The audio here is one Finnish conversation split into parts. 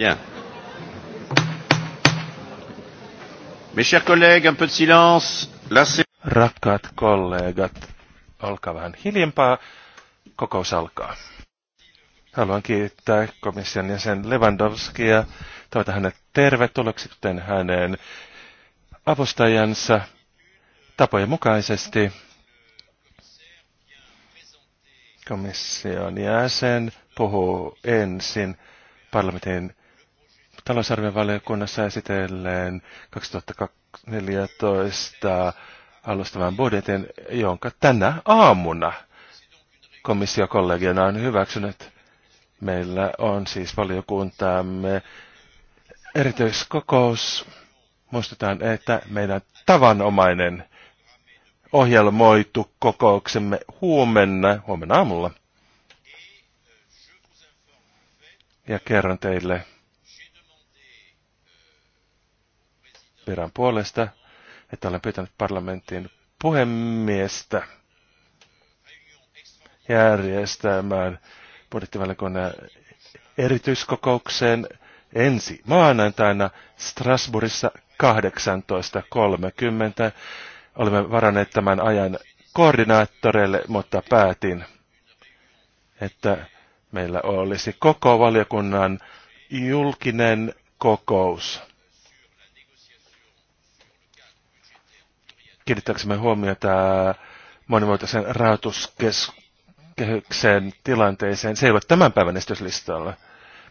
Bien. Mes chers collègues, un peu de silence. La... Rakkaat kollegat, olkaa vähän hiljempaa. Kokous alkaa. Haluan kiittää komission jäsen Lewandowskia. Toivotan hänet tervetulleeksi, kuten hänen avustajansa tapojen mukaisesti. Komission jäsen puhuu ensin parlamentin talousarviovaliokunnassa esitelleen 2014 alustavan budjetin, jonka tänä aamuna komissiokollegiona on hyväksynyt. Meillä on siis valiokuntaamme erityiskokous. Muistetaan, että meidän tavanomainen ohjelmoitu kokouksemme huomenna, huomenna aamulla. Ja kerron teille viran puolesta, että olen pyytänyt parlamentin puhemiestä järjestämään budjettivaliokunnan erityiskokoukseen ensi maanantaina Strasbourgissa 18.30. Olemme varanneet tämän ajan koordinaattoreille, mutta päätin, että meillä olisi koko valiokunnan julkinen kokous kiinnittääksemme huomiota monimuotoisen rahoituskehyksen tilanteeseen. Se ei ole tämän päivän estyslistalla.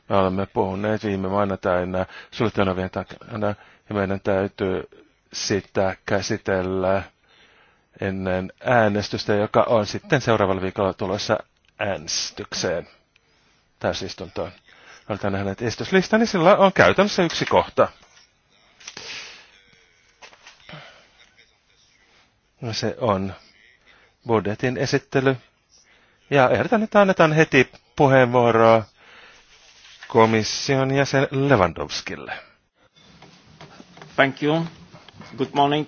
Me olemme puhuneet viime maanantaina suljettujen takana ja meidän täytyy sitä käsitellä ennen äänestystä, joka on sitten seuraavalla viikolla tulossa äänestykseen täysistuntoon. Olet nähnyt esityslistan, niin sillä on käytännössä yksi kohta. No se on budjetin esittely. Ja ehdotan, että annetaan heti puheenvuoroa komission jäsen Lewandowskille. Thank you. Good morning.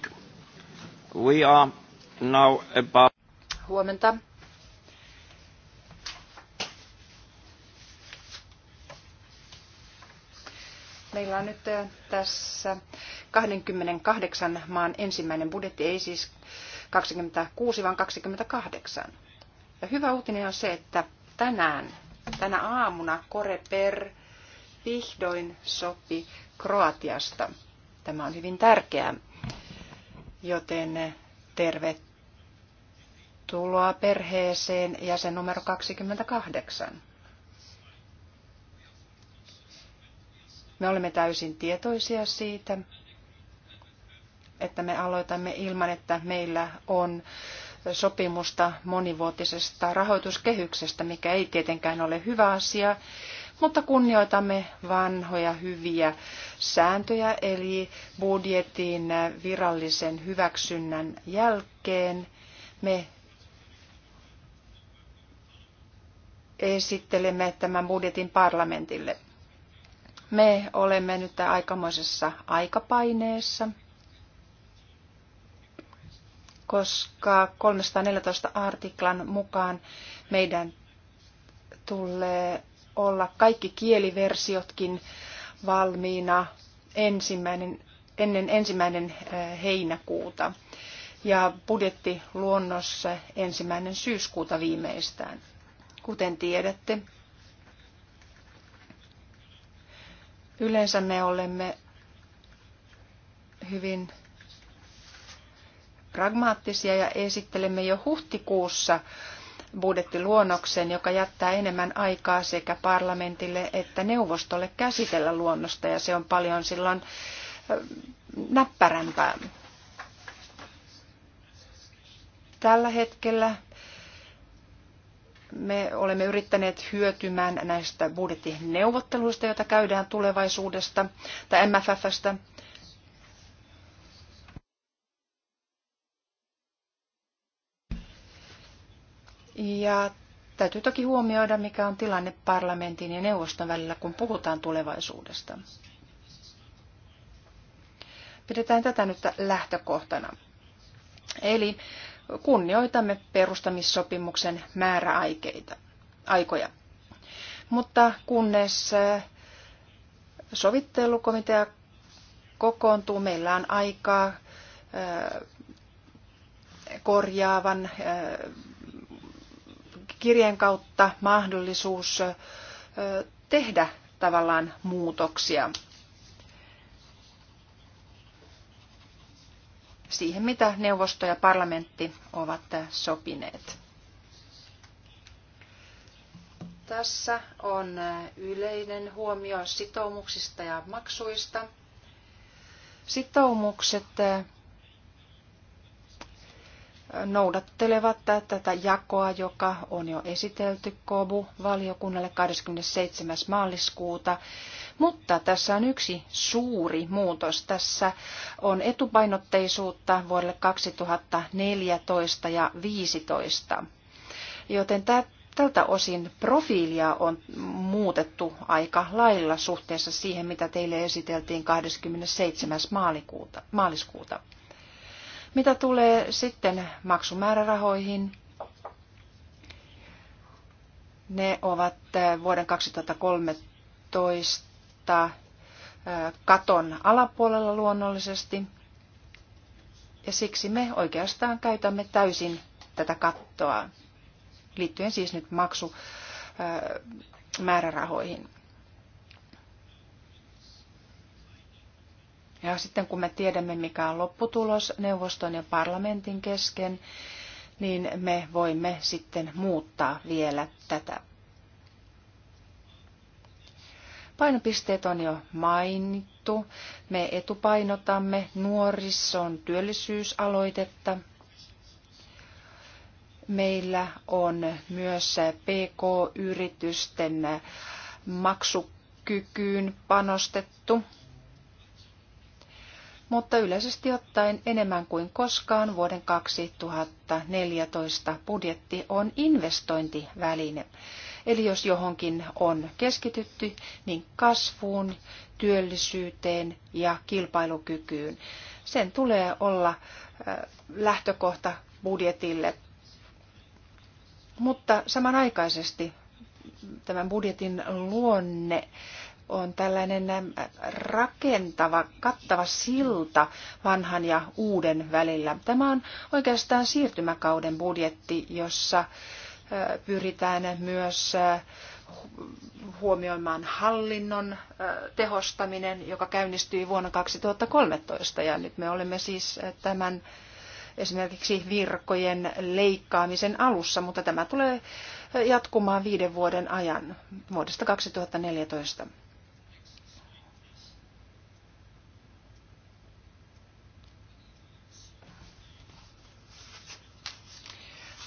We are now about... Huomenta. Meillä on nyt äh, tässä 28 maan ensimmäinen budjetti, ei siis 26, vaan 28. Ja hyvä uutinen on se, että tänään, tänä aamuna Koreper vihdoin sopi Kroatiasta. Tämä on hyvin tärkeää, joten tervetuloa perheeseen ja sen numero 28. Me olemme täysin tietoisia siitä, että me aloitamme ilman, että meillä on sopimusta monivuotisesta rahoituskehyksestä, mikä ei tietenkään ole hyvä asia, mutta kunnioitamme vanhoja hyviä sääntöjä, eli budjetin virallisen hyväksynnän jälkeen me esittelemme tämän budjetin parlamentille. Me olemme nyt aikamoisessa aikapaineessa, koska 314 artiklan mukaan meidän tulee olla kaikki kieliversiotkin valmiina ensimmäinen, ennen ensimmäinen heinäkuuta ja budjettiluonnossa ensimmäinen syyskuuta viimeistään. Kuten tiedätte, Yleensä me olemme hyvin pragmaattisia ja esittelemme jo huhtikuussa budjettiluonnoksen, joka jättää enemmän aikaa sekä parlamentille että neuvostolle käsitellä luonnosta ja se on paljon silloin näppärämpää. Tällä hetkellä me olemme yrittäneet hyötymään näistä budjettineuvotteluista, joita käydään tulevaisuudesta tai MFFstä. Ja täytyy toki huomioida, mikä on tilanne parlamentin ja neuvoston välillä, kun puhutaan tulevaisuudesta. Pidetään tätä nyt lähtökohtana. Eli kunnioitamme perustamissopimuksen määräaikeita, aikoja. Mutta kunnes äh, sovittelukomitea kokoontuu, meillä on aikaa äh, korjaavan äh, kirjeen kautta mahdollisuus tehdä tavallaan muutoksia siihen, mitä neuvosto ja parlamentti ovat sopineet. Tässä on yleinen huomio sitoumuksista ja maksuista. Sitoumukset eh, noudattelevat tätä jakoa, joka on jo esitelty KOBU-valiokunnalle 27. maaliskuuta mutta tässä on yksi suuri muutos. Tässä on etupainotteisuutta vuodelle 2014 ja 2015. Joten tältä osin profiilia on muutettu aika lailla suhteessa siihen, mitä teille esiteltiin 27. Maalikuuta, maaliskuuta. Mitä tulee sitten maksumäärärahoihin, ne ovat äh, vuoden 2013 sijoittaa katon alapuolella luonnollisesti. Ja siksi me oikeastaan käytämme täysin tätä kattoa, liittyen siis nyt maksumäärärahoihin. Ja sitten kun me tiedämme, mikä on lopputulos neuvoston ja parlamentin kesken, niin me voimme sitten muuttaa vielä tätä. Painopisteet on jo mainittu. Me etupainotamme nuorison työllisyysaloitetta. Meillä on myös PK-yritysten maksukykyyn panostettu. Mutta yleisesti ottaen enemmän kuin koskaan vuoden 2014 budjetti on investointiväline. Eli jos johonkin on keskitytty, niin kasvuun, työllisyyteen ja kilpailukykyyn. Sen tulee olla lähtökohta budjetille. Mutta samanaikaisesti tämän budjetin luonne on tällainen rakentava, kattava silta vanhan ja uuden välillä. Tämä on oikeastaan siirtymäkauden budjetti, jossa pyritään myös huomioimaan hallinnon tehostaminen, joka käynnistyi vuonna 2013. Ja nyt me olemme siis tämän esimerkiksi virkojen leikkaamisen alussa, mutta tämä tulee jatkumaan viiden vuoden ajan vuodesta 2014.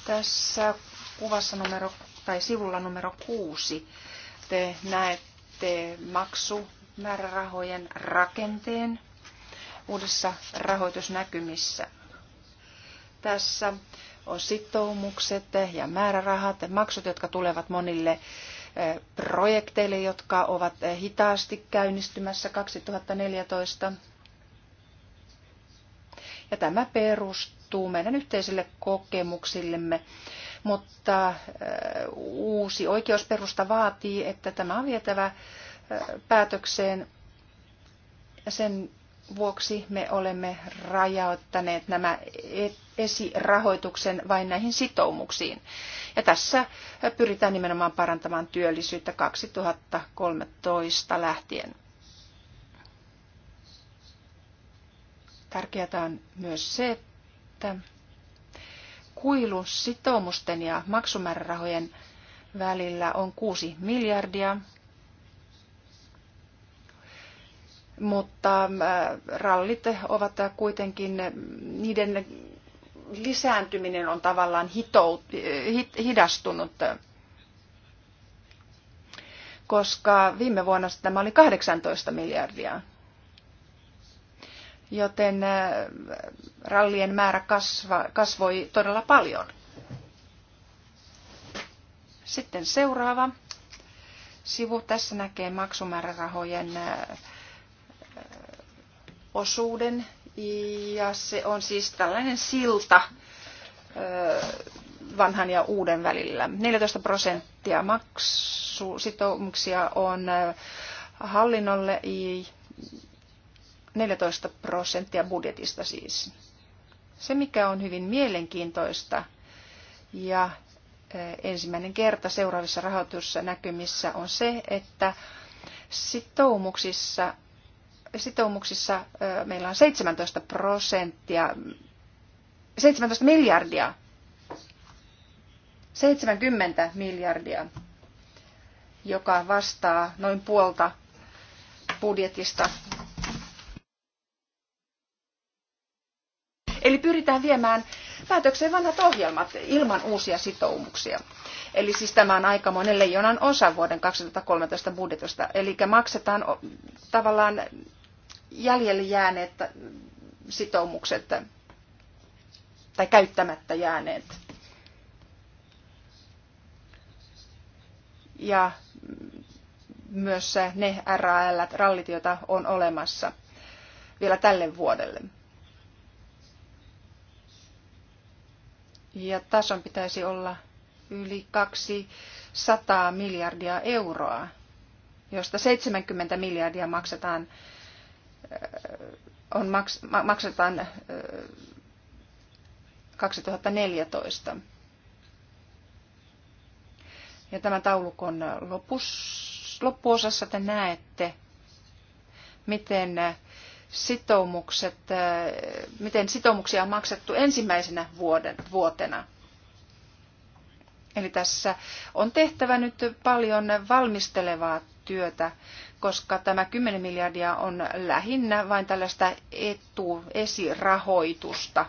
Tässä kuvassa numero, tai sivulla numero kuusi te näette maksumäärärahojen rakenteen uudessa rahoitusnäkymissä. Tässä on sitoumukset ja määrärahat, maksut, jotka tulevat monille eh, projekteille, jotka ovat hitaasti käynnistymässä 2014. Ja tämä perustuu meidän yhteisille kokemuksillemme mutta äh, uusi oikeusperusta vaatii, että tämä on vietävä äh, päätökseen. Sen vuoksi me olemme rajoittaneet nämä e-, esirahoituksen vain näihin sitoumuksiin. Ja tässä äh, pyritään nimenomaan parantamaan työllisyyttä 2013 lähtien. Tärkeää on myös se, että kuilu sitoumusten ja maksumäärärahojen välillä on 6 miljardia, mutta äh, rallit ovat kuitenkin, äh, niiden lisääntyminen on tavallaan hitout, äh, hidastunut, koska viime vuonna tämä oli 18 miljardia joten äh, rallien määrä kasva, kasvoi todella paljon. Sitten seuraava sivu. Tässä näkee maksumäärärahojen äh, osuuden ja se on siis tällainen silta äh, vanhan ja uuden välillä. 14 prosenttia maksusitoumuksia on hallinnolle 14 prosenttia budjetista siis. Se, mikä on hyvin mielenkiintoista ja e, ensimmäinen kerta seuraavissa näkymissä on se, että sitoumuksissa, sitoumuksissa e, meillä on 17 prosenttia, 17 miljardia, 70 miljardia, joka vastaa noin puolta budjetista Eli pyritään viemään päätökseen vanhat ohjelmat ilman uusia sitoumuksia. Eli siis tämä on aikamoinen leijonan osa vuoden 2013 budjetista. Eli maksetaan tavallaan jäljelle jääneet sitoumukset tai käyttämättä jääneet. Ja myös ne RAL-rallit, joita on olemassa vielä tälle vuodelle. ja tason pitäisi olla yli 200 miljardia euroa, josta 70 miljardia maksetaan, äh, on maks, maksetaan 2014. Äh, ja tämä taulukon lopus, loppuosassa te näette, miten sitoumukset, äh, miten sitoumuksia on maksettu ensimmäisenä vuoden, vuotena. Eli tässä on tehtävä nyt paljon valmistelevaa työtä, koska tämä 10 miljardia on lähinnä vain tällaista etu, esirahoitusta.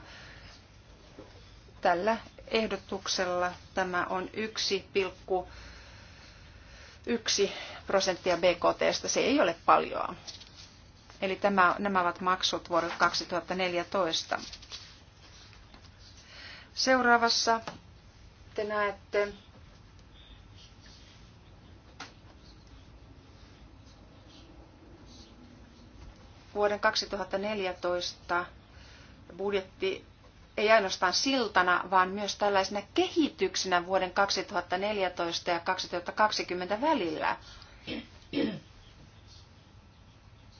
Tällä ehdotuksella tämä on 1,1 prosenttia BKT, Se ei ole paljoa. Eli tämä, nämä ovat maksut vuodelta 2014. Seuraavassa te näette vuoden 2014 budjetti ei ainoastaan siltana, vaan myös tällaisena kehityksenä vuoden 2014 ja 2020 välillä.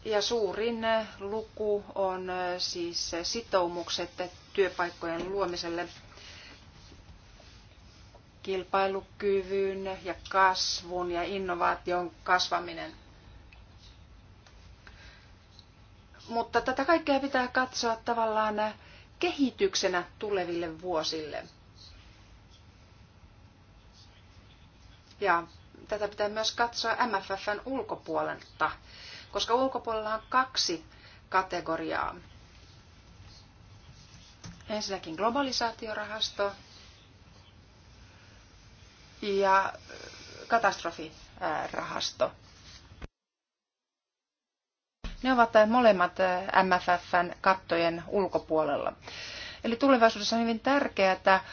Ja suurin luku on äh, siis sitoumukset työpaikkojen luomiselle kilpailukyvyn ja kasvun ja innovaation kasvaminen. Mutta tätä kaikkea pitää katsoa tavallaan kehityksenä tuleville vuosille. Ja tätä pitää myös katsoa MFFn ulkopuolelta koska ulkopuolella on kaksi kategoriaa. Ensinnäkin globalisaatiorahasto ja äh, katastrofirahasto. Ne ovat molemmat äh, MFFn kattojen ulkopuolella. Eli tulevaisuudessa on hyvin tärkeää äh,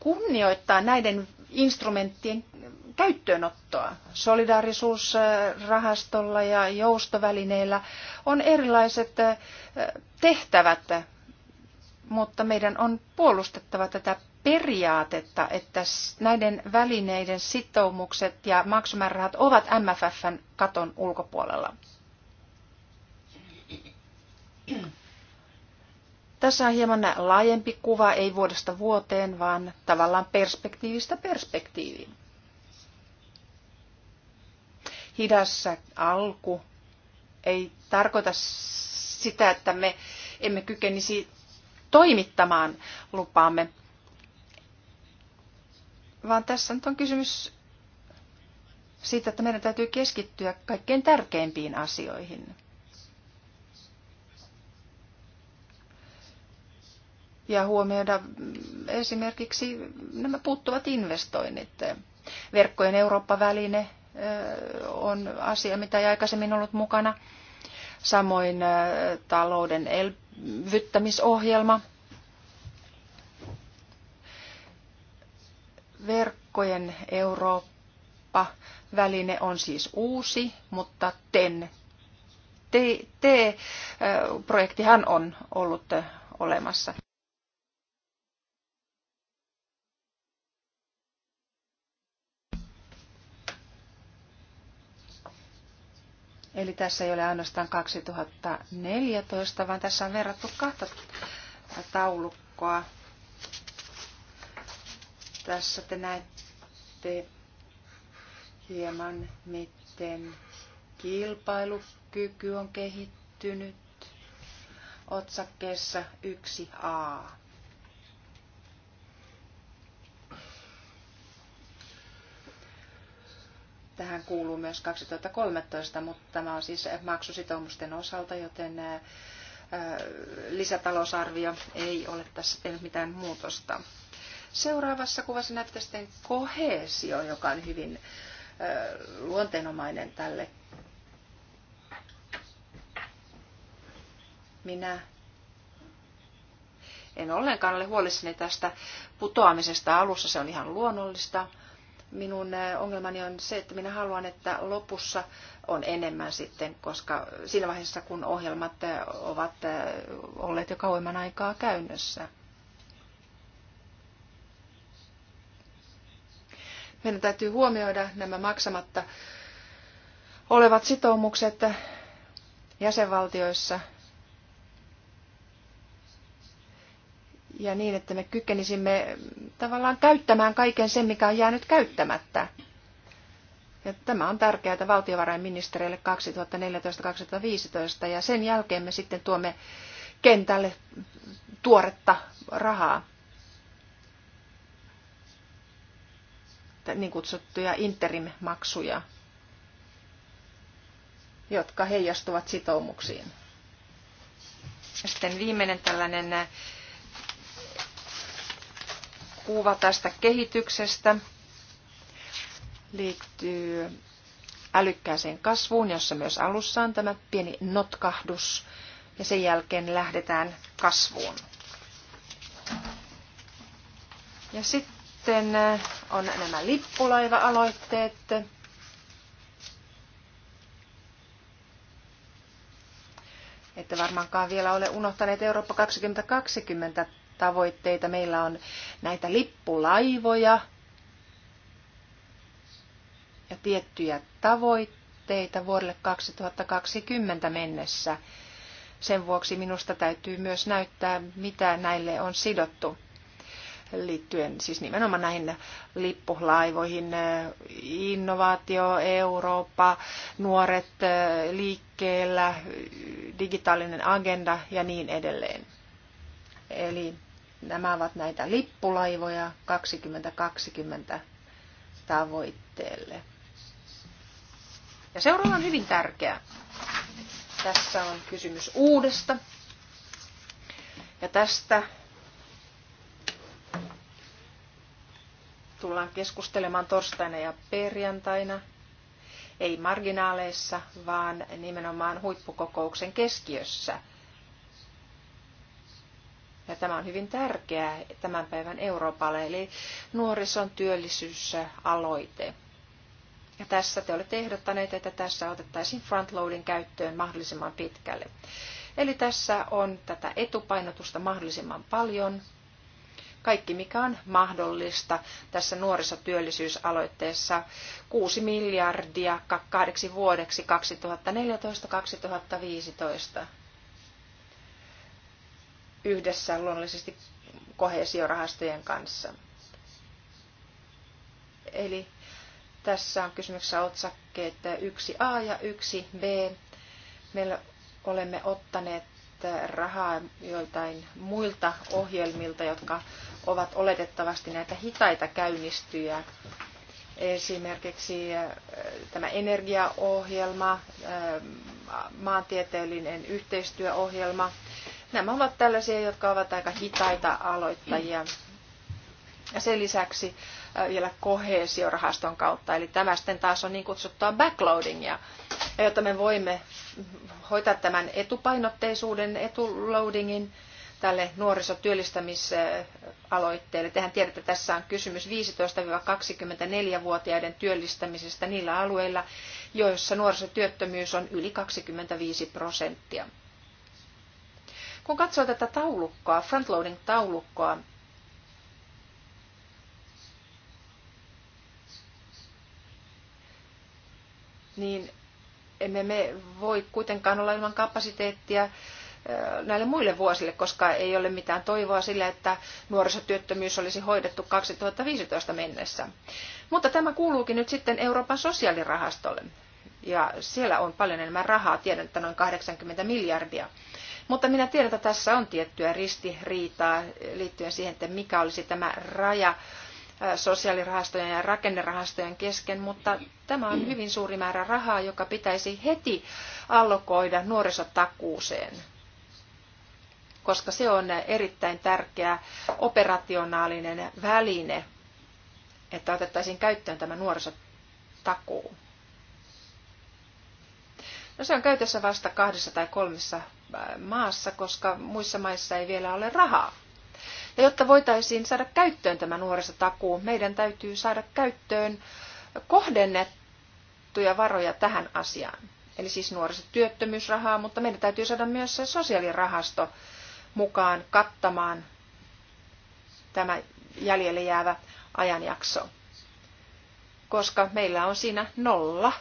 kunnioittaa näiden instrumenttien käyttöönottoa. Solidaarisuusrahastolla ja joustovälineillä on erilaiset tehtävät, mutta meidän on puolustettava tätä periaatetta, että näiden välineiden sitoumukset ja maksumäärärahat ovat MFFn katon ulkopuolella. Tässä on hieman laajempi kuva, ei vuodesta vuoteen, vaan tavallaan perspektiivistä perspektiiviin. Hidassa alku ei tarkoita sitä, että me emme kykenisi toimittamaan lupaamme, vaan tässä nyt on kysymys siitä, että meidän täytyy keskittyä kaikkein tärkeimpiin asioihin. ja huomioida esimerkiksi nämä puuttuvat investoinnit. Verkkojen Eurooppa-väline on asia, mitä ei aikaisemmin ollut mukana. Samoin talouden elvyttämisohjelma. Verkkojen Eurooppa-väline on siis uusi, mutta TEN T-projektihan on ollut olemassa. Eli tässä ei ole ainoastaan 2014, vaan tässä on verrattu kahta taulukkoa. Tässä te näette hieman, miten kilpailukyky on kehittynyt otsakkeessa 1a. tähän kuuluu myös 2013, mutta tämä on siis maksusitoumusten osalta, joten lisätalousarvio ei ole tässä tehnyt mitään muutosta. Seuraavassa kuvassa näyttää sitten kohesio, joka on hyvin luonteenomainen tälle. Minä en ollenkaan ole huolissani tästä putoamisesta alussa, se on ihan luonnollista minun ongelmani on se, että minä haluan, että lopussa on enemmän sitten, koska siinä vaiheessa, kun ohjelmat ovat olleet jo kauemman aikaa käynnössä. Meidän täytyy huomioida nämä maksamatta olevat sitoumukset jäsenvaltioissa – ja niin, että me kykenisimme tavallaan käyttämään kaiken sen, mikä on jäänyt käyttämättä. Ja tämä on tärkeää valtiovarainministeriölle 2014-2015 ja sen jälkeen me sitten tuomme kentälle tuoretta rahaa. Niin kutsuttuja interim-maksuja, jotka heijastuvat sitoumuksiin. Ja sitten viimeinen tällainen kuva tästä kehityksestä liittyy älykkääseen kasvuun, jossa myös alussa on tämä pieni notkahdus ja sen jälkeen lähdetään kasvuun. Ja sitten äh, on nämä lippulaiva-aloitteet. Ette varmaankaan vielä ole unohtaneet Eurooppa 2020 tavoitteita. Meillä on näitä lippulaivoja ja tiettyjä tavoitteita vuodelle 2020 mennessä. Sen vuoksi minusta täytyy myös näyttää, mitä näille on sidottu liittyen siis nimenomaan näihin lippulaivoihin, innovaatio, Eurooppa, nuoret liikkeellä, digitaalinen agenda ja niin edelleen. Eli nämä ovat näitä lippulaivoja 2020 tavoitteelle. Ja seuraava on hyvin tärkeä. Tässä on kysymys uudesta. Ja tästä tullaan keskustelemaan torstaina ja perjantaina. Ei marginaaleissa, vaan nimenomaan huippukokouksen keskiössä – ja tämä on hyvin tärkeää tämän päivän Euroopalle, eli nuorison työllisyysaloite. Ja tässä te olette ehdottaneet, että tässä otettaisiin frontloadin käyttöön mahdollisimman pitkälle. Eli tässä on tätä etupainotusta mahdollisimman paljon. Kaikki mikä on mahdollista tässä nuorisotyöllisyysaloitteessa 6 miljardia kahdeksi vuodeksi 2014-2015 yhdessä luonnollisesti kohesiorahastojen kanssa. Eli tässä on kysymyksessä otsakkeet 1a ja 1b. Meillä olemme ottaneet rahaa joiltain muilta ohjelmilta, jotka ovat oletettavasti näitä hitaita käynnistyjä. Esimerkiksi tämä energiaohjelma, maantieteellinen yhteistyöohjelma – Nämä ovat tällaisia, jotka ovat aika hitaita aloittajia. Ja sen lisäksi vielä kohesiorahaston kautta. Eli tämä sitten taas on niin kutsuttua backloadingia. jotta me voimme hoitaa tämän etupainotteisuuden, etuloadingin tälle nuorisotyöllistämisaloitteelle. Tehän tiedätte, että tässä on kysymys 15-24-vuotiaiden työllistämisestä niillä alueilla, joissa nuorisotyöttömyys on yli 25 prosenttia. Kun katsoo tätä taulukkoa, frontloading-taulukkoa, niin emme me voi kuitenkaan olla ilman kapasiteettia äh, näille muille vuosille, koska ei ole mitään toivoa sille, että nuorisotyöttömyys olisi hoidettu 2015 mennessä. Mutta tämä kuuluukin nyt sitten Euroopan sosiaalirahastolle. Ja siellä on paljon enemmän rahaa, tiedän, että noin 80 miljardia. Mutta minä tiedän, että tässä on tiettyä ristiriitaa liittyen siihen, että mikä olisi tämä raja sosiaalirahastojen ja rakennerahastojen kesken, mutta tämä on hyvin suuri määrä rahaa, joka pitäisi heti allokoida nuorisotakuuseen, koska se on erittäin tärkeä operationaalinen väline, että otettaisiin käyttöön tämä nuorisotakuu. No se on käytössä vasta kahdessa tai kolmessa maassa, koska muissa maissa ei vielä ole rahaa. Ja jotta voitaisiin saada käyttöön tämä nuorisotakuu, meidän täytyy saada käyttöön kohdennettuja varoja tähän asiaan. Eli siis nuorisotyöttömyysrahaa, mutta meidän täytyy saada myös se sosiaalirahasto mukaan kattamaan tämä jäljelle jäävä ajanjakso. Koska meillä on siinä nolla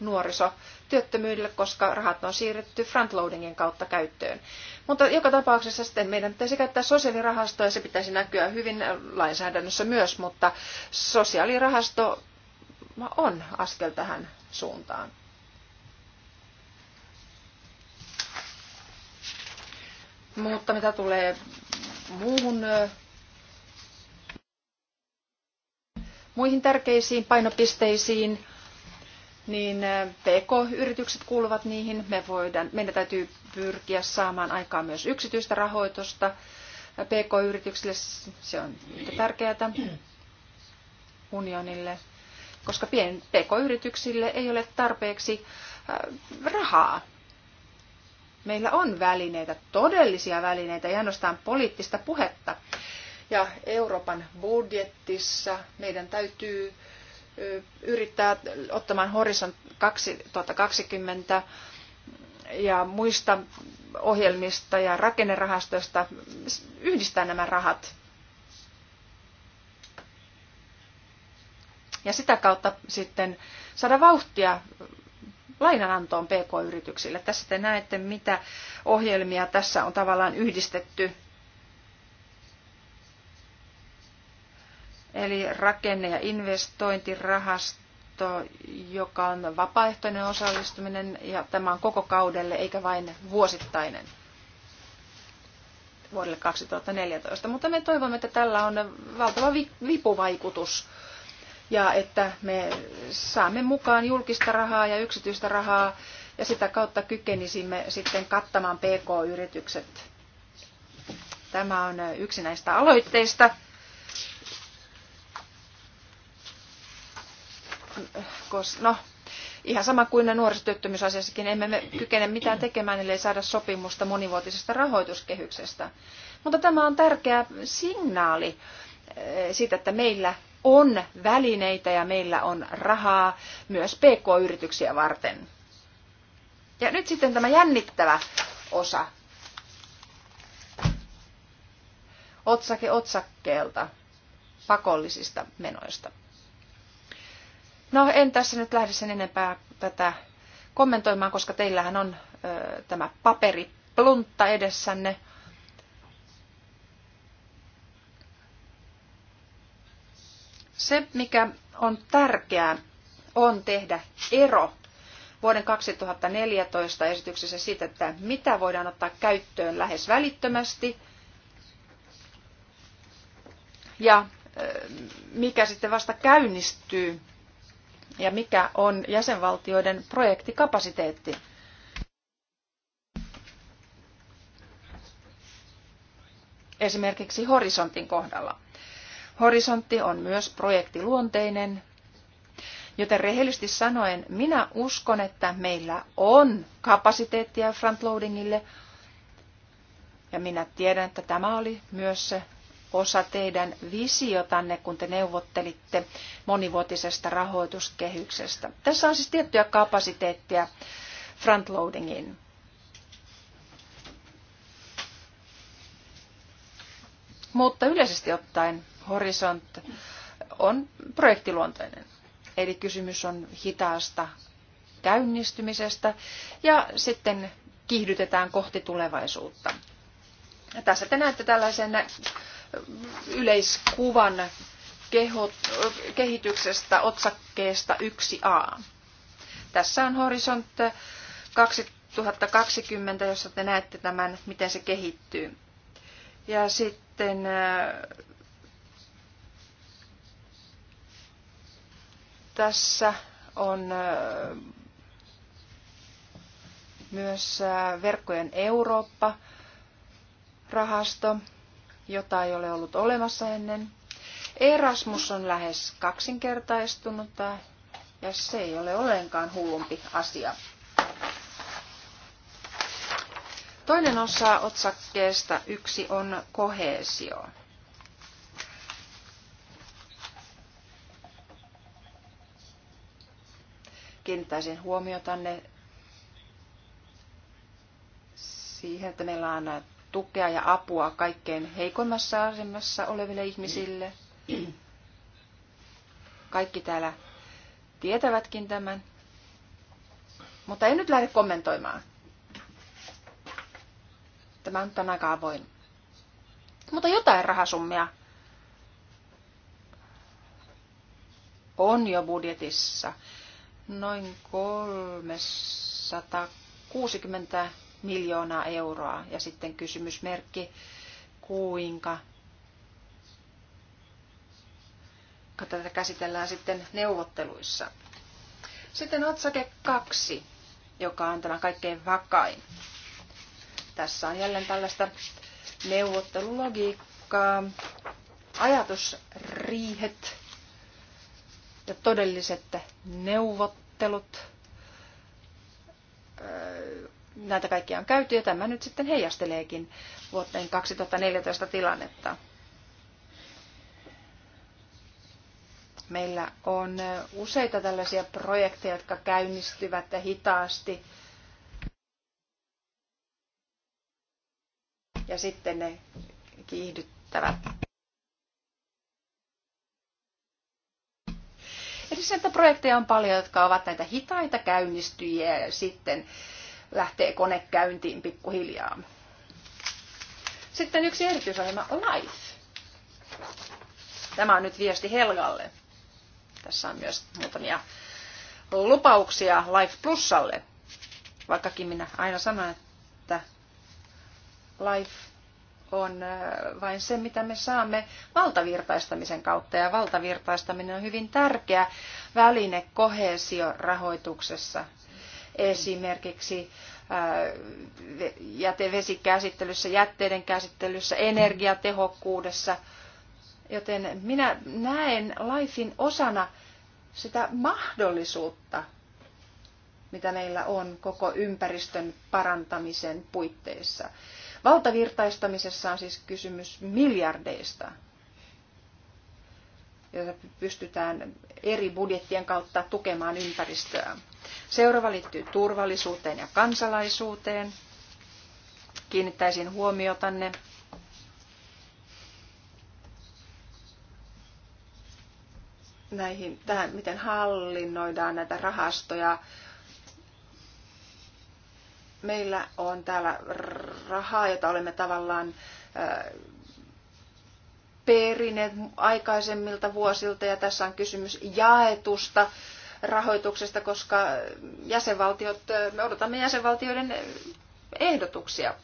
nuoriso työttömyydelle, koska rahat on siirretty frontloadingin kautta käyttöön. Mutta joka tapauksessa sitten meidän pitäisi käyttää sosiaalirahastoa ja se pitäisi näkyä hyvin lainsäädännössä myös, mutta sosiaalirahasto on askel tähän suuntaan. Mutta mitä tulee muuhun, muihin tärkeisiin painopisteisiin, niin PK-yritykset kuuluvat niihin. Me voidaan, meidän täytyy pyrkiä saamaan aikaa myös yksityistä rahoitusta. PK-yrityksille se on tärkeää unionille, koska pien PK-yrityksille ei ole tarpeeksi rahaa. Meillä on välineitä, todellisia välineitä, ei ainoastaan poliittista puhetta. Ja Euroopan budjetissa meidän täytyy yrittää ottamaan Horizon 2020 ja muista ohjelmista ja rakennerahastoista yhdistää nämä rahat. Ja sitä kautta sitten saada vauhtia lainanantoon PK-yrityksille. Tässä te näette, mitä ohjelmia tässä on tavallaan yhdistetty eli rakenne- ja investointirahasto, joka on vapaaehtoinen osallistuminen ja tämä on koko kaudelle eikä vain vuosittainen vuodelle 2014. Mutta me toivomme, että tällä on valtava vipuvaikutus ja että me saamme mukaan julkista rahaa ja yksityistä rahaa ja sitä kautta kykenisimme sitten kattamaan PK-yritykset. Tämä on yksi näistä aloitteista no, ihan sama kuin ne nuorisotyöttömyysasiassakin, emme me kykene mitään tekemään, ellei saada sopimusta monivuotisesta rahoituskehyksestä. Mutta tämä on tärkeä signaali eh, siitä, että meillä on välineitä ja meillä on rahaa myös PK-yrityksiä varten. Ja nyt sitten tämä jännittävä osa. Otsake otsakkeelta pakollisista menoista. No en tässä nyt lähde sen enempää tätä kommentoimaan, koska teillähän on ö, tämä paperi pluntta edessänne. Se, mikä on tärkeää, on tehdä ero vuoden 2014 esityksessä siitä, että mitä voidaan ottaa käyttöön lähes välittömästi ja mikä sitten vasta käynnistyy ja mikä on jäsenvaltioiden projektikapasiteetti. Esimerkiksi horisontin kohdalla. Horisontti on myös projektiluonteinen, joten rehellisesti sanoen minä uskon, että meillä on kapasiteettia frontloadingille, ja minä tiedän, että tämä oli myös se osa teidän visiotanne, kun te neuvottelitte monivuotisesta rahoituskehyksestä. Tässä on siis tiettyä kapasiteettia frontloadingin. Mutta yleisesti ottaen horisont on projektiluontoinen. Eli kysymys on hitaasta käynnistymisestä ja sitten kiihdytetään kohti tulevaisuutta. Ja tässä te näette tällaisen yleiskuvan kehot, kehityksestä otsakkeesta 1a. Tässä on Horisont 2020, jossa te näette tämän, miten se kehittyy. Ja sitten tässä on myös verkkojen Eurooppa-rahasto, jota ei ole ollut olemassa ennen. Erasmus on lähes kaksinkertaistunut ja se ei ole ollenkaan hullumpi asia. Toinen osa otsakkeesta yksi on kohesio. Kiinnittäisin tänne siihen, että meillä on tukea ja apua kaikkein heikoimmassa asemassa oleville ihmisille. Kaikki täällä tietävätkin tämän. Mutta en nyt lähde kommentoimaan. Tämä nyt on aika avoin. Mutta jotain rahasummia on jo budjetissa. Noin 360 miljoonaa euroa. Ja sitten kysymysmerkki, kuinka tätä käsitellään sitten neuvotteluissa. Sitten otsake kaksi, joka on tämä kaikkein vakain. Tässä on jälleen tällaista neuvottelulogiikkaa, ajatusriihet ja todelliset neuvottelut – näitä kaikkia on käyty ja tämä nyt sitten heijasteleekin vuoteen 2014 tilannetta. Meillä on useita tällaisia projekteja, jotka käynnistyvät hitaasti. Ja sitten ne kiihdyttävät. Eli näitä projekteja on paljon, jotka ovat näitä hitaita käynnistyjiä ja sitten lähtee kone käyntiin pikkuhiljaa. Sitten yksi erityisohjelma Life. Tämä on nyt viesti Helgalle. Tässä on myös muutamia lupauksia Life Plusalle. Vaikkakin minä aina sanon, että Life on äh, vain se, mitä me saamme valtavirtaistamisen kautta. Ja valtavirtaistaminen on hyvin tärkeä väline rahoituksessa esimerkiksi äh, jätevesikäsittelyssä, jätteiden käsittelyssä, energiatehokkuudessa. Joten minä näen LIFEin osana sitä mahdollisuutta, mitä meillä on koko ympäristön parantamisen puitteissa. Valtavirtaistamisessa on siis kysymys miljardeista, joita pystytään eri budjettien kautta tukemaan ympäristöä. Seuraava liittyy turvallisuuteen ja kansalaisuuteen. Kiinnittäisin huomiotanne näihin, tähän, miten hallinnoidaan näitä rahastoja. Meillä on täällä rahaa, jota olemme tavallaan perineet aikaisemmilta vuosilta ja tässä on kysymys jaetusta rahoituksesta, koska jäsenvaltiot, me odotamme jäsenvaltioiden ehdotuksia.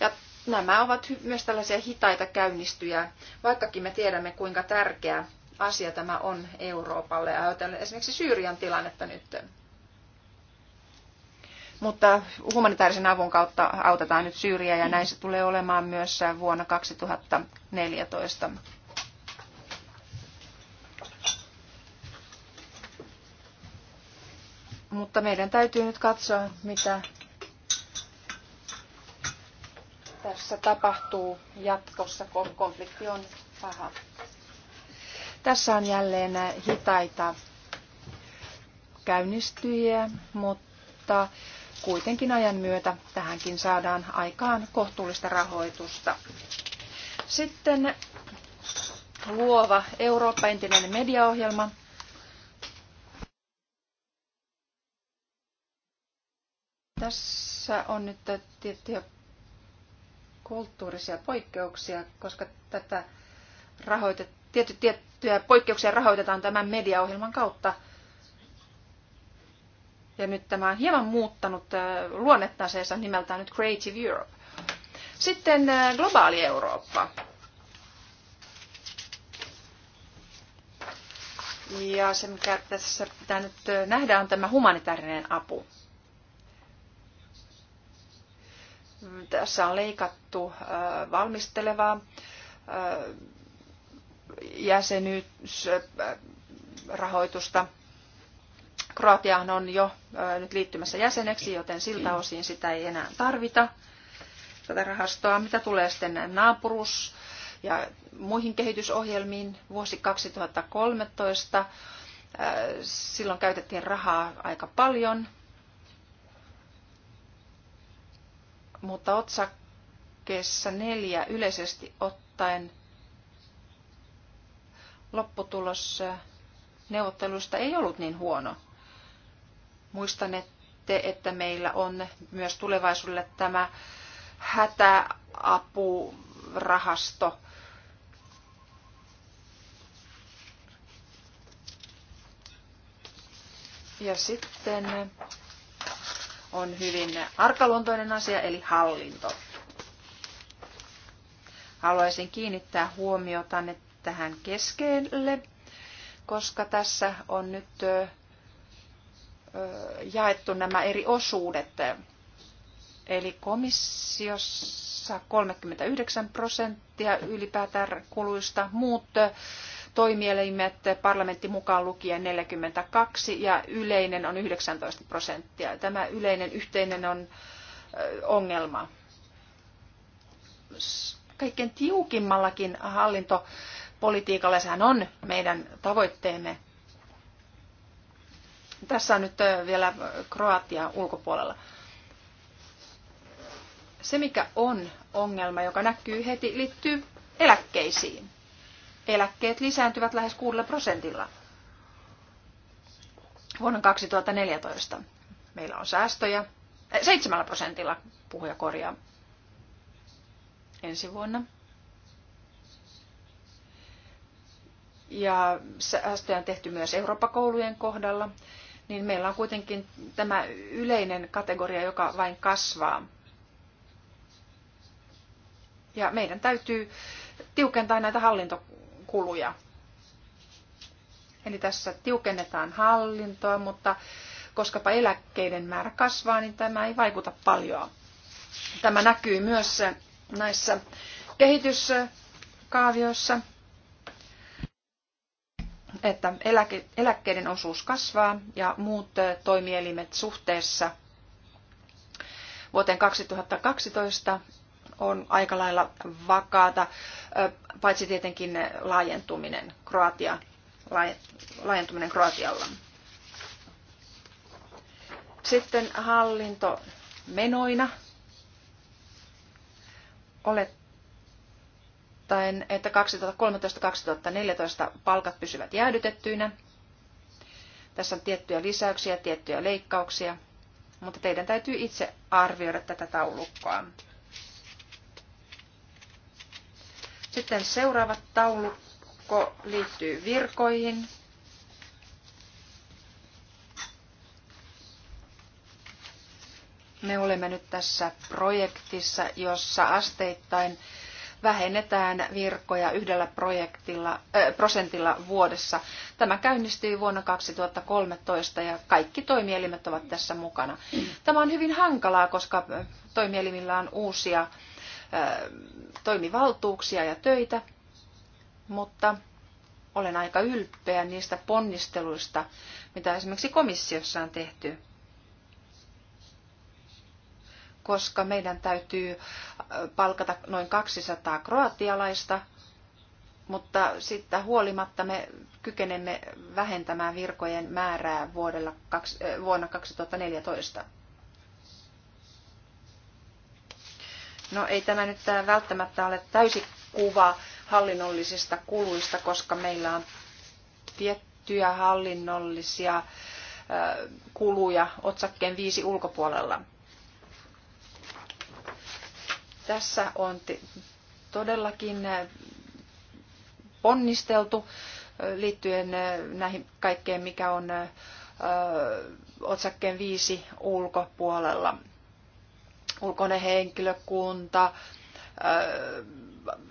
Ja nämä ovat myös tällaisia hitaita käynnistyjä, vaikkakin me tiedämme kuinka tärkeä asia tämä on Euroopalle. Ja ajatellen esimerkiksi Syyrian tilannetta nyt. Mutta humanitaarisen avun kautta autetaan nyt Syyriä ja näin se tulee olemaan myös vuonna 2014. Mutta meidän täytyy nyt katsoa, mitä tässä tapahtuu jatkossa, kun konflikti on paha. Tässä on jälleen hitaita käynnistyjiä, mutta kuitenkin ajan myötä tähänkin saadaan aikaan kohtuullista rahoitusta. Sitten luova Eurooppa, entinen mediaohjelma. Tässä on nyt tiettyjä kulttuurisia poikkeuksia, koska tätä rahoitet, tiettyjä poikkeuksia rahoitetaan tämän mediaohjelman kautta. Ja nyt tämä on hieman muuttanut äh, luonnettaseensa nimeltään nyt Creative Europe. Sitten äh, globaali Eurooppa. Ja se, mikä tässä pitää nyt äh, nähdä, on tämä humanitaarinen apu. Tässä on leikattu valmistelevaa jäsenyysrahoitusta. Kroatiahan on jo nyt liittymässä jäseneksi, joten siltä osin sitä ei enää tarvita, tätä rahastoa. Mitä tulee sitten naapuruus ja muihin kehitysohjelmiin vuosi 2013, silloin käytettiin rahaa aika paljon – Mutta otsakkeessa neljä yleisesti ottaen lopputulos neuvotteluista ei ollut niin huono. Muistanette, että meillä on myös tulevaisuudelle tämä hätäapurahasto. Ja sitten on hyvin arkaluontoinen asia, eli hallinto. Haluaisin kiinnittää huomiota tähän keskeelle, koska tässä on nyt jaettu nämä eri osuudet. Eli komissiossa 39 prosenttia ylipäätään kuluista, muut toimielimet, parlamentti mukaan lukien 42 ja yleinen on 19 prosenttia. Tämä yleinen yhteinen on ongelma. Kaikkein tiukimmallakin hallintopolitiikalla, sehän on meidän tavoitteemme. Tässä on nyt vielä Kroatia ulkopuolella. Se, mikä on ongelma, joka näkyy heti, liittyy eläkkeisiin eläkkeet lisääntyvät lähes 6 prosentilla vuonna 2014. Meillä on säästöjä 7 äh, prosentilla, puhuja korjaa, ensi vuonna. Ja säästöjä on tehty myös Eurooppa-koulujen kohdalla, niin meillä on kuitenkin tämä yleinen kategoria, joka vain kasvaa. Ja meidän täytyy tiukentaa näitä hallinto, kuluja. Eli tässä tiukennetaan hallintoa, mutta koskapa eläkkeiden määrä kasvaa, niin tämä ei vaikuta paljon. Tämä näkyy myös näissä kehityskaavioissa, että eläke, eläkkeiden osuus kasvaa ja muut toimielimet suhteessa vuoteen 2012 on aika lailla vakaata, paitsi tietenkin laajentuminen, Kroatia, laajentuminen Kroatialla. Sitten hallinto menoina. Olettaen, että 2013-2014 palkat pysyvät jäädytettyinä. Tässä on tiettyjä lisäyksiä, tiettyjä leikkauksia, mutta teidän täytyy itse arvioida tätä taulukkoa. Sitten seuraava taulukko liittyy virkoihin. Me olemme nyt tässä projektissa, jossa asteittain vähennetään virkoja yhdellä projektilla, äh, prosentilla vuodessa. Tämä käynnistyi vuonna 2013 ja kaikki toimielimet ovat tässä mukana. Tämä on hyvin hankalaa, koska toimielimillä on uusia toimivaltuuksia ja töitä, mutta olen aika ylpeä niistä ponnisteluista, mitä esimerkiksi komissiossa on tehty. Koska meidän täytyy palkata noin 200 kroatialaista, mutta sitten huolimatta me kykenemme vähentämään virkojen määrää vuodella, vuonna 2014. No ei tämä nyt äh, välttämättä ole täysi kuva hallinnollisista kuluista, koska meillä on tiettyjä hallinnollisia äh, kuluja otsakkeen viisi ulkopuolella. Tässä on todellakin äh, ponnisteltu liittyen näihin kaikkeen, mikä on otsakkeen viisi ulkopuolella ulkoinen henkilökunta,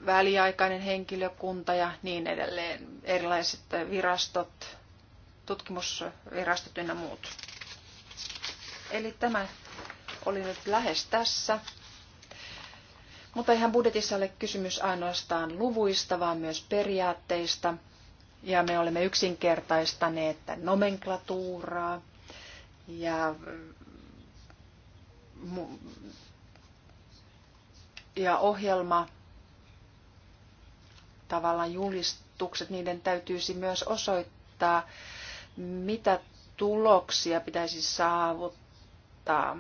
väliaikainen henkilökunta ja niin edelleen, erilaiset virastot, tutkimusvirastot ynnä muut. Eli tämä oli nyt lähes tässä. Mutta ihan budjetissa ole kysymys ainoastaan luvuista, vaan myös periaatteista. Ja me olemme yksinkertaistaneet nomenklatuuraa ja ja ohjelma, tavallaan julistukset, niiden täytyisi myös osoittaa, mitä tuloksia pitäisi saavuttaa.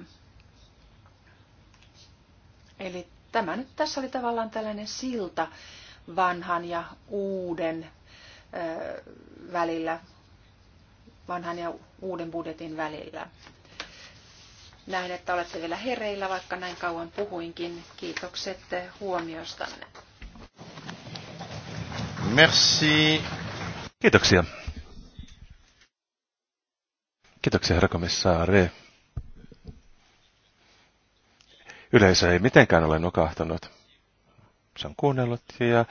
Eli tämä nyt tässä oli tavallaan tällainen silta vanhan ja uuden välillä, vanhan ja uuden budjetin välillä. Näin, että olette vielä hereillä, vaikka näin kauan puhuinkin. Kiitokset huomiostanne. Merci. Kiitoksia. Kiitoksia, herra komissaari. Yleisö ei mitenkään ole nukahtanut. Se on kuunnellut ja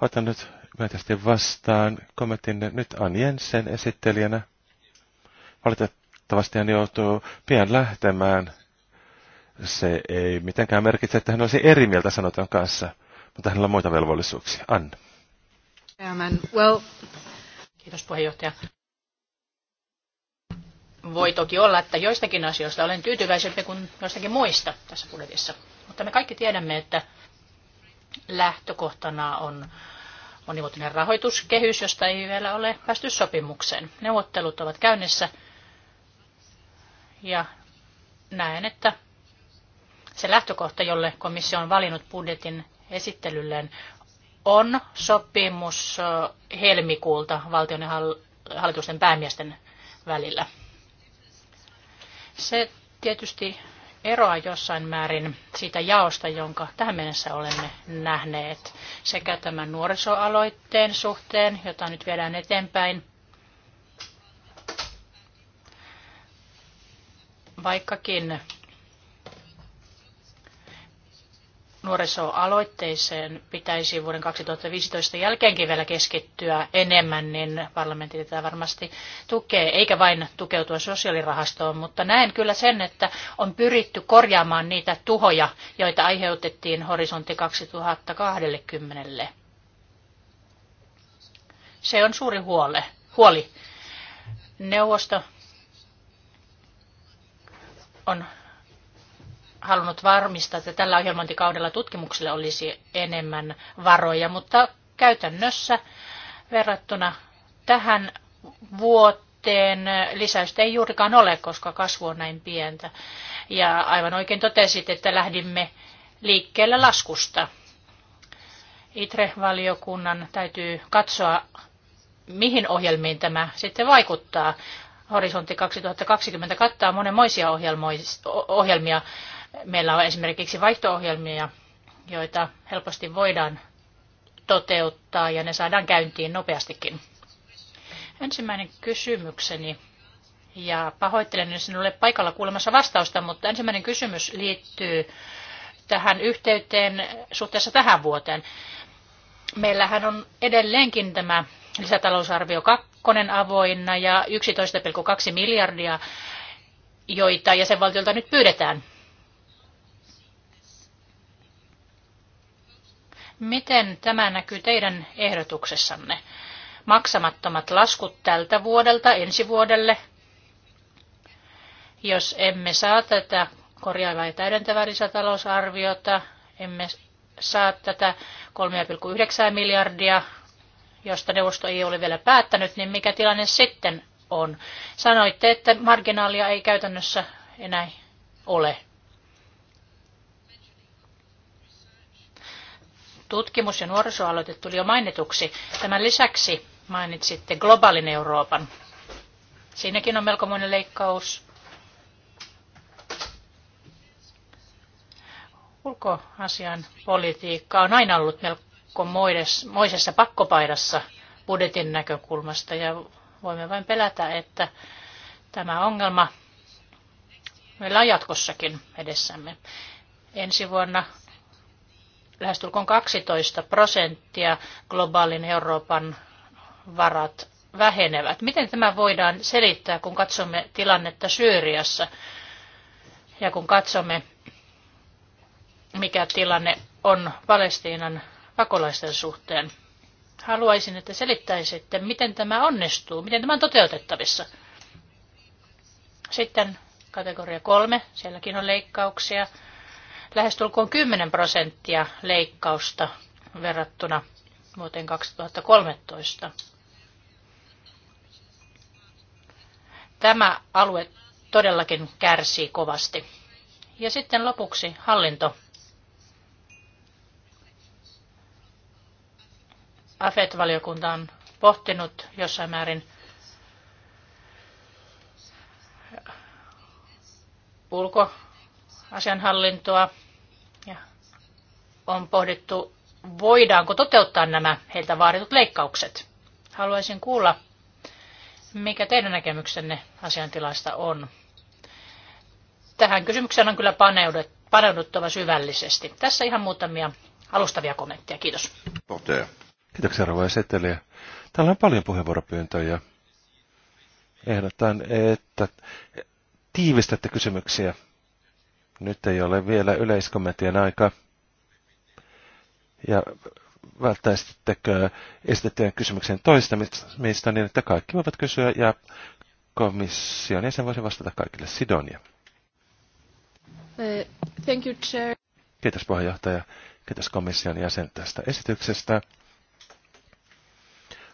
ottanut myöntävästi vastaan kommentin nyt Ann Jensen esittelijänä. Valitettavasti Valitettavasti hän joutuu pian lähtemään. Se ei mitenkään merkitse, että hän olisi eri mieltä sanotaan kanssa, mutta hänellä on muita velvollisuuksia. Ann. Well, kiitos puheenjohtaja. Voi toki olla, että joistakin asioista olen tyytyväisempi kuin joistakin muista tässä budjetissa. Mutta me kaikki tiedämme, että lähtökohtana on monivuotinen rahoituskehys, josta ei vielä ole päästy sopimukseen. Neuvottelut ovat käynnissä ja näen, että se lähtökohta, jolle komissio on valinnut budjetin esittelylleen, on sopimus helmikuulta valtion ja hallitusten päämiesten välillä. Se tietysti eroaa jossain määrin siitä jaosta, jonka tähän mennessä olemme nähneet, sekä tämän nuorisoaloitteen suhteen, jota nyt viedään eteenpäin, Vaikkakin nuorisoaloitteeseen pitäisi vuoden 2015 jälkeenkin vielä keskittyä enemmän, niin parlamentti tätä varmasti tukee, eikä vain tukeutua sosiaalirahastoon, mutta näen kyllä sen, että on pyritty korjaamaan niitä tuhoja, joita aiheutettiin horisontti 2020. Se on suuri huole, huoli. Neuvosto on halunnut varmistaa, että tällä ohjelmointikaudella tutkimukselle olisi enemmän varoja, mutta käytännössä verrattuna tähän vuoteen lisäystä ei juurikaan ole, koska kasvu on näin pientä. Ja aivan oikein totesit, että lähdimme liikkeelle laskusta. ITRE-valiokunnan täytyy katsoa, mihin ohjelmiin tämä sitten vaikuttaa. Horisontti 2020 kattaa monenmoisia ohjelmia. Meillä on esimerkiksi vaihtoohjelmia, joita helposti voidaan toteuttaa ja ne saadaan käyntiin nopeastikin. Ensimmäinen kysymykseni, ja pahoittelen, että sinulle paikalla kuulemassa vastausta, mutta ensimmäinen kysymys liittyy tähän yhteyteen suhteessa tähän vuoteen. Meillähän on edelleenkin tämä lisätalousarvio kakkonen avoinna ja 11,2 miljardia, joita jäsenvaltiolta nyt pyydetään. Miten tämä näkyy teidän ehdotuksessanne? Maksamattomat laskut tältä vuodelta ensi vuodelle, jos emme saa tätä korjaavaa ja täydentävää lisätalousarviota, emme saa tätä 3,9 miljardia josta neuvosto ei ole vielä päättänyt, niin mikä tilanne sitten on? Sanoitte, että marginaalia ei käytännössä enää ole. Tutkimus- ja nuorisoaloite tuli jo mainituksi. Tämän lisäksi mainitsitte globaalin Euroopan. Siinäkin on melkomoinen leikkaus. ulkoasian politiikka on aina ollut moisessa pakkopaidassa budjetin näkökulmasta ja voimme vain pelätä, että tämä ongelma meillä on jatkossakin edessämme. Ensi vuonna lähestulkoon 12 prosenttia globaalin Euroopan varat vähenevät. Miten tämä voidaan selittää, kun katsomme tilannetta Syyriassa ja kun katsomme, mikä tilanne on Palestiinan pakolaisten suhteen. Haluaisin, että selittäisitte, miten tämä onnistuu, miten tämä on toteutettavissa. Sitten kategoria kolme, sielläkin on leikkauksia. Lähestulkoon 10 prosenttia leikkausta verrattuna vuoteen 2013. Tämä alue todellakin kärsii kovasti. Ja sitten lopuksi hallinto. AFET-valiokunta on pohtinut jossain määrin ulkoasianhallintoa ja on pohdittu, voidaanko toteuttaa nämä heiltä vaaditut leikkaukset. Haluaisin kuulla, mikä teidän näkemyksenne asiantilasta on. Tähän kysymykseen on kyllä paneuduttava syvällisesti. Tässä ihan muutamia alustavia kommentteja. Kiitos. Potea. Kiitoksia rouva esittelijä. Täällä on paljon puheenvuoropyyntöjä. Ehdotan, että tiivistätte kysymyksiä. Nyt ei ole vielä yleiskommenttien aika. Ja välttäisittekö esitettyjen kysymyksen toistamista niin, että kaikki voivat kysyä ja komission jäsen voisi vastata kaikille. Sidonia. Eh, thank you, Chair. Kiitos puheenjohtaja. Kiitos komission jäsen tästä esityksestä.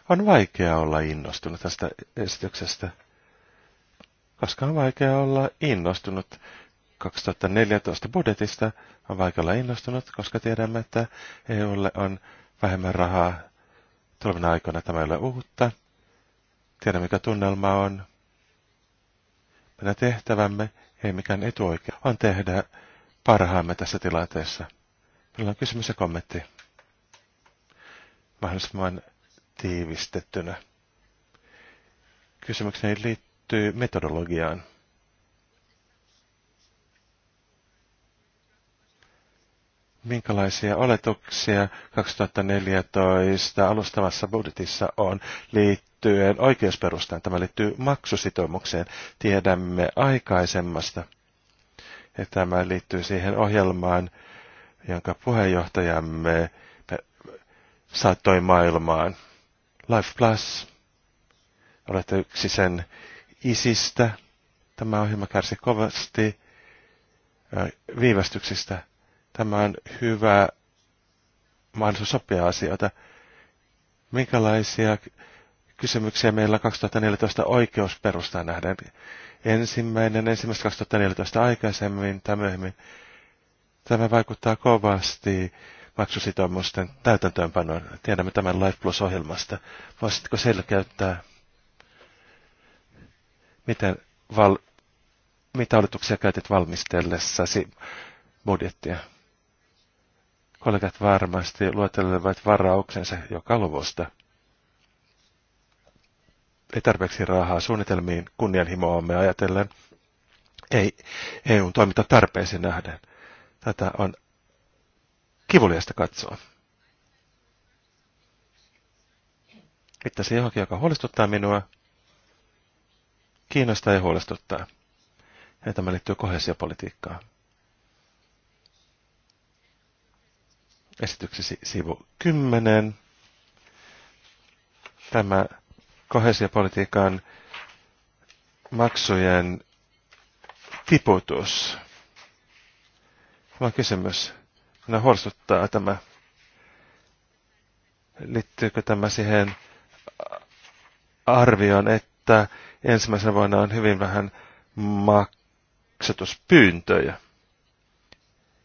On vaikea olla innostunut tästä esityksestä, koska on vaikea olla innostunut 2014 budjetista. On vaikea olla innostunut, koska tiedämme, että EUlle on vähemmän rahaa tulevina aikoina. Tämä ei ole uutta. Tiedämme, mikä tunnelma on. Meidän tehtävämme, ei mikään etuoikea, on tehdä parhaamme tässä tilanteessa. Meillä on kysymys ja kommentti. Mahdollisimman tiivistettynä. Kysymykseni liittyy metodologiaan. Minkälaisia oletuksia 2014 alustavassa budjetissa on liittyen oikeusperustaan? Tämä liittyy maksusitoumukseen. Tiedämme aikaisemmasta. Ja tämä liittyy siihen ohjelmaan, jonka puheenjohtajamme saattoi maailmaan. Life Plus. Olette yksi sen isistä. Tämä ohjelma kärsi kovasti viivästyksistä. Tämä on hyvä mahdollisuus oppia asioita. Minkälaisia kysymyksiä meillä 2014 oikeusperustaan nähdään? Ensimmäinen, ensimmäistä 2014 aikaisemmin tai myöhemmin. Tämä vaikuttaa kovasti maksusitoumusten täytäntöönpanoon. Tiedämme tämän Life Plus-ohjelmasta. Voisitko selkeyttää, miten val, mitä oletuksia käytit valmistellessasi budjettia? Kollegat varmasti luettelevat varauksensa joka luvusta. Ei tarpeeksi rahaa suunnitelmiin kunnianhimoamme ajatellen, ei EUn toiminta tarpeeseen nähden. Tätä on kivuliasta katsoa. Että se johonkin, joka huolestuttaa minua, kiinnostaa ja huolestuttaa. Ja tämä liittyy kohesiopolitiikkaan. Esityksesi sivu 10. Tämä kohesiopolitiikan maksujen tiputus. Tämä on kysymys minä huolestuttaa tämä. Liittyykö tämä siihen arvioon, että ensimmäisenä vuonna on hyvin vähän maksatuspyyntöjä?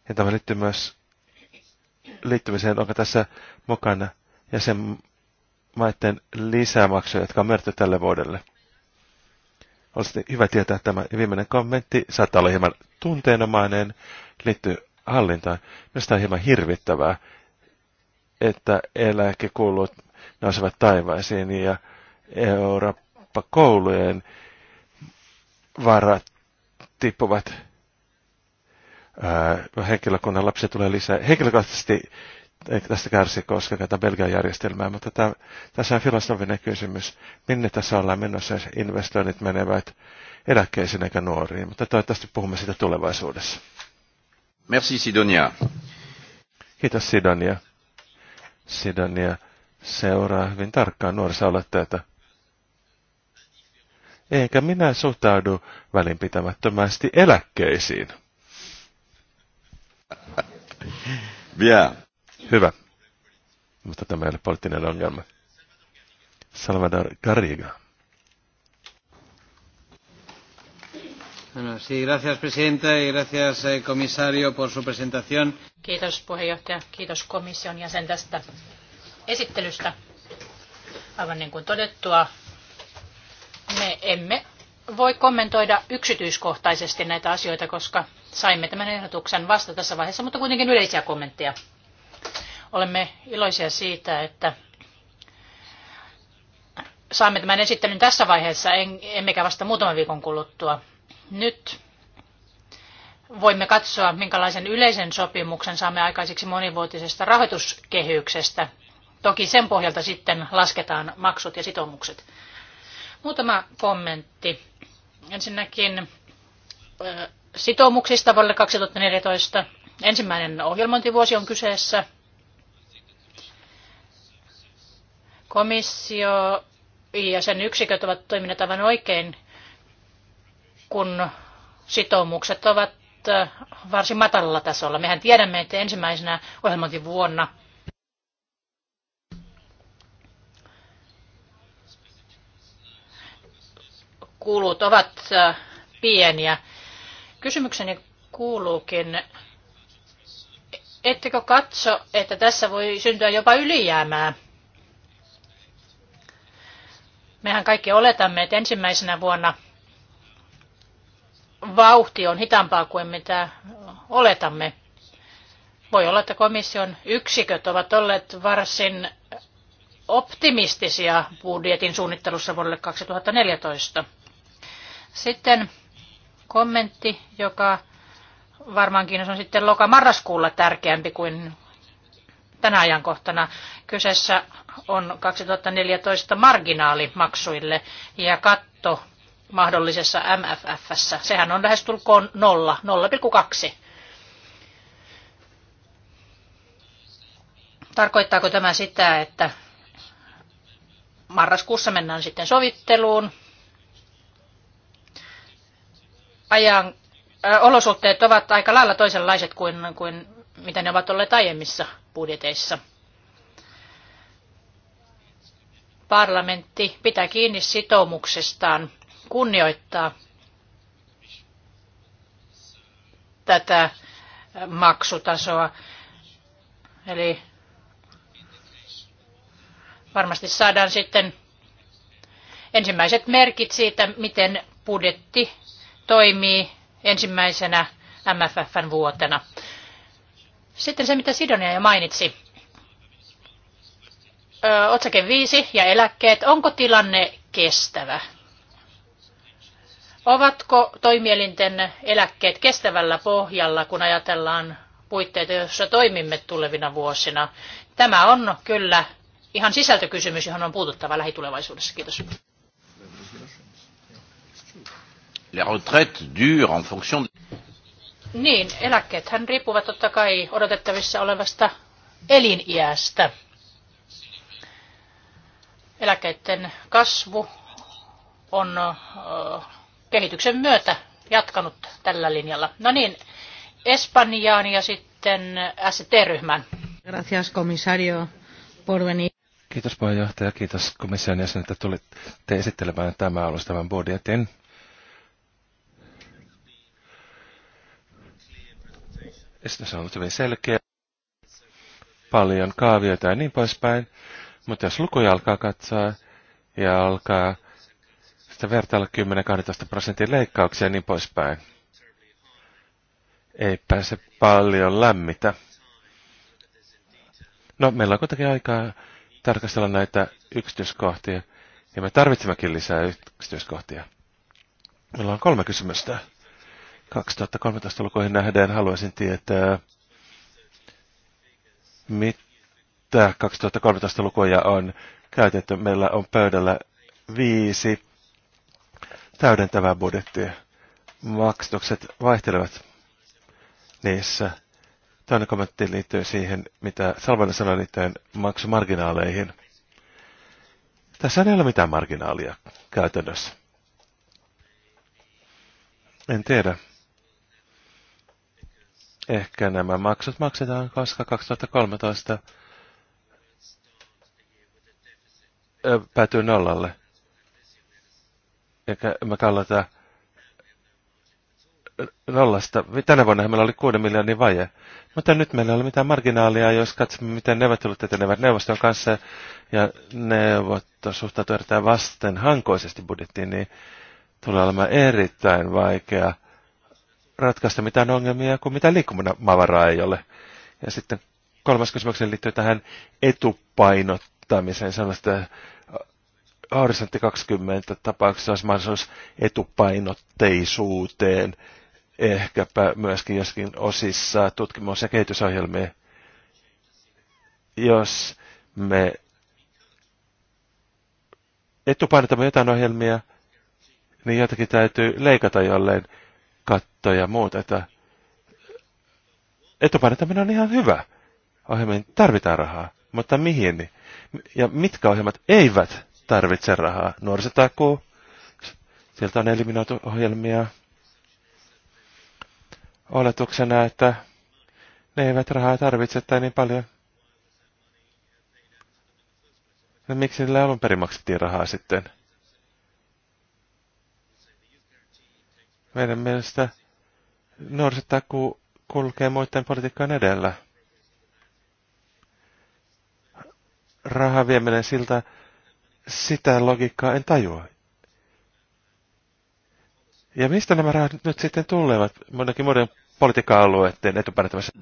Ja tämä liittyy myös liittymiseen, onko tässä mukana jäsenmaiden lisämaksuja, jotka on myönnetty tälle vuodelle. Olisi hyvä tietää tämä. viimeinen kommentti saattaa olla hieman tunteenomainen, liittyy hallintaan. Minusta on hieman hirvittävää, että eläkekulut nousevat taivaisiin ja Eurooppa-koulujen varat tippuvat. Ää, henkilökunnan lapsia tulee lisää. Henkilökohtaisesti tästä kärsi koska tätä Belgian järjestelmää, mutta tämä, tässä on filosofinen kysymys. Minne tässä ollaan menossa, jos investoinnit menevät eläkkeisiin eikä nuoriin, mutta toivottavasti puhumme siitä tulevaisuudessa. Merci Sidonia. Kiitos Sidonia. Sidonia seuraa hyvin tarkkaan nuorisoaloitteita. Eikä minä suhtaudu välinpitämättömästi eläkkeisiin. Bien. Hyvä. Mutta tämä ei ole poliittinen ongelma. Salvador Garriga. gracias presidenta y gracias eh, por su presentación. Kiitos puheenjohtaja, kiitos komission jäsen tästä esittelystä. Aivan niin kuin todettua, me emme voi kommentoida yksityiskohtaisesti näitä asioita, koska saimme tämän ehdotuksen vasta tässä vaiheessa, mutta kuitenkin yleisiä kommentteja. Olemme iloisia siitä, että saamme tämän esittelyn tässä vaiheessa, emmekä vasta muutaman viikon kuluttua. Nyt voimme katsoa, minkälaisen yleisen sopimuksen saamme aikaiseksi monivuotisesta rahoituskehyksestä. Toki sen pohjalta sitten lasketaan maksut ja sitoumukset. Muutama kommentti. Ensinnäkin sitoumuksista vuodelle 2014. Ensimmäinen ohjelmointivuosi on kyseessä. Komissio ja sen yksiköt ovat toimineet aivan oikein kun sitoumukset ovat äh, varsin matalalla tasolla. Mehän tiedämme, että ensimmäisenä vuonna kulut ovat äh, pieniä. Kysymykseni kuuluukin, ettekö katso, että tässä voi syntyä jopa ylijäämää? Mehän kaikki oletamme, että ensimmäisenä vuonna – vauhti on hitaampaa kuin mitä oletamme. Voi olla, että komission yksiköt ovat olleet varsin optimistisia budjetin suunnittelussa vuodelle 2014. Sitten kommentti, joka varmaankin on sitten loka-marraskuulla tärkeämpi kuin tänä ajankohtana. Kyseessä on 2014 marginaali maksuille ja katto mahdollisessa MFFssä. Sehän on tulkoon nolla, 0,2. Tarkoittaako tämä sitä, että marraskuussa mennään sitten sovitteluun? Ajan, äh, olosuhteet ovat aika lailla toisenlaiset kuin, kuin mitä ne ovat olleet aiemmissa budjeteissa. Parlamentti pitää kiinni sitoumuksestaan kunnioittaa tätä maksutasoa. Eli varmasti saadaan sitten ensimmäiset merkit siitä, miten budjetti toimii ensimmäisenä MFFn vuotena. Sitten se, mitä Sidonia jo mainitsi. Ö, otsake 5 ja eläkkeet. Onko tilanne kestävä? Ovatko toimielinten eläkkeet kestävällä pohjalla, kun ajatellaan puitteita, joissa toimimme tulevina vuosina? Tämä on kyllä ihan sisältökysymys, johon on puututtava lähitulevaisuudessa. Kiitos. Les retraites Niin, eläkkeethän riippuvat totta kai odotettavissa olevasta eliniästä. Eläkkeiden kasvu on kehityksen myötä jatkanut tällä linjalla. No niin, Espanjaan ja sitten ST-ryhmän. Gracias, komisario, por venir. Kiitos puheenjohtaja, kiitos komission jäsen, että tulitte esittelemään tämä alustavan budjetin. Esitys on ollut hyvin selkeä, paljon kaavioita ja niin poispäin, mutta jos lukuja alkaa katsoa ja alkaa sitä vertailla 10-12 prosentin leikkauksia ja niin poispäin. Ei pääse paljon lämmitä. No, meillä on kuitenkin aikaa tarkastella näitä yksityiskohtia, ja me tarvitsemmekin lisää yksityiskohtia. Meillä on kolme kysymystä. 2013 lukuihin nähden haluaisin tietää, mitä 2013 lukuja on käytetty. Meillä on pöydällä viisi täydentävää budjettia. Maksatukset vaihtelevat niissä. Toinen kommentti liittyy siihen, mitä Salvainen sanoi liittyen maksumarginaaleihin. Tässä ei ole mitään marginaalia käytännössä. En tiedä. Ehkä nämä maksut maksetaan, koska 2013 päätyy nollalle eikä me kallata nollasta. Tänä vuonna meillä oli 6 miljoonin vaje. Mutta nyt meillä ei ole mitään marginaalia, jos katsomme, miten neuvottelut etenevät neuvoston kanssa ja neuvotto suhtautuu erittäin vasten hankoisesti budjettiin, niin tulee olemaan erittäin vaikea ratkaista mitään ongelmia, kun mitään liikkumavaraa ei ole. Ja sitten kolmas kysymys liittyy tähän etupainottamiseen, sellaista Horisontti 20 tapauksessa olisi mahdollisuus etupainotteisuuteen, ehkäpä myöskin joskin osissa tutkimus- ja kehitysohjelmia. Jos me etupainotamme jotain ohjelmia, niin jotakin täytyy leikata jolleen kattoja ja muuta. Että etupainottaminen on ihan hyvä. Ohjelmiin tarvitaan rahaa, mutta mihin? Ja mitkä ohjelmat eivät tarvitse rahaa. Nuorisotakuu, sieltä on eliminoitu ohjelmia oletuksena, että ne eivät rahaa tarvitse tai niin paljon. No miksi niille alun perin maksettiin rahaa sitten? Meidän mielestä nuorisotakuu kulkee muiden politiikkaan edellä. Raha vieminen siltä sitä logiikkaa en tajua. Ja mistä nämä rahat nyt sitten tulevat monenkin muiden politiikka-alueiden etupäätämässä?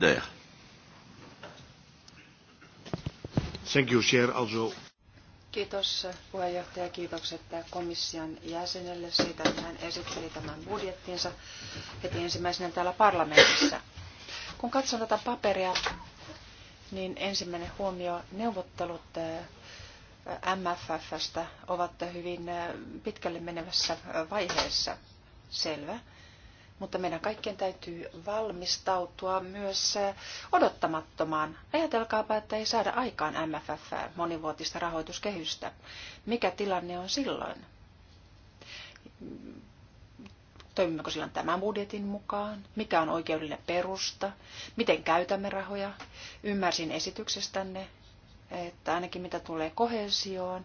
Thank you, Chair. Also. Kiitos puheenjohtaja, kiitokset komission jäsenelle siitä, että hän esitteli tämän budjettinsa heti ensimmäisenä täällä parlamentissa. Kun katson tätä paperia, niin ensimmäinen huomio neuvottelut eh, MFFstä ovat hyvin pitkälle menevässä vaiheessa. Selvä. Mutta meidän kaikkien täytyy valmistautua myös odottamattomaan. Ajatelkaapa, että ei saada aikaan MFF monivuotista rahoituskehystä. Mikä tilanne on silloin? Toimimmeko silloin tämän budjetin mukaan? Mikä on oikeudellinen perusta? Miten käytämme rahoja? Ymmärsin esityksestänne, että ainakin mitä tulee kohesioon,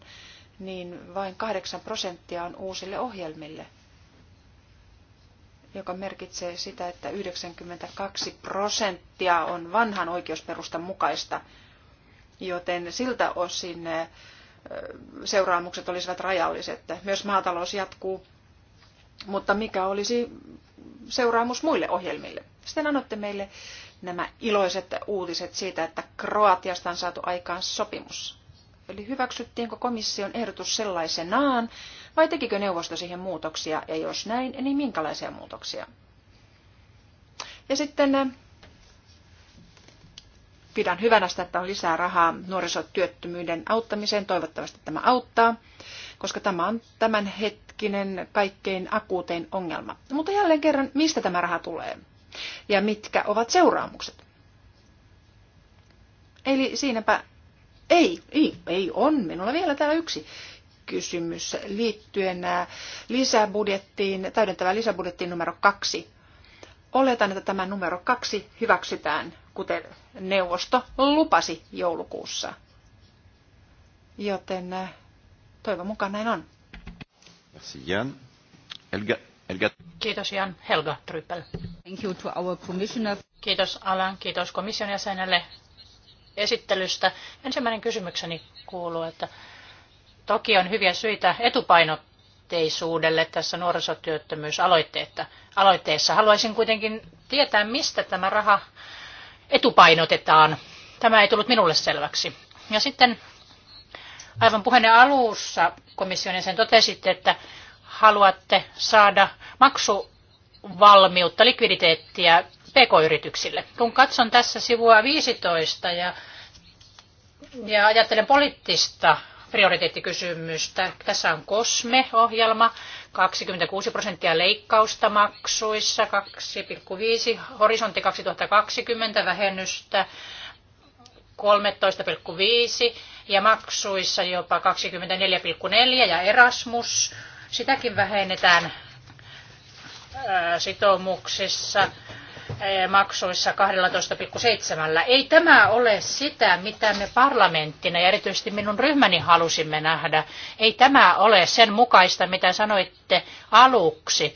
niin vain 8 prosenttia on uusille ohjelmille, joka merkitsee sitä, että 92 prosenttia on vanhan oikeusperustan mukaista, joten siltä osin eh, seuraamukset olisivat rajalliset. Myös maatalous jatkuu, mutta mikä olisi seuraamus muille ohjelmille? Sitten annotte meille nämä iloiset uutiset siitä, että Kroatiasta on saatu aikaan sopimus. Eli hyväksyttiinkö komission ehdotus sellaisenaan vai tekikö neuvosto siihen muutoksia ja jos näin, niin minkälaisia muutoksia? Ja sitten eh, pidän hyvänä sitä, että on lisää rahaa nuorisotyöttömyyden auttamiseen. Toivottavasti tämä auttaa, koska tämä on tämänhetkinen kaikkein akuutein ongelma. Mutta jälleen kerran, mistä tämä raha tulee? ja mitkä ovat seuraamukset. Eli siinäpä ei, ei, ei on. Minulla vielä täällä yksi kysymys liittyen äh, lisäbudjettiin, täydentävään lisäbudjettiin numero kaksi. Oletan, että tämä numero kaksi hyväksytään, kuten neuvosto lupasi joulukuussa. Joten äh, toivon mukaan näin on. Merci Jan. Elga. Helga. Kiitos Jan. Helga Tryppel. Thank you to our commissioner. Kiitos Alan, kiitos komission jäsenelle esittelystä. Ensimmäinen kysymykseni kuuluu, että toki on hyviä syitä etupainotteisuudelle tässä nuorisotyöttömyysaloitteessa. Haluaisin kuitenkin tietää, mistä tämä raha etupainotetaan. Tämä ei tullut minulle selväksi. Ja sitten aivan puheen alussa komission jäsen totesitte, että haluatte saada maksuvalmiutta, likviditeettiä pk-yrityksille. Kun katson tässä sivua 15 ja, ja ajattelen poliittista prioriteettikysymystä. Tässä on COSME-ohjelma, 26 prosenttia leikkausta maksuissa, 2,5 horisontti 2020 vähennystä, 13,5 ja maksuissa jopa 24,4 ja Erasmus Sitäkin vähennetään sitoumuksissa maksuissa 12,7. Ei tämä ole sitä, mitä me parlamenttina ja erityisesti minun ryhmäni halusimme nähdä. Ei tämä ole sen mukaista, mitä sanoitte aluksi,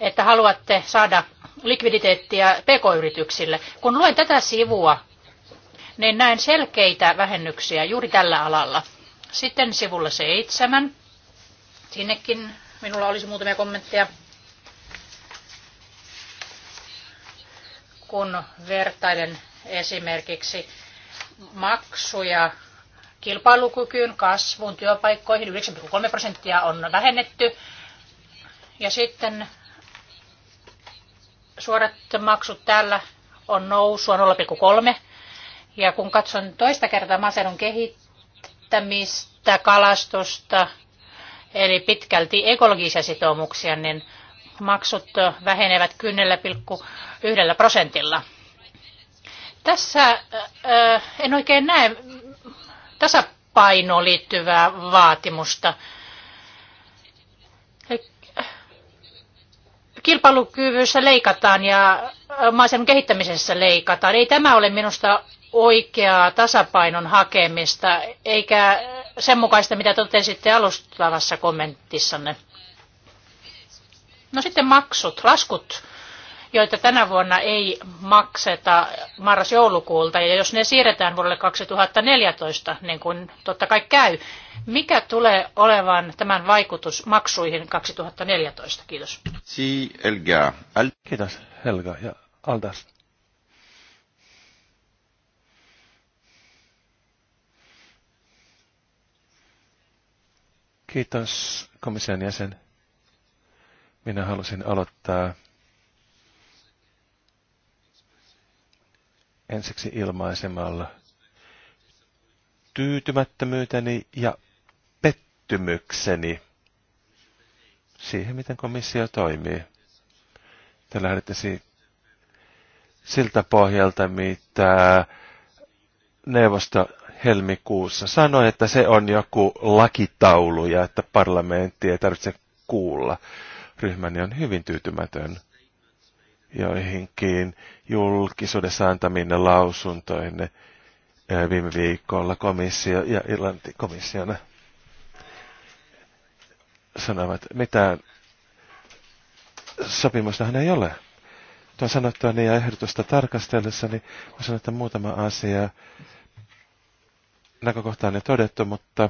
että haluatte saada likviditeettiä pk-yrityksille. Kun luen tätä sivua, niin näen selkeitä vähennyksiä juuri tällä alalla. Sitten sivulla seitsemän Sinnekin minulla olisi muutamia kommentteja. Kun vertailen esimerkiksi maksuja kilpailukykyyn, kasvuun, työpaikkoihin, 9,3 prosenttia on vähennetty. Ja sitten suorat maksut täällä on nousua 0,3. Ja kun katson toista kertaa maaseudun kehittämistä, kalastusta, eli pitkälti ekologisia sitoumuksia, niin maksut vähenevät 10,1 prosentilla. Tässä äh, äh, en oikein näe tasapainoon liittyvää vaatimusta. Kilpailukyvyssä leikataan ja maaseudun kehittämisessä leikataan. Ei tämä ole minusta oikeaa tasapainon hakemista, eikä sen mukaista, mitä totesitte alustavassa kommentissanne. No sitten maksut, laskut, joita tänä vuonna ei makseta marras-joulukuulta, ja jos ne siirretään vuodelle 2014, niin kuin totta kai käy, mikä tulee olevan tämän vaikutus maksuihin 2014? Kiitos. Kiitos Helga ja Aldas. Kiitos komission jäsen. Minä halusin aloittaa ensiksi ilmaisemalla tyytymättömyyteni ja pettymykseni siihen, miten komissio toimii. Te lähdette siltä pohjalta, mitä neuvosto helmikuussa sanoi, että se on joku lakitaulu ja että parlamentti ei tarvitse kuulla. Ryhmäni on hyvin tyytymätön joihinkin julkisuudessa antaminen lausuntoihin eh, viime viikolla komissio ja Irlanti komissiona sanovat, mitään sopimustahan ei ole. Tuon sanottua niin ja ehdotusta tarkastellessa, niin sanon, että muutama asia näkökohtaan on jo todettu, mutta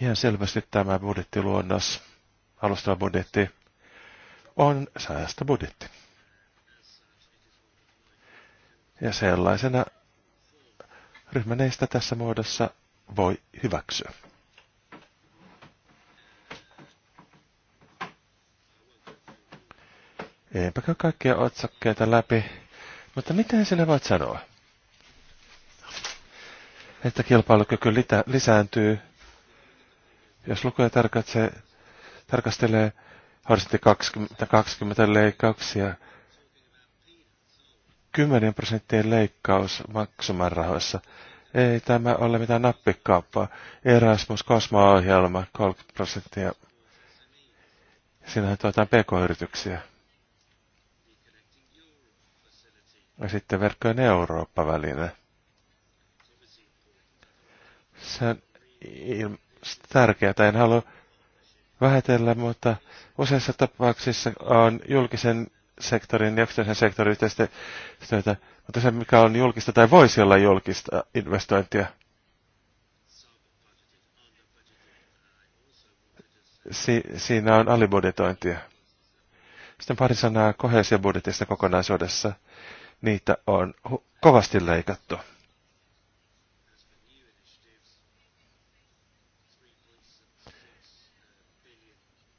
ihan selvästi tämä budjettiluonnos, alustava budjetti, on säästöbudjetti. Ja sellaisena ryhmäneistä tässä muodossa voi hyväksyä. Eipäkö kaikkia otsakkeita läpi, mutta mitä sinä voit sanoa? että kilpailukyky lisääntyy. Jos lukuja tarkatsee, tarkastelee horisontti 20, 20 leikkauksia, 10 prosenttien leikkaus maksumäärärahoissa. Ei tämä ole mitään nappikauppaa. Erasmus Kosmo-ohjelma 30 prosenttia. Siinähän tuotaan pk-yrityksiä. Ja sitten verkkojen Eurooppa-väline. Se on tärkeää. En halua vähetellä, mutta useissa tapauksissa on julkisen sektorin ja yksityisen sektorin yhteistyötä, mutta se mikä on julkista tai voisi olla julkista investointia. Si- siinä on alibudjetointia. Sitten pari sanaa kohesiobudjetista kokonaisuudessa. Niitä on kovasti leikattu.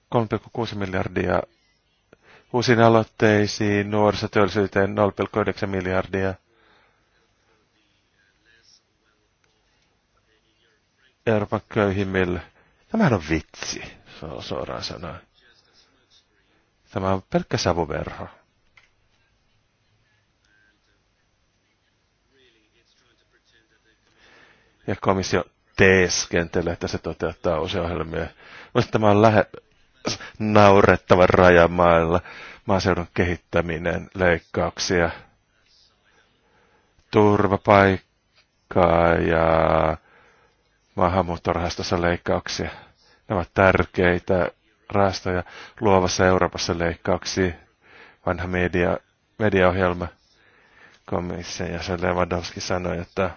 3,6 miljardia uusiin aloitteisiin, nuorisotyöllisyyteen 0,9 miljardia. Euroopan köyhimmille. Tämähän on vitsi, suoraan sanoen. Tämä on pelkkä savuverho. Ja komissio teeskentelee, että se toteuttaa uusia ohjelmia. Mutta tämä on lähe, naurettavan rajamailla, maaseudun kehittäminen, leikkauksia, turvapaikkaa ja maahanmuuttorahastossa leikkauksia. Ne ovat tärkeitä rahastoja luovassa Euroopassa leikkauksia, vanha media, mediaohjelma. Komission jäsen Lewandowski sanoi, että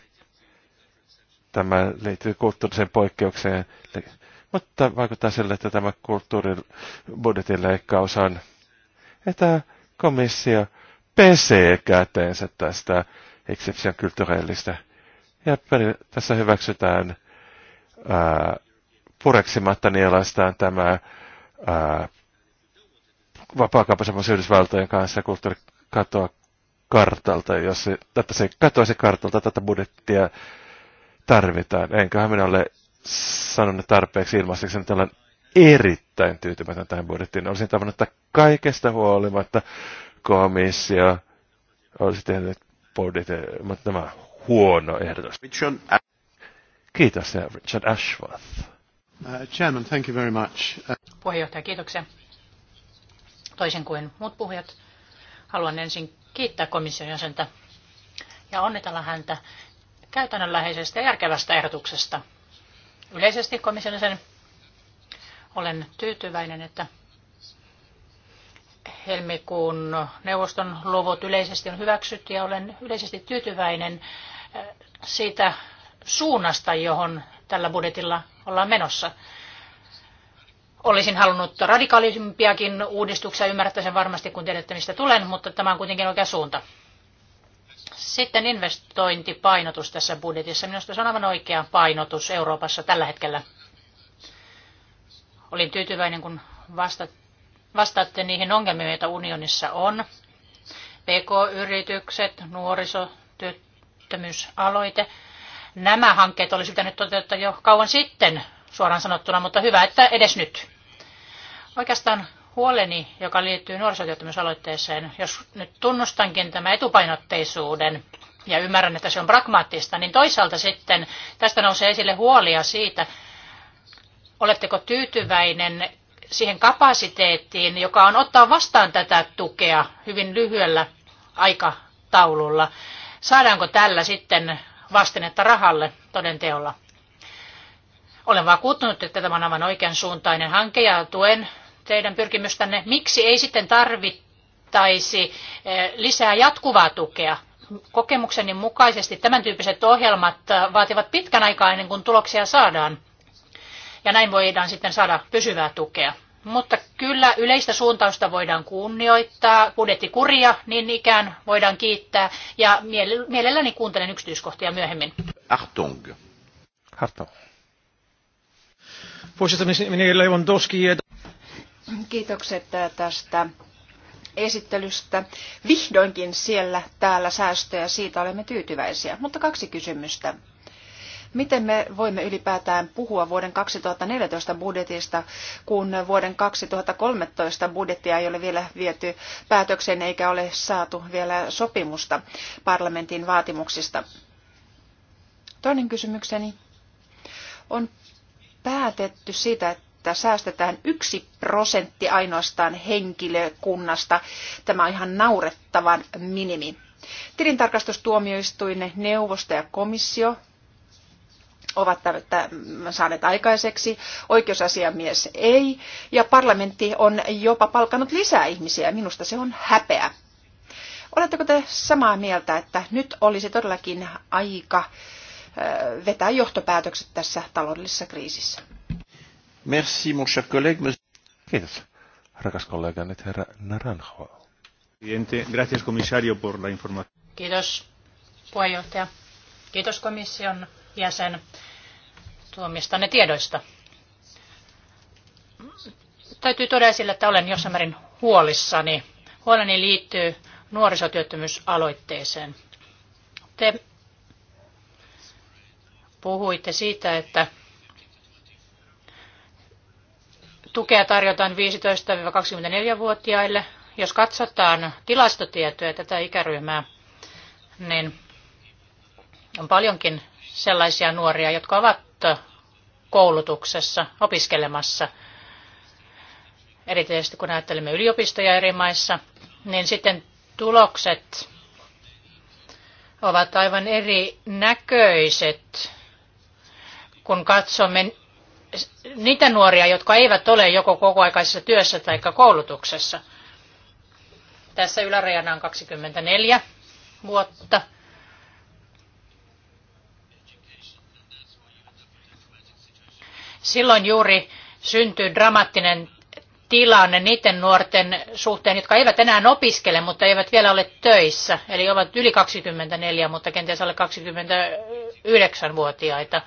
tämä liittyy kulttuuriseen poikkeukseen, mutta vaikuttaa sille, että tämä kulttuuribudjetin leikkaus on, että komissio pesee käteensä tästä exception kulttuurellista. Ja tässä hyväksytään ää, pureksimatta nielastaan tämä vapaakaupasemus Yhdysvaltojen kanssa kulttuuri kartalta, jos se, tätä se katoisi kartalta, tätä budjettia tarvitaan. Enköhän minä ole ne tarpeeksi ilmaiseksi, että olen erittäin tyytymätön tähän budjettiin. Olisin tavannut, että kaikesta huolimatta komissio olisi tehnyt budjetti, mutta tämä huono ehdotus. Kiitos, Richard Ashworth. Uh, chairman, thank you very much. Uh... Puheenjohtaja, kiitoksia. Toisin kuin muut puhujat, haluan ensin kiittää komission jäsentä ja onnitella häntä käytännönläheisestä ja järkevästä ehdotuksesta. Yleisesti komission sen olen tyytyväinen, että helmikuun neuvoston luvut yleisesti on hyväksytty ja olen yleisesti tyytyväinen eh, siitä suunnasta, johon tällä budjetilla ollaan menossa. Olisin halunnut radikaalimpiakin uudistuksia, ymmärrätte sen varmasti, kun tiedätte, mistä tulen, mutta tämä on kuitenkin oikea suunta. Sitten investointipainotus tässä budjetissa. Minusta se on aivan oikea painotus Euroopassa tällä hetkellä. Olin tyytyväinen, kun vastaatte niihin ongelmiin, joita unionissa on. PK-yritykset, nuorisotyöttömyysaloite. Nämä hankkeet olisi pitänyt toteuttaa jo kauan sitten, suoraan sanottuna, mutta hyvä, että edes nyt. Oikeastaan huoleni, joka liittyy nuorisotyöttömyysaloitteeseen, jos nyt tunnustankin tämä etupainotteisuuden ja ymmärrän, että se on pragmaattista, niin toisaalta sitten tästä nousee esille huolia siitä, oletteko tyytyväinen siihen kapasiteettiin, joka on ottaa vastaan tätä tukea hyvin lyhyellä aikataululla. Saadaanko tällä sitten vastinetta rahalle todenteolla? Olen vakuuttunut, että tämä on aivan oikean suuntainen hanke ja tuen teidän pyrkimystänne. Miksi ei sitten tarvittaisi eh, lisää jatkuvaa tukea? Kokemukseni mukaisesti tämän tyyppiset ohjelmat eh, vaativat pitkän aikaa ennen kuin tuloksia saadaan. Ja näin voidaan sitten saada pysyvää tukea. Mutta kyllä yleistä suuntausta voidaan kunnioittaa, budjettikuria niin ikään voidaan kiittää ja mielelläni kuuntelen yksityiskohtia myöhemmin. Achtung. Hartong. Voorzitter, minä Lewandowski. Eh, Kiitokset äh, tästä esittelystä. Vihdoinkin siellä täällä säästöjä, siitä olemme tyytyväisiä. Mutta kaksi kysymystä. Miten me voimme ylipäätään puhua vuoden 2014 budjetista, kun vuoden 2013 budjettia ei ole vielä viety päätökseen eikä ole saatu vielä sopimusta parlamentin vaatimuksista? Toinen kysymykseni on päätetty siitä, että että säästetään yksi prosentti ainoastaan henkilökunnasta. Tämä on ihan naurettavan minimi. Tilintarkastustuomioistuin, neuvosto ja komissio ovat saaneet aikaiseksi, oikeusasiamies ei, ja parlamentti on jopa palkannut lisää ihmisiä, minusta se on häpeä. Oletteko te samaa mieltä, että nyt olisi todellakin aika vetää johtopäätökset tässä taloudellisessa kriisissä? Merci, mon cher collègue. Kiitos, rakas kollega, nyt herra Naranjo. Gracias, komissario, por la información. Kiitos, puheenjohtaja. Kiitos komission jäsen tuomistanne tiedoista. Täytyy todeta sille, että olen jossain määrin huolissani. Huoleni liittyy nuorisotyöttömyysaloitteeseen. Te puhuitte siitä, että tukea tarjotaan 15-24-vuotiaille. Jos katsotaan tilastotietoja tätä ikäryhmää, niin on paljonkin sellaisia nuoria, jotka ovat koulutuksessa, opiskelemassa. Erityisesti kun ajattelemme yliopistoja eri maissa, niin sitten tulokset ovat aivan eri näköiset, kun katsomme niitä nuoria, jotka eivät ole joko kokoaikaisessa työssä tai koulutuksessa. Tässä ylärajana on 24 vuotta. Silloin juuri syntyy dramaattinen tilanne niiden nuorten suhteen, jotka eivät enää opiskele, mutta eivät vielä ole töissä. Eli ovat yli 24, mutta kenties alle 29-vuotiaita.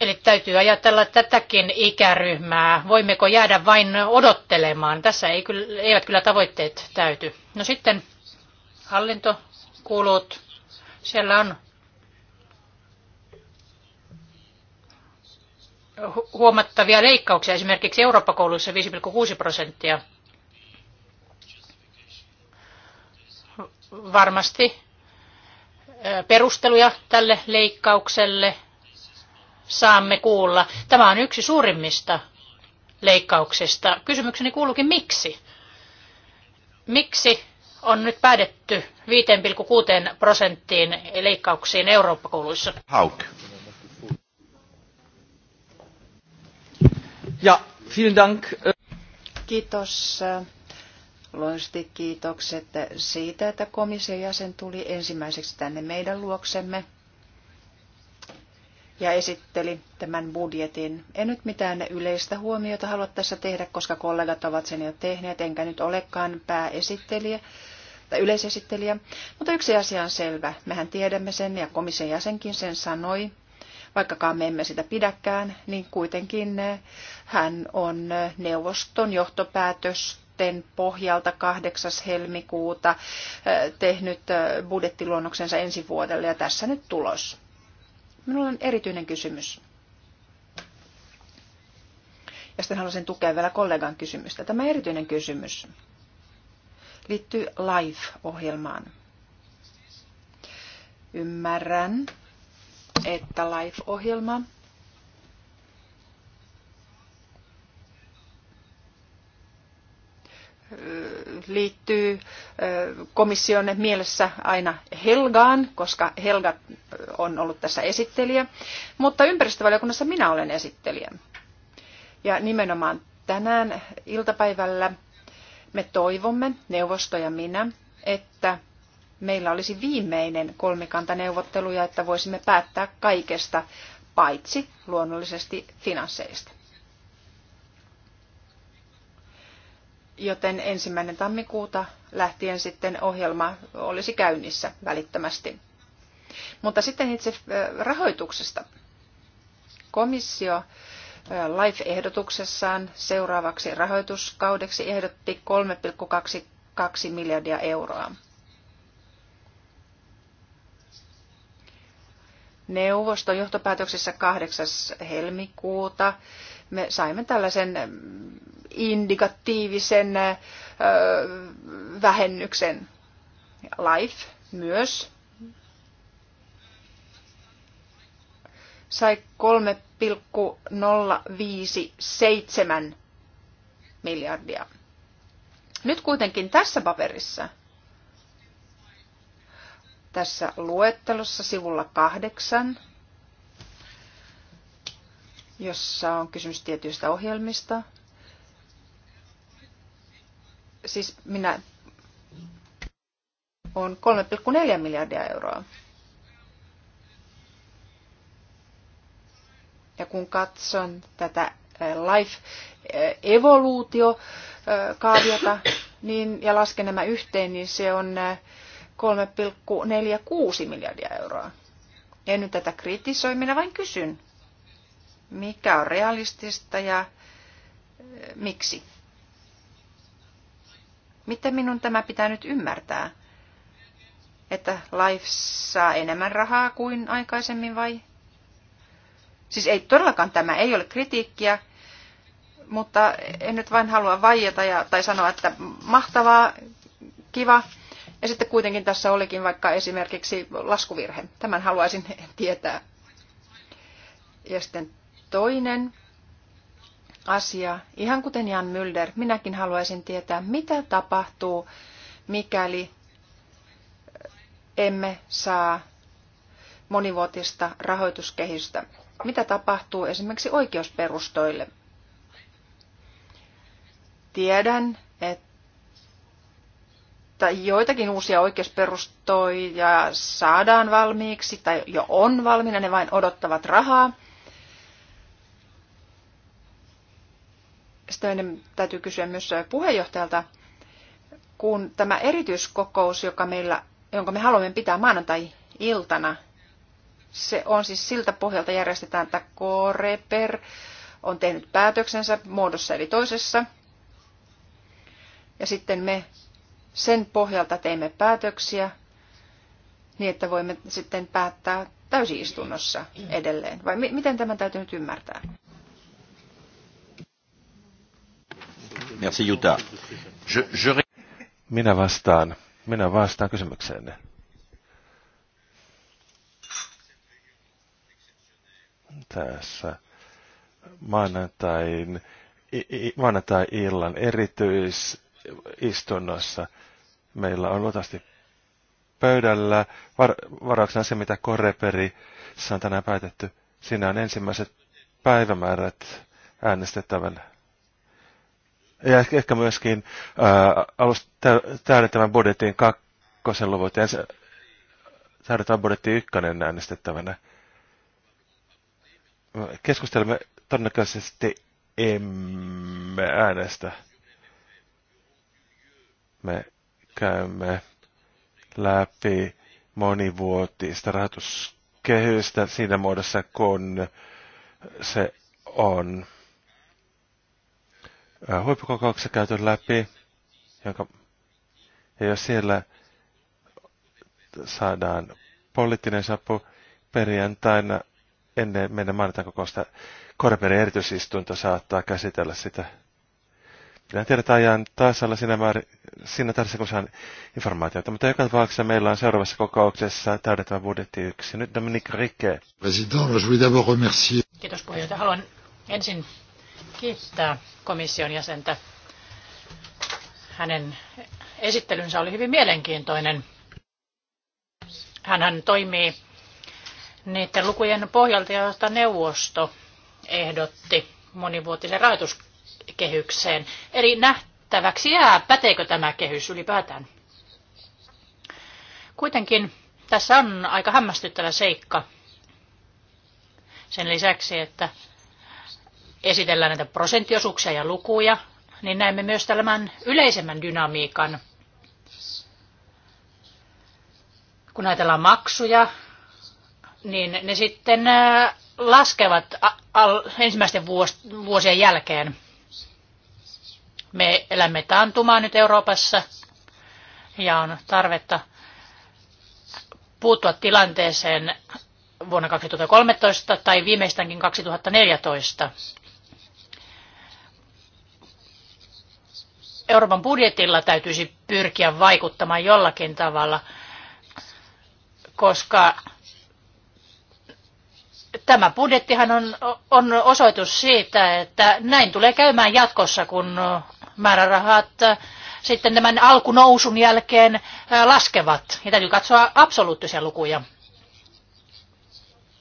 Eli täytyy ajatella tätäkin ikäryhmää. Voimmeko jäädä vain odottelemaan? Tässä ei kyllä, eivät kyllä tavoitteet täyty. No sitten hallintokulut. Siellä on huomattavia leikkauksia, esimerkiksi Eurooppa-kouluissa 5,6 prosenttia. Varmasti perusteluja tälle leikkaukselle – saamme kuulla. Tämä on yksi suurimmista leikkauksista. Kysymykseni kuuluukin miksi? Miksi on nyt päädytty 5,6 prosenttiin leikkauksiin Eurooppa-kouluissa? Hauk. Ja, vielen dank. Kiitos. Luonnollisesti kiitokset siitä, että komission jäsen tuli ensimmäiseksi tänne meidän luoksemme ja esitteli tämän budjetin. En nyt mitään yleistä huomiota halua tässä tehdä, koska kollegat ovat sen jo tehneet, enkä nyt olekaan pääesittelijä tai yleisesittelijä. Mutta yksi asia on selvä. Mehän tiedämme sen ja komission jäsenkin sen sanoi, vaikkakaan me emme sitä pidäkään, niin kuitenkin eh, hän on eh, neuvoston johtopäätösten pohjalta 8. helmikuuta eh, tehnyt budjettiluonnoksensa ensi vuodelle ja tässä nyt tulos. Minulla on erityinen kysymys. Ja sitten haluaisin tukea vielä kollegan kysymystä. Tämä erityinen kysymys liittyy Life-ohjelmaan. Ymmärrän, että Life-ohjelma liittyy komission mielessä aina Helgaan, koska Helga on ollut tässä esittelijä, mutta ympäristövaliokunnassa minä olen esittelijä. Ja nimenomaan tänään iltapäivällä me toivomme, neuvosto ja minä, että meillä olisi viimeinen kolmikantaneuvottelu ja että voisimme päättää kaikesta, paitsi luonnollisesti finansseista. joten ensimmäinen tammikuuta lähtien sitten ohjelma olisi käynnissä välittömästi. Mutta sitten itse rahoituksesta. Komissio LIFE-ehdotuksessaan seuraavaksi rahoituskaudeksi ehdotti 3,22 miljardia euroa. Neuvoston johtopäätöksessä 8. helmikuuta me saimme tällaisen mm, indikatiivisen vähennyksen. Life myös sai 3,057 miljardia. Nyt kuitenkin tässä paperissa, tässä luettelossa sivulla kahdeksan, jossa on kysymys tietyistä ohjelmista. Siis minä on 3,4 miljardia euroa. Ja kun katson tätä Life evoluutio kaaviota niin, ja lasken nämä yhteen, niin se on 3,46 miljardia euroa. En nyt tätä kritisoi, minä vain kysyn mikä on realistista ja eh, miksi. Miten minun tämä pitää nyt ymmärtää? Että Life saa enemmän rahaa kuin aikaisemmin vai? Siis ei todellakaan tämä ei ole kritiikkiä, mutta en nyt vain halua vaijata ja, tai sanoa, että mahtavaa, kiva. Ja sitten kuitenkin tässä olikin vaikka esimerkiksi laskuvirhe. Tämän haluaisin tietää. Ja sitten toinen asia. Ihan kuten Jan Mylder, minäkin haluaisin tietää, mitä tapahtuu, mikäli emme saa monivuotista rahoituskehistä. Mitä tapahtuu esimerkiksi oikeusperustoille? Tiedän, että joitakin uusia oikeusperustoja saadaan valmiiksi tai jo on valmiina, ne vain odottavat rahaa – Sitten täytyy kysyä myös puheenjohtajalta, kun tämä erityiskokous, joka meillä, jonka me haluamme pitää maanantai-iltana, se on siis siltä pohjalta järjestetään, että Koreper on tehnyt päätöksensä muodossa eli toisessa. Ja sitten me sen pohjalta teemme päätöksiä niin, että voimme sitten päättää täysistunnossa edelleen. Vai miten tämän täytyy nyt ymmärtää? Merci Jutta. Je, je... Minä vastaan. Minä vastaan kysymykseenne. Tässä maanantain, maanantai-illan erityisistunnossa meillä on luultavasti pöydällä var, varauksena se, mitä Koreperissä on tänään päätetty. Siinä on ensimmäiset päivämäärät äänestettävänä ja ehkä myöskin täydentävän budjettiin kakkosen luvut ja täydentävän budjettiin ykkönen äänestettävänä. Keskustelemme todennäköisesti emme äänestä. Me käymme läpi monivuotista rahoituskehystä siinä muodossa, kun se on huippukokouksessa käyty läpi, jonka, ja jos siellä saadaan poliittinen sapu perjantaina ennen meidän kokousta, Korperin erityisistunto saattaa käsitellä sitä. Minä tiedän ajan olla siinä, määrin, siinä tarvitsen, kun saan informaatiota. Mutta joka tapauksessa meillä on seuraavassa kokouksessa täydettävä budjetti yksi. Nyt Dominique Rike. Kiitos puheenjohtaja. Haluan ensin kiittää komission jäsentä. Hänen esittelynsä oli hyvin mielenkiintoinen. Hänhän toimii niiden lukujen pohjalta, joista neuvosto ehdotti monivuotisen rahoituskehykseen. Eli nähtäväksi jää, päteekö tämä kehys ylipäätään. Kuitenkin tässä on aika hämmästyttävä seikka. Sen lisäksi, että esitellään näitä prosenttiosuuksia ja lukuja, niin näemme myös tämän yleisemmän dynamiikan. Kun ajatellaan maksuja, niin ne sitten laskevat ensimmäisten vuosien jälkeen. Me elämme taantumaa nyt Euroopassa ja on tarvetta puuttua tilanteeseen vuonna 2013 tai viimeistäänkin 2014. Euroopan budjetilla täytyisi pyrkiä vaikuttamaan jollakin tavalla, koska tämä budjettihan on, on osoitus siitä, että näin tulee käymään jatkossa, kun määrärahat sitten tämän alkunousun jälkeen laskevat. Ja täytyy katsoa absoluuttisia lukuja.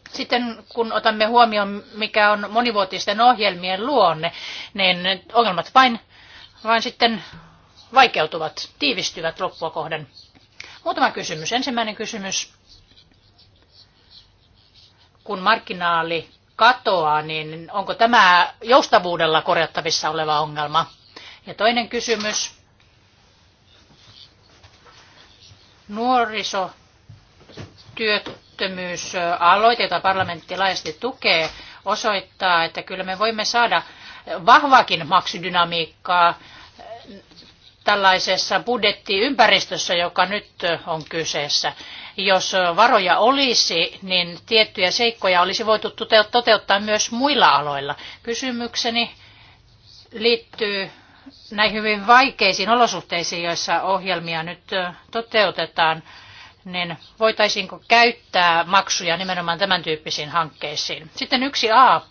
Sitten kun otamme huomioon, mikä on monivuotisten ohjelmien luonne, niin ongelmat vain vain sitten vaikeutuvat, tiivistyvät loppua kohden. Muutama kysymys. Ensimmäinen kysymys. Kun markkinaali katoaa, niin onko tämä joustavuudella korjattavissa oleva ongelma? Ja toinen kysymys. nuoriso työttömyysaloite, jota parlamentti laajasti tukee, osoittaa, että kyllä me voimme saada vahvaakin maksudynamiikkaa tällaisessa budjettiympäristössä, joka nyt on kyseessä. Jos varoja olisi, niin tiettyjä seikkoja olisi voitu toteuttaa myös muilla aloilla. Kysymykseni liittyy näihin hyvin vaikeisiin olosuhteisiin, joissa ohjelmia nyt toteutetaan, niin voitaisiinko käyttää maksuja nimenomaan tämän tyyppisiin hankkeisiin? Sitten yksi A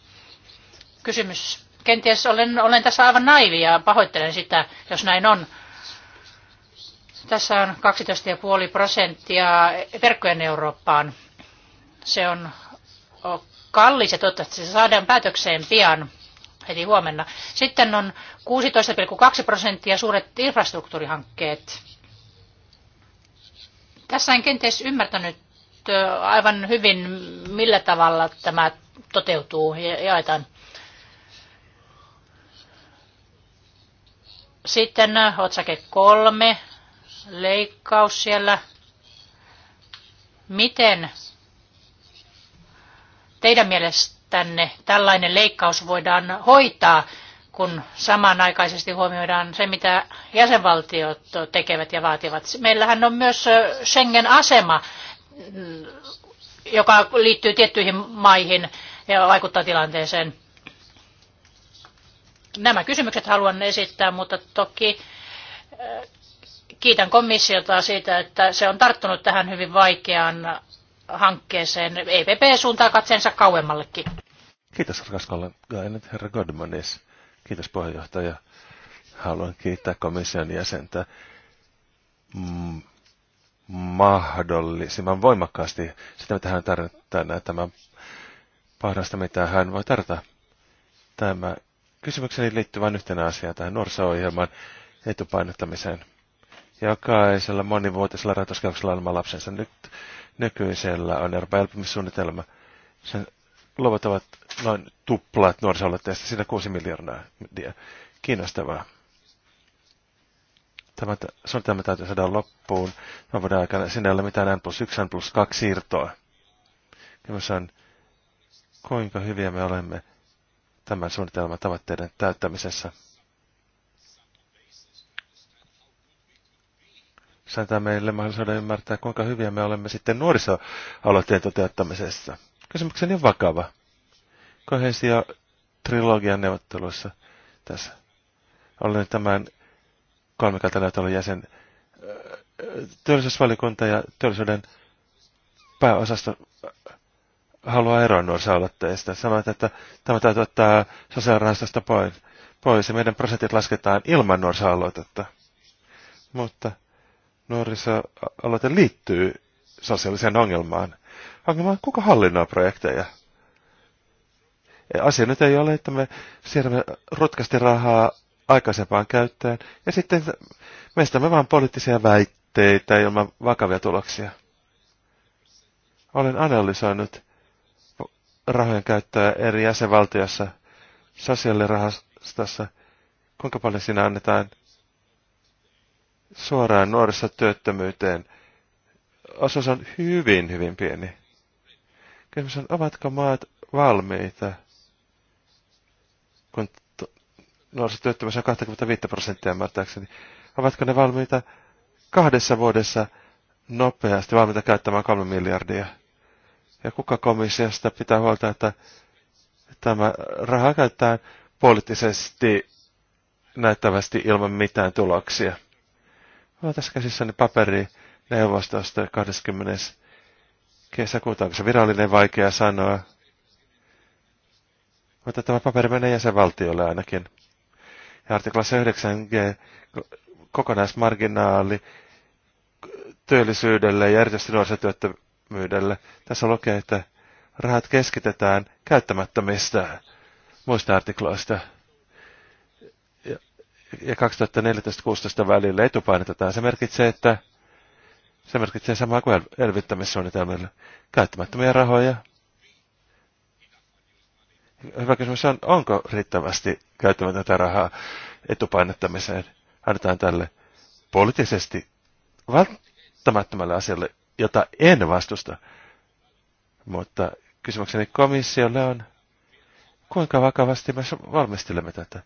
kysymys kenties olen, olen tässä aivan naivi ja pahoittelen sitä, jos näin on. Tässä on 12,5 prosenttia verkkojen Eurooppaan. Se on kallis ja toivottavasti se saadaan päätökseen pian heti huomenna. Sitten on 16,2 prosenttia suuret infrastruktuurihankkeet. Tässä en kenties ymmärtänyt äh, aivan hyvin, millä tavalla tämä toteutuu ja jaetaan. Sitten äh, otsake kolme, leikkaus siellä. Miten teidän mielestänne tällainen leikkaus voidaan hoitaa, kun samanaikaisesti huomioidaan se, mitä jäsenvaltiot tekevät ja vaativat? Meillähän on myös äh, Schengen-asema, mm, joka liittyy tiettyihin maihin ja vaikuttaa tilanteeseen. Nämä kysymykset haluan esittää, mutta toki äh, kiitän komissiota siitä, että se on tarttunut tähän hyvin vaikeaan hankkeeseen. EPP suuntaa katseensa kauemmallekin. Kiitos Raskalle Gainet, herra Godmanis. Kiitos puheenjohtaja. Haluan kiittää komission jäsentä mm, mahdollisimman voimakkaasti sitä, mitä hän tarjottaa tämän parasta, mitä hän voi tarjota. Tämä Kysymykseni liittyy vain yhtenä asiaan tähän nuoriso-ohjelman etupainottamiseen. Jokaisella monivuotisella rahoituskauksella ilman lapsensa nyt nykyisellä on Euroopan elpymissuunnitelma. Sen luvut ovat noin tuplaat nuorisoaloitteesta, siinä 6 miljoonaa. Kiinnostavaa. Tämä suunnitelma täytyy saada loppuun. Mä voidaan aikana, sinne ei ole mitään N plus 1, N plus 2 siirtoa. Kysymys on, kuinka hyviä me olemme tämän suunnitelman tavoitteiden täyttämisessä. Se antaa meille mahdollisuuden ymmärtää, kuinka hyviä me olemme sitten nuorisoaloitteen toteuttamisessa. Kysymykseni on vakava. Kohesio trilogian neuvotteluissa tässä. Olen tämän kolmikantaneuvottelun jäsen työllisyysvaliokunta ja työllisyyden pääosasto halua eroa nuorissa aloitteista. Sanoit, että tämä täytyy ottaa sosiaalirahastosta pois. pois ja meidän prosentit lasketaan ilman nuorisoaloitetta. Mutta nuorisoaloite liittyy sosiaaliseen ongelmaan. Ongelma on, kuka hallinnoi projekteja? Asia nyt ei ole, että me siirrämme rutkasti rahaa aikaisempaan käyttöön, ja sitten meistä me vain poliittisia väitteitä ilman vakavia tuloksia. Olen analysoinut rahojen käyttöä eri jäsenvaltiossa, sosiaalirahastossa, kuinka paljon siinä annetaan suoraan nuorissa työttömyyteen. Osuus on hyvin, hyvin pieni. Kysymys on, ovatko maat valmiita, kun nuorissa työttömyys on 25 prosenttia ymmärtääkseni, ovatko ne valmiita kahdessa vuodessa nopeasti valmiita käyttämään kolme miljardia? ja kuka komissiosta pitää huolta, että tämä raha käytetään poliittisesti näyttävästi ilman mitään tuloksia. Mä tässä käsissäni paperi neuvostosta 20. kesäkuuta, onko se virallinen vaikea sanoa. Mutta tämä paperi menee jäsenvaltiolle ainakin. Ja artiklassa 9g kokonaismarginaali työllisyydelle ja erityisesti nuorisotyöttömyydelle avoimuudelle. Tässä lukee, että rahat keskitetään käyttämättömistä muista artikloista. Ja, ja 2014-2016 välillä etupainotetaan. Se merkitsee, että se merkitsee samaa kuin elvyttämissuunnitelmille. Käyttämättömiä rahoja. Hyvä kysymys on, onko riittävästi käyttämätöntä rahaa etupainottamiseen? Annetaan tälle poliittisesti välttämättömälle asialle jota en vastusta. Mutta kysymykseni komissiolle on, kuinka vakavasti me valmistelemme tätä?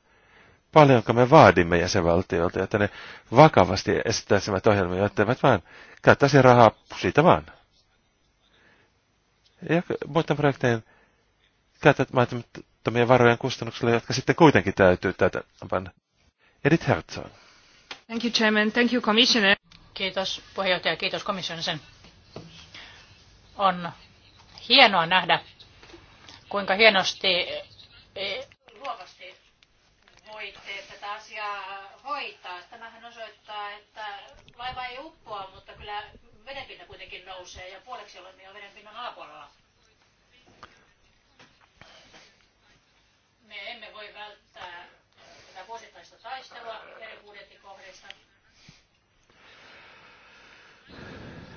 Paljonko me vaadimme jäsenvaltioilta, että ne vakavasti esittäisivät ohjelmia, jotta eivät vaan käyttäisi rahaa siitä vaan. Ja muiden projektejen käyttämättömien varojen kustannuksella, jotka sitten kuitenkin täytyy tätä panna. Edith Herzog. Thank you, Chairman. Thank you, Commissioner. Kiitos puheenjohtaja, kiitos komission sen. On hienoa nähdä, kuinka hienosti e, luovasti voitte tätä asiaa hoitaa. Tämähän osoittaa, että laiva ei uppoa, mutta kyllä vedenpinta kuitenkin nousee ja puoleksi olemme jo vedenpinnan alapuolella. Me emme voi välttää tätä vuosittaista taistelua eri budjettikohdista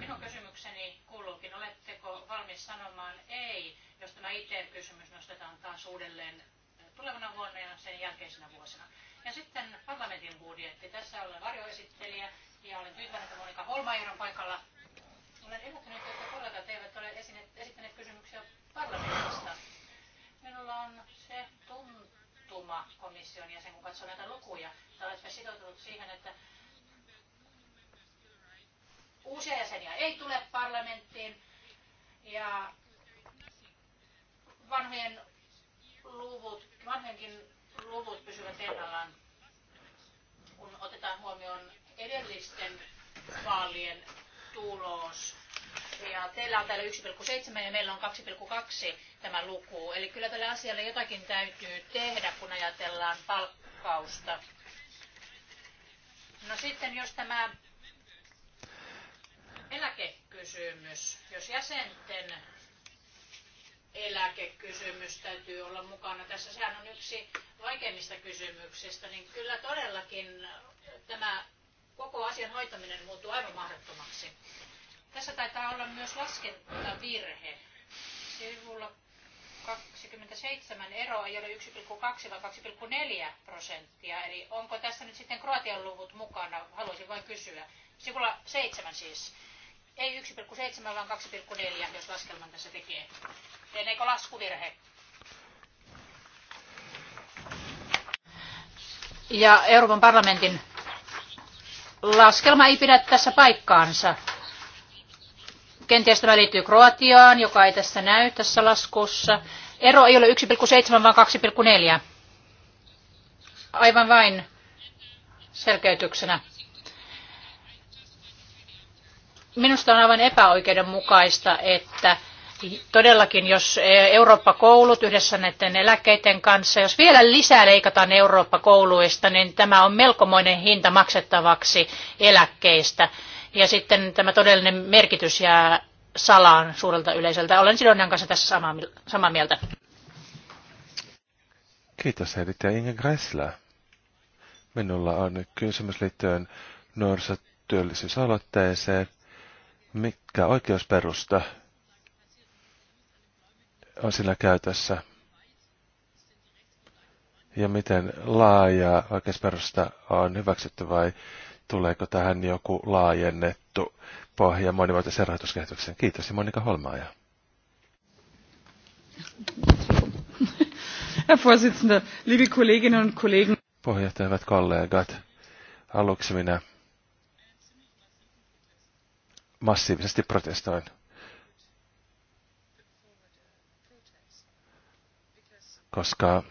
minun kysymykseni kuuluukin, oletteko valmis sanomaan ei, jos tämä it e kysymys nostetaan taas uudelleen tulevana vuonna ja sen jälkeisenä vuosina. Ja sitten parlamentin budjetti. Tässä olen varjoesittelijä ja olen tyytyväinen, että Monika Holmaier on paikalla. Olen yllättynyt, että kollegat eivät ole esittäneet kysymyksiä parlamentista. Minulla on se tuntuma komission jäsen, kun katsoo näitä lukuja, että olette sitoutunut siihen, että Uusia jäseniä ei tule parlamenttiin ja vanhojen luvut, vanhojenkin luvut pysyvät ennallaan, kun otetaan huomioon edellisten vaalien tulos. Ja teillä on täällä 1,7 ja meillä on 2,2 tämä luku. Eli kyllä tälle asialle jotakin täytyy tehdä, kun ajatellaan palkkausta. No sitten jos tämä eläkekysymys. Jos jäsenten eläkekysymys täytyy olla mukana. Tässä sehän on yksi vaikeimmista kysymyksistä, niin kyllä todellakin tämä koko asian hoitaminen muuttuu aivan mahdottomaksi. Tässä taitaa olla myös laskentavirhe. Sivulla 27 ero ei ole 1,2 vaan 2,4 prosenttia. Eli onko tässä nyt sitten Kroatian luvut mukana? Haluaisin vain kysyä. Sivulla 7 siis. Ei 1,7 vaan 2,4, jos laskelman tässä tekee. Teneekö laskuvirhe? Ja Euroopan parlamentin laskelma ei pidä tässä paikkaansa. Kenties tämä liittyy Kroatiaan, joka ei tässä näy tässä laskussa. Ero ei ole 1,7 vaan 2,4. Aivan vain selkeytyksenä. Minusta on aivan epäoikeudenmukaista, että todellakin, jos Eurooppa-koulut yhdessä näiden eläkkeiden kanssa, jos vielä lisää leikataan Eurooppa-kouluista, niin tämä on melkomoinen hinta maksettavaksi eläkkeistä. Ja sitten tämä todellinen merkitys jää salaan suurelta yleisöltä. Olen Sidonian kanssa tässä samaa, samaa mieltä. Kiitos Edith ja Inge Gressler. Minulla on kysymys liittyen nuorisotyöllisyysaloitteeseen mikä oikeusperusta on sillä käytössä ja miten laaja oikeusperusta on hyväksytty vai tuleeko tähän joku laajennettu pohja monivuotisen rahoituskehityksen. Kiitos ja Monika Holmaaja. Herr Vorsitzender, liebe Kolleginnen und Kollegen. Puheenjohtajat, kollegat, aluksi minä massiivisesti protestoin. Koska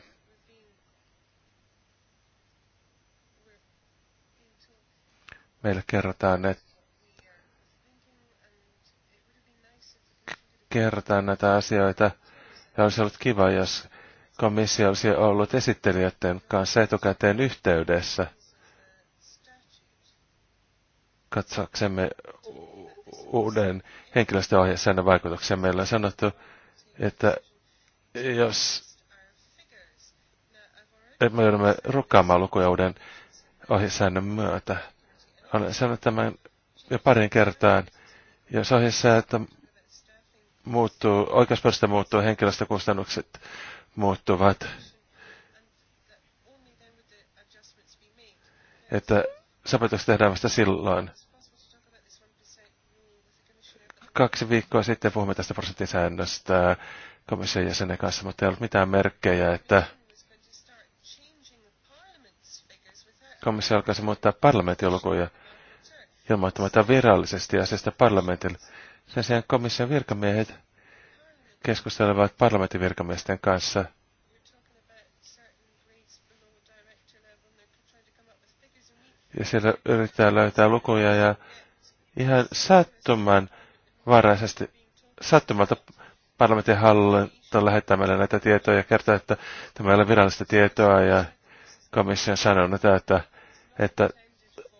meille kerrotaan, että kerrotaan näitä asioita. Ja olisi ollut kiva, jos komissio olisi ollut esittelijöiden kanssa etukäteen yhteydessä. Katsoksemme uuden henkilöstöohjesäännön vaikutuksia. Meillä on sanottu, että jos että me joudumme rukkaamaan lukuja uuden ohjesäännön myötä. Olen sanonut tämän jo parin kertaan. Jos ohjesääntö muuttuu, oikeusperusta muuttuu, henkilöstökustannukset muuttuvat, että sopetukset tehdään vasta silloin kaksi viikkoa sitten puhumme tästä prosentin säännöstä komission jäsenen kanssa, mutta ei ollut mitään merkkejä, että komissio alkaisi muuttaa parlamentin lukuja ilmoittamatta virallisesti asiasta parlamentille. Sen sijaan komission virkamiehet keskustelevat parlamentin virkamiesten kanssa ja siellä yritetään löytää lukuja ja ihan sattuman varaisesti sattumalta parlamentin hallinto lähettää meille näitä tietoja ja kertoo, että tämä ei ole virallista tietoa ja komissio on sanonut, että, että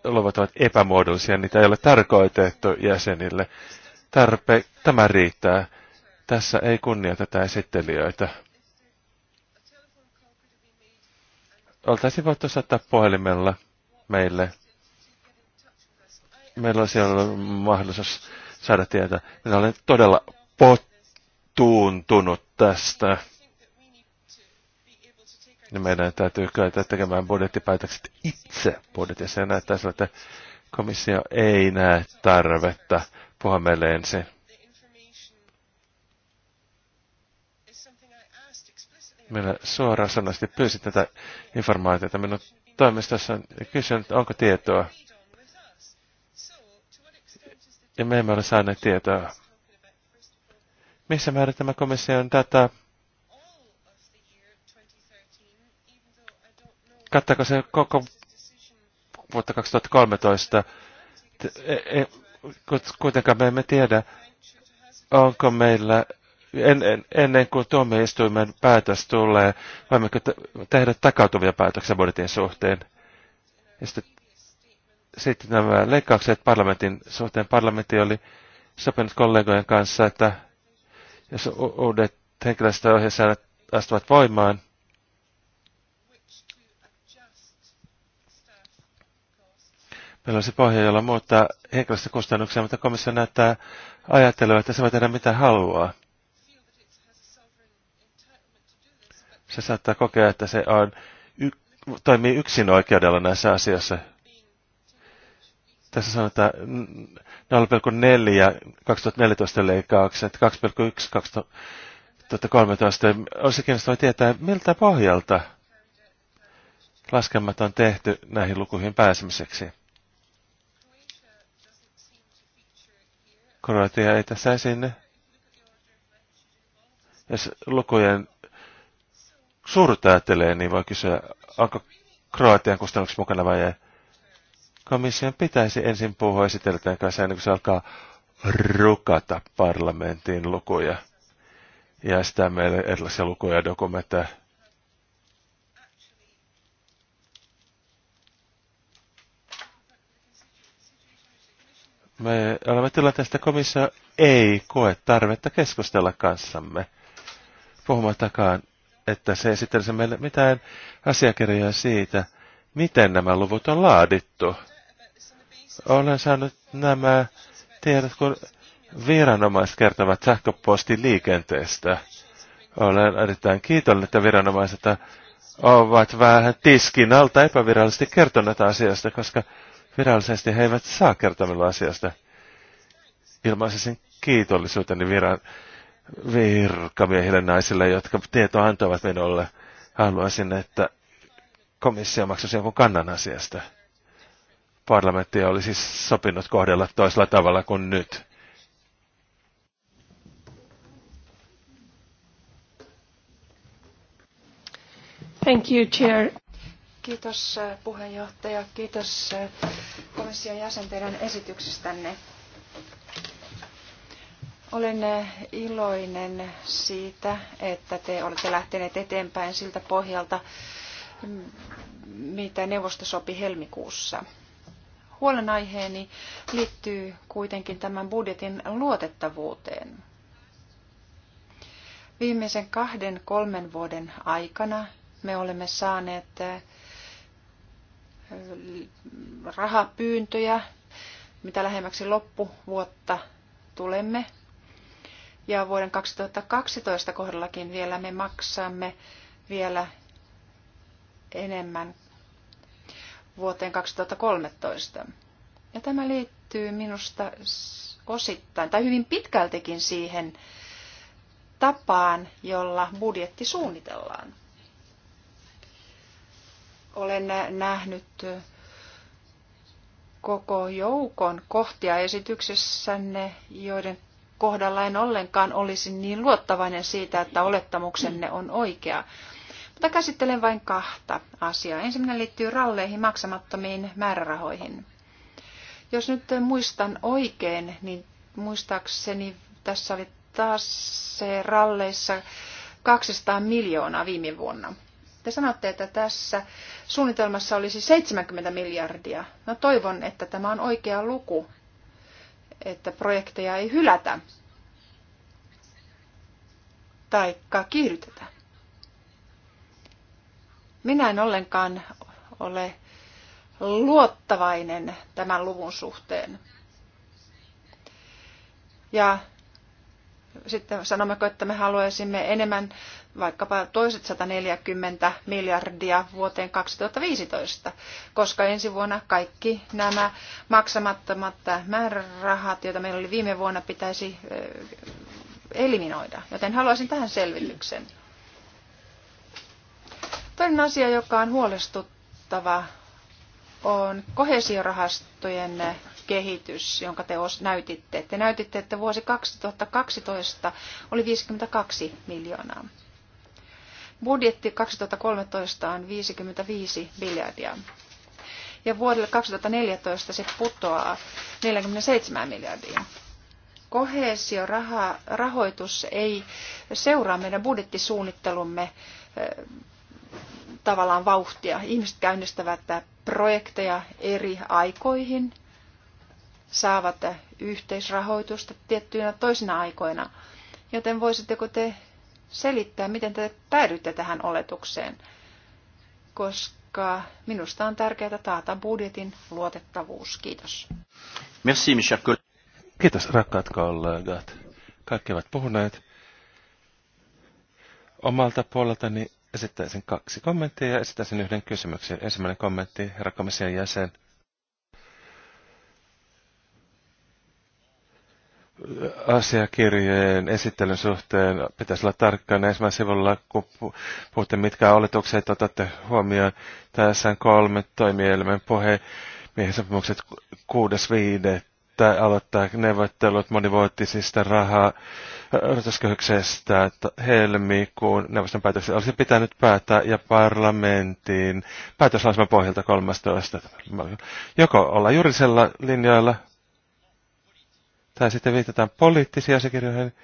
luvat ovat epämuodollisia, niitä ei ole tarkoitettu jäsenille. Tarpe, tämä riittää. Tässä ei kunnioiteta esittelijöitä. Oltaisiin voitu saattaa puhelimella meille. Meillä olisi ollut mahdollisuus saada tietää. Minä olen todella pottuuntunut tästä. Ja meidän täytyy kyllä tekemään budjettipäätökset itse budjetissa. Ja näyttää sillä, että komissio ei näe tarvetta puhua meille ensin. Minä suoraan sanasti pyysin tätä informaatiota minun toimistossa kysyn, onko tietoa ja me emme ole saaneet tietoa. Missä määrin tämä komissio on tätä. kattaako se koko vuotta 2013? E- e- kuitenkaan me emme tiedä, onko meillä en, en, ennen kuin tuomioistuimen päätös tulee, voimmeko tehdä takautuvia päätöksiä budjetin suhteen. Ja sitten sitten nämä leikkaukset parlamentin suhteen. Parlamentti oli sopinut kollegojen kanssa, että jos uudet henkilöstöohjesäännöt astuvat voimaan, Meillä on se pohja, jolla muuttaa henkilöstökustannuksia, mutta komissio näyttää ajattelua, että se voi tehdä mitä haluaa. Se saattaa kokea, että se on y- toimii yksin oikeudella näissä asioissa. Tässä sanotaan 0,4 2014 leikkaukset, 2,1 2013. Olisi kiinnostavaa tietää, miltä pohjalta laskelmat on tehty näihin lukuihin pääsemiseksi. Kroatia ei tässä esine. Jos lukujen suurta ajattelee, niin voi kysyä, onko Kroatian kustannukset mukana vai ei komission pitäisi ensin puhua esiteltään kanssa ennen kuin se alkaa rukata parlamentin lukuja. Ja sitä meille erilaisia lukuja ja dokumentteja. Me olemme tilanteesta, komissio ei koe tarvetta keskustella kanssamme. Puhumattakaan, että se esittelisi meille mitään asiakirjoja siitä, miten nämä luvut on laadittu. Olen saanut nämä tiedot, kun viranomaiset kertovat liikenteestä. Olen erittäin kiitollinen, että viranomaiset ovat vähän tiskin alta epävirallisesti kertoneet asiasta, koska virallisesti he eivät saa kertomilla asiasta. Ilmaisin kiitollisuuteni viran, virkamiehille naisille, jotka tietoa antavat minulle. Haluaisin, että komissio maksaisi jonkun kannan asiasta parlamentti olisi siis sopinut kohdella toisella tavalla kuin nyt. Thank you, Chair. Kiitos äh, puheenjohtaja, kiitos äh, komission jäsen teidän esityksestänne. Olen äh, iloinen siitä, että te olette lähteneet eteenpäin siltä pohjalta, mitä neuvosto sopi helmikuussa. Huolenaiheeni liittyy kuitenkin tämän budjetin luotettavuuteen. Viimeisen kahden, kolmen vuoden aikana me olemme saaneet eh, rahapyyntöjä, mitä lähemmäksi loppuvuotta tulemme. Ja vuoden 2012 kohdallakin vielä me maksamme vielä enemmän vuoteen 2013. Ja tämä liittyy minusta osittain tai hyvin pitkältikin siihen tapaan, jolla budjetti suunnitellaan. Olen nähnyt koko joukon kohtia esityksessänne, joiden kohdalla en ollenkaan olisi niin luottavainen siitä, että olettamuksenne on oikea. Mutta käsittelen vain kahta asiaa. Ensimmäinen liittyy ralleihin maksamattomiin määrärahoihin. Jos nyt muistan oikein, niin muistaakseni tässä oli taas se ralleissa 200 miljoonaa viime vuonna. Te sanotte, että tässä suunnitelmassa olisi 70 miljardia. No toivon, että tämä on oikea luku, että projekteja ei hylätä taikka kiihdytetä. Minä en ollenkaan ole luottavainen tämän luvun suhteen. Ja sitten sanommeko, että me haluaisimme enemmän vaikkapa toiset 140 miljardia vuoteen 2015, koska ensi vuonna kaikki nämä maksamattomat määrärahat, joita meillä oli viime vuonna, pitäisi eliminoida. Joten haluaisin tähän selvityksen. Toinen asia, joka on huolestuttava, on kohesiorahastojen kehitys, jonka te näytitte. Te näytitte, että vuosi 2012 oli 52 miljoonaa. Budjetti 2013 on 55 miljardia. Ja vuodelle 2014 se putoaa 47 miljardia. Kohesiorahoitus ei seuraa meidän budjettisuunnittelumme tavallaan vauhtia. Ihmiset käynnistävät projekteja eri aikoihin, saavat yhteisrahoitusta tiettyinä toisina aikoina. Joten voisitteko te selittää, miten te päädyitte tähän oletukseen? Koska minusta on tärkeää taata budjetin luotettavuus. Kiitos. Merci, Kiitos, rakkaat kollegat. Kaikki ovat puhuneet. Omalta puoleltani Esittäisin kaksi kommenttia ja esittäisin yhden kysymyksen. Ensimmäinen kommentti, herra komission jäsen. asiakirjojen esittelyn suhteen pitäisi olla tarkkana ensimmäisellä sivulla, kun puhutte, mitkä oletukset otatte huomioon. Tässä on kolme toimielimen puhe, miehen sopimukset että aloittaa neuvottelut monivuotisista rahaa rahoituskehyksestä helmikuun neuvoston päätöksen olisi pitänyt päättää ja parlamentin päätöslauselman pohjalta 13. Joko olla juridisella linjoilla tai sitten viitataan poliittisiin asiakirjoihin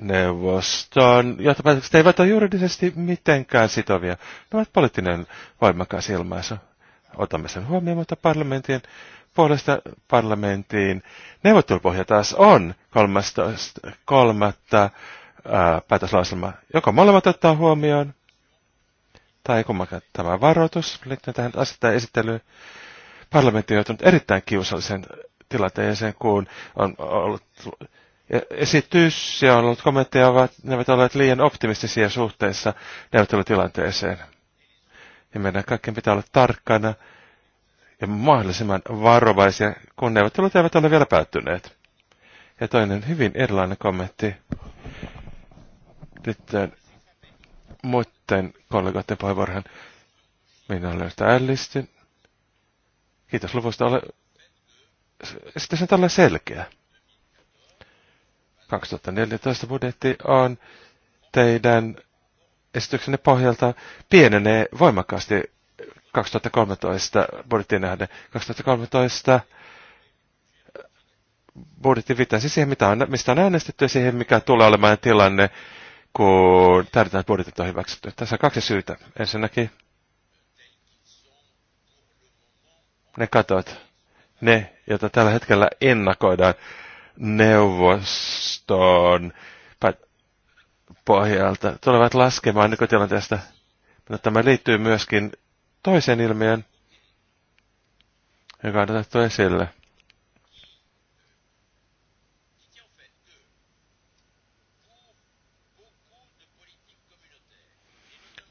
neuvoston johtopäätökset eivät ole juridisesti mitenkään sitovia. Ne ovat poliittinen voimakas ilmaisu otamme sen huomioon, mutta parlamentin puolesta parlamentin neuvottelupohja taas on 13.3. päätöslauselma. joka molemmat ottaa huomioon, tai kummankaan tämä varoitus liittyen tähän asettaa esittelyyn. Parlamentti on joutunut erittäin kiusalliseen tilanteeseen, kun on ollut e- esitys ja on ollut kommentteja, ovat, ne ovat olleet liian optimistisia suhteessa neuvottelutilanteeseen. Ja meidän kaikkien pitää olla tarkkana ja mahdollisimman varovaisia, kun neuvottelut eivät ole vielä päättyneet. Ja toinen hyvin erilainen kommentti nyt muiden kollegoiden puheenvuorohan. Minä olen sitä ällistin. Kiitos luvusta. Ole... Sitten on tällainen selkeä. 2014 budjetti on teidän esityksenne pohjalta pienenee voimakkaasti 2013 budjettiin nähden. 2013 budjetti viittasi siihen, mitä on, mistä on äänestetty ja siihen, mikä tulee olemaan tilanne, kun täydetään budjetit on hyväksytty. Tässä on kaksi syytä. Ensinnäkin ne katot, ne, joita tällä hetkellä ennakoidaan neuvoston pohjalta tulevat laskemaan nykytilanteesta. Mutta tämä liittyy myöskin toisen ilmiön, joka on otettu esille.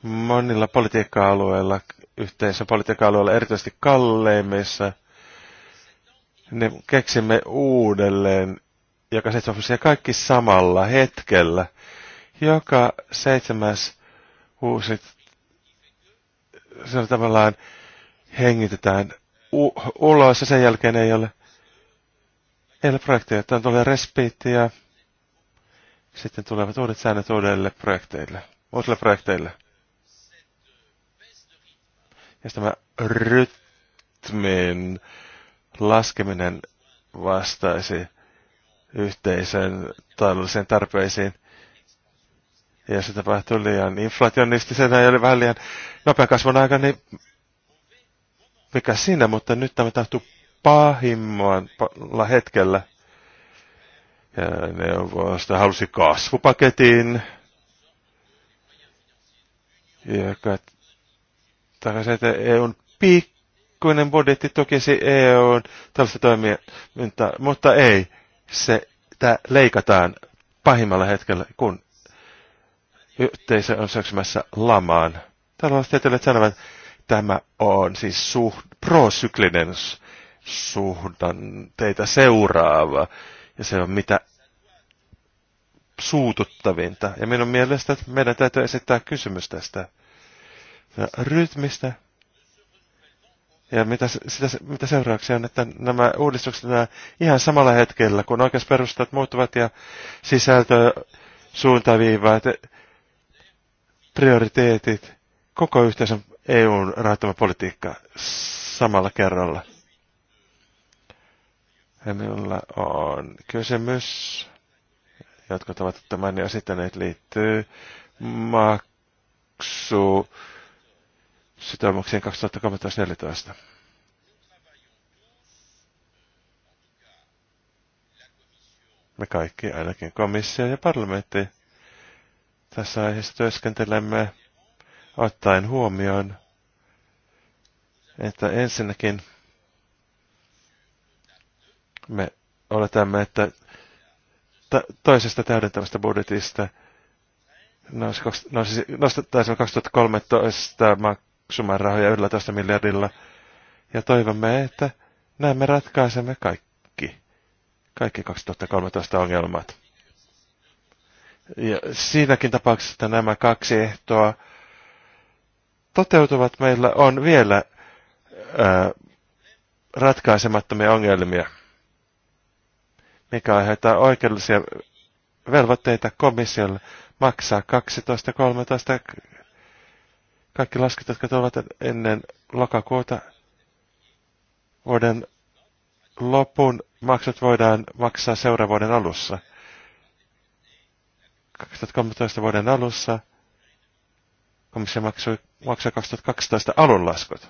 monilla politiikka-alueilla, yhteisön politiikka-alueilla, erityisesti kalleimmissa, ne keksimme uudelleen joka seitsemän kaikki samalla hetkellä joka seitsemäs uusi, se tavallaan hengitetään u- ulos ja sen jälkeen ei ole, ei ole projekteja. Tämä tulee respiitti ja sitten tulevat uudet säännöt uudelle projekteille, uusille projekteille. Ja tämä rytmin laskeminen vastaisi yhteisen taloudelliseen tarpeisiin – ja se tapahtui liian inflationistisena ja oli vähän liian nopean kasvun aika, niin mikä siinä, mutta nyt tämä tahtuu pahimmalla hetkellä. Ja neuvosto halusi kasvupaketin, joka takaisin, että EUn pikkuinen budjetti tukisi EUn tällaista toimintaa, mutta ei, se leikataan pahimmalla hetkellä, kun yhteisö on syöksymässä lamaan. Taloustieteilijät sanovat, että tämä on siis suht, prosyklinen suhdanteita seuraava. Ja se on mitä suututtavinta. Ja minun mielestä että meidän täytyy esittää kysymys tästä rytmistä. Ja mitä, sitä, mitä seurauksia on, että nämä uudistukset nämä ihan samalla hetkellä, kun oikeusperustat muuttuvat ja sisältö että prioriteetit, koko yhteisön EUn rahoittama politiikka samalla kerralla. minulla on kysymys, jotka ovat tämän ja sitten liittyy maksu sitoumuksiin 2013-2014. Me kaikki, ainakin komissio ja parlamentti, tässä aiheessa työskentelemme ottaen huomioon, että ensinnäkin me oletamme, että toisesta täydentävästä budjetista nostettaisiin 2013 yllä 11 miljardilla ja toivomme, että näin me ratkaisemme kaikki, kaikki 2013 ongelmat. Ja siinäkin tapauksessa nämä kaksi ehtoa toteutuvat, meillä on vielä ää, ratkaisemattomia ongelmia, mikä aiheuttaa oikeudellisia velvoitteita komissiolle maksaa 12, 13, kaikki laskut, jotka tulevat ennen lokakuuta vuoden lopun maksut voidaan maksaa seuraavan vuoden alussa. 2013 vuoden alussa komissio maksoi, maksoi 2012 alun laskut.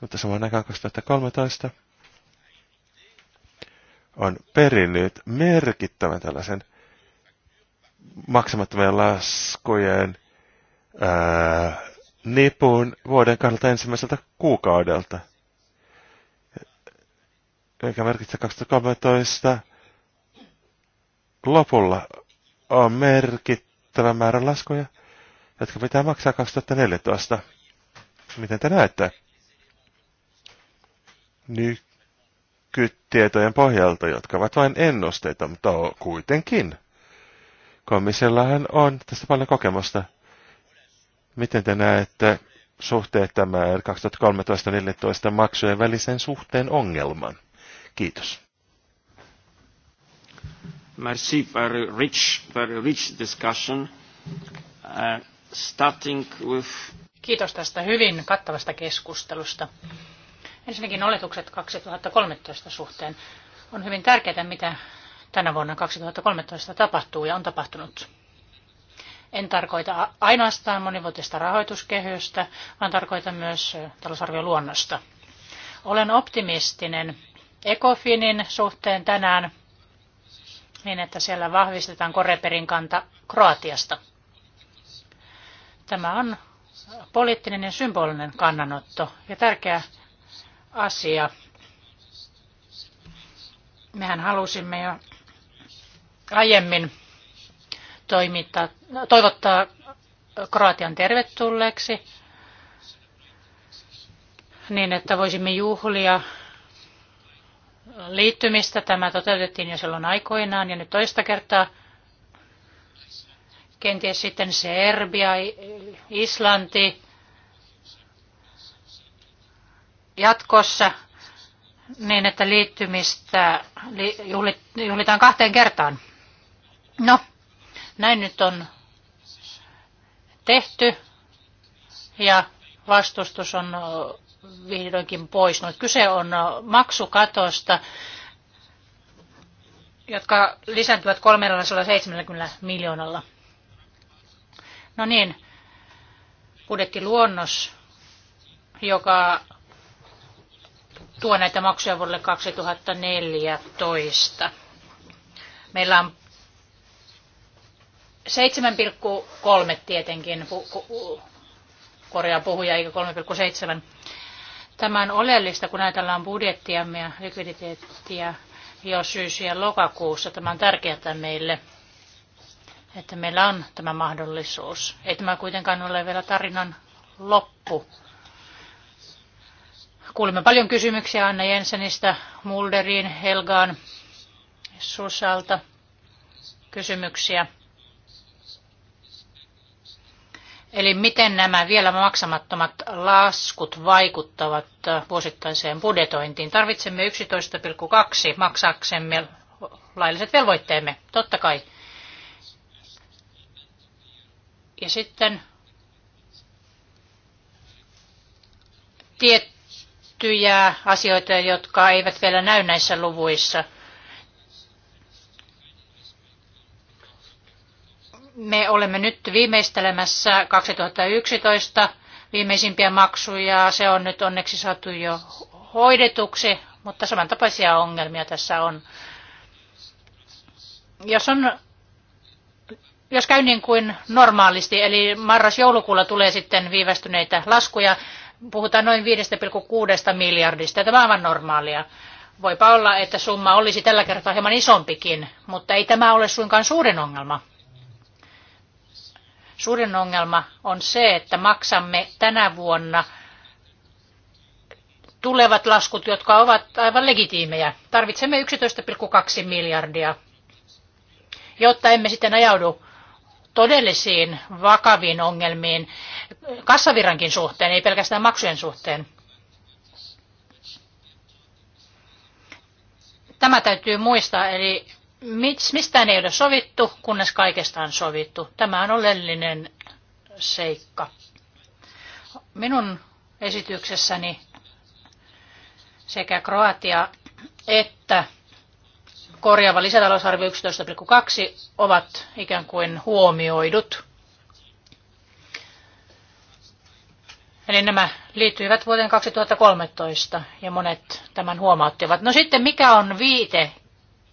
Mutta samaan aikaan 2013 on perinnyt merkittävän tällaisen maksamattomien laskujen ää, nipun vuoden kannalta ensimmäiseltä kuukaudelta, joka merkitsee 2013 lopulla on merkittävä määrä laskuja, jotka pitää maksaa 2014. Miten te näette? Nykytietojen pohjalta, jotka ovat vain ennusteita, mutta kuitenkin. Komissiollahan on tästä paljon kokemusta. Miten te näette suhteet tämän 2013-2014 maksujen välisen suhteen ongelman? Kiitos. Merci, very rich, very rich discussion. Uh, starting with... Kiitos tästä hyvin kattavasta keskustelusta. Ensinnäkin oletukset 2013 suhteen. On hyvin tärkeää, mitä tänä vuonna 2013 tapahtuu ja on tapahtunut. En tarkoita ainoastaan monivuotista rahoituskehystä, vaan tarkoitan myös luonnosta. Olen optimistinen ECOFINin suhteen tänään niin että siellä vahvistetaan Koreperin kanta Kroatiasta. Tämä on poliittinen ja symbolinen kannanotto ja tärkeä asia. Mehän halusimme jo aiemmin toimittaa, toivottaa Kroatian tervetulleeksi niin, että voisimme juhlia liittymistä. Tämä toteutettiin jo silloin aikoinaan ja nyt toista kertaa kenties sitten Serbia, Islanti jatkossa niin, että liittymistä juhlitaan kahteen kertaan. No, näin nyt on tehty ja vastustus on vihdoinkin pois. No, kyse on maksukatosta, jotka lisääntyvät 370 miljoonalla. No niin, budjettiluonnos, joka tuo näitä maksuja vuodelle 2014. Meillä on 7,3 tietenkin, korjaa puhuja, eikä Tämä on oleellista, kun ajatellaan budjettiamme ja likviditeettiä jo syys- ja lokakuussa. Tämä on tärkeää meille, että meillä on tämä mahdollisuus. Ei tämä kuitenkaan ole vielä tarinan loppu. Kuulimme paljon kysymyksiä anna Jensenistä, Mulderiin, Helgaan, Susalta kysymyksiä. Eli miten nämä vielä maksamattomat laskut vaikuttavat vuosittaiseen budjetointiin? Tarvitsemme 11,2 maksaksemme lailliset velvoitteemme, totta kai. Ja sitten tiettyjä asioita, jotka eivät vielä näy näissä luvuissa – Me olemme nyt viimeistelemässä 2011 viimeisimpiä maksuja. Se on nyt onneksi saatu jo hoidetuksi, mutta samantapaisia ongelmia tässä on. Jos on jos käy niin kuin normaalisti, eli marras-joulukuulla tulee sitten viivästyneitä laskuja, puhutaan noin 5,6 miljardista. Tämä on aivan normaalia. Voipa olla, että summa olisi tällä kertaa hieman isompikin, mutta ei tämä ole suinkaan suurin ongelma. Suurin ongelma on se, että maksamme tänä vuonna tulevat laskut, jotka ovat aivan legitiimejä. Tarvitsemme 11,2 miljardia, jotta emme sitten ajaudu todellisiin vakaviin ongelmiin kassavirrankin suhteen, ei pelkästään maksujen suhteen. Tämä täytyy muistaa, eli mistään ei ole sovittu, kunnes kaikesta on sovittu. Tämä on oleellinen seikka. Minun esityksessäni sekä Kroatia että korjaava lisätalousarvio 11,2 ovat ikään kuin huomioidut. Eli nämä liittyivät vuoteen 2013 ja monet tämän huomauttivat. No sitten mikä on viite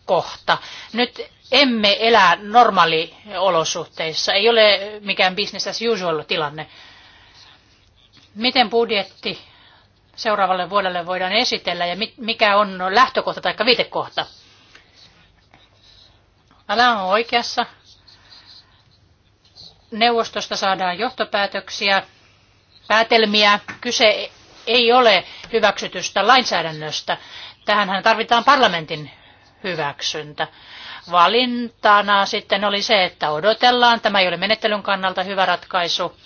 kohta. Nyt emme elä normaaliolosuhteissa. Ei ole mikään business as usual tilanne. Miten budjetti seuraavalle vuodelle voidaan esitellä ja mikä on lähtökohta tai viitekohta? Ala on oikeassa. Neuvostosta saadaan johtopäätöksiä, päätelmiä. Kyse ei ole hyväksytystä lainsäädännöstä. Tähän tarvitaan parlamentin hyväksyntä. Valintana sitten oli se, että odotellaan. Tämä ei ole menettelyn kannalta hyvä ratkaisu.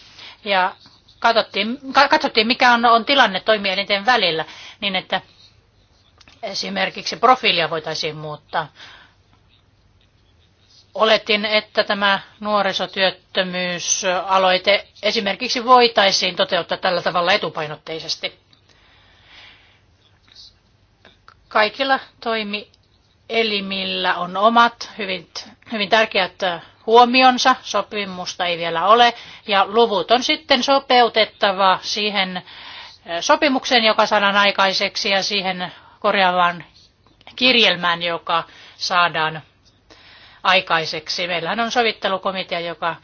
Ja katsottiin, katsottiin mikä on, on tilanne toimielinten välillä, niin että esimerkiksi profiilia voitaisiin muuttaa. Oletin, että tämä nuorisotyöttömyysaloite esimerkiksi voitaisiin toteuttaa tällä tavalla etupainotteisesti. Kaikilla toimi elimillä on omat hyvin, hyvin tärkeät huomionsa, sopimusta ei vielä ole, ja luvut on sitten sopeutettava siihen sopimukseen, joka saadaan aikaiseksi, ja siihen korjaavaan kirjelmään, joka saadaan aikaiseksi. Meillähän on sovittelukomitea, joka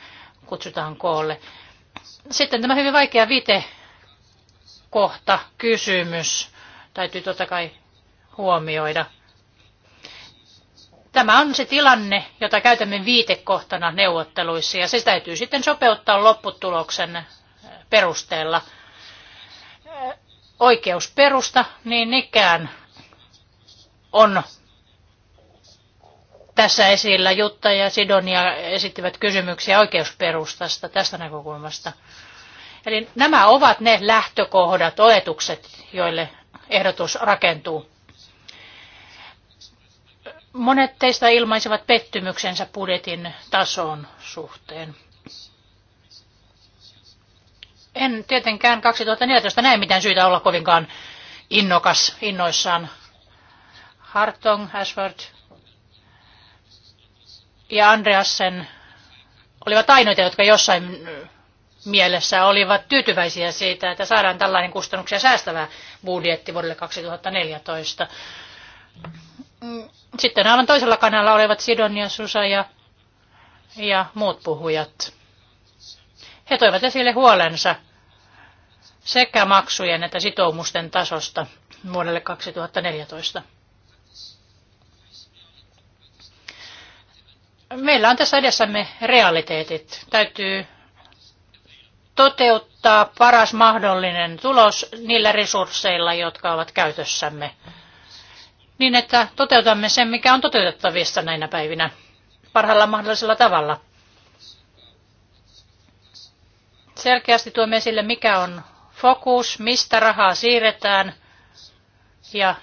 kutsutaan koolle. Sitten tämä hyvin vaikea vite kohta kysymys täytyy totta kai huomioida. Tämä on se tilanne, jota käytämme viitekohtana neuvotteluissa ja se täytyy sitten sopeuttaa lopputuloksen eh, perusteella. Eh, oikeusperusta niin ikään on tässä esillä. Jutta ja Sidonia esittivät kysymyksiä oikeusperustasta tästä näkökulmasta. Eli nämä ovat ne lähtökohdat, oletukset, joille ehdotus rakentuu. Monet teistä ilmaisivat pettymyksensä budjetin tason suhteen. En tietenkään 2014 näe mitään syytä olla kovinkaan innokas innoissaan. Hartong, Ashford ja Andreasen olivat ainoita, jotka jossain mielessä olivat tyytyväisiä siitä, että saadaan tällainen kustannuksia säästävä budjetti vuodelle 2014. Sitten aivan toisella kanalla olevat Sidonia, Susa ja, ja muut puhujat. He toivat esille huolensa sekä maksujen että sitoumusten tasosta vuodelle 2014. Meillä on tässä edessämme realiteetit. Täytyy toteuttaa paras mahdollinen tulos niillä resursseilla, jotka ovat käytössämme niin että toteutamme sen, mikä on toteutettavissa näinä päivinä parhaalla mahdollisella tavalla. Selkeästi tuomme esille, mikä on fokus, mistä rahaa siirretään ja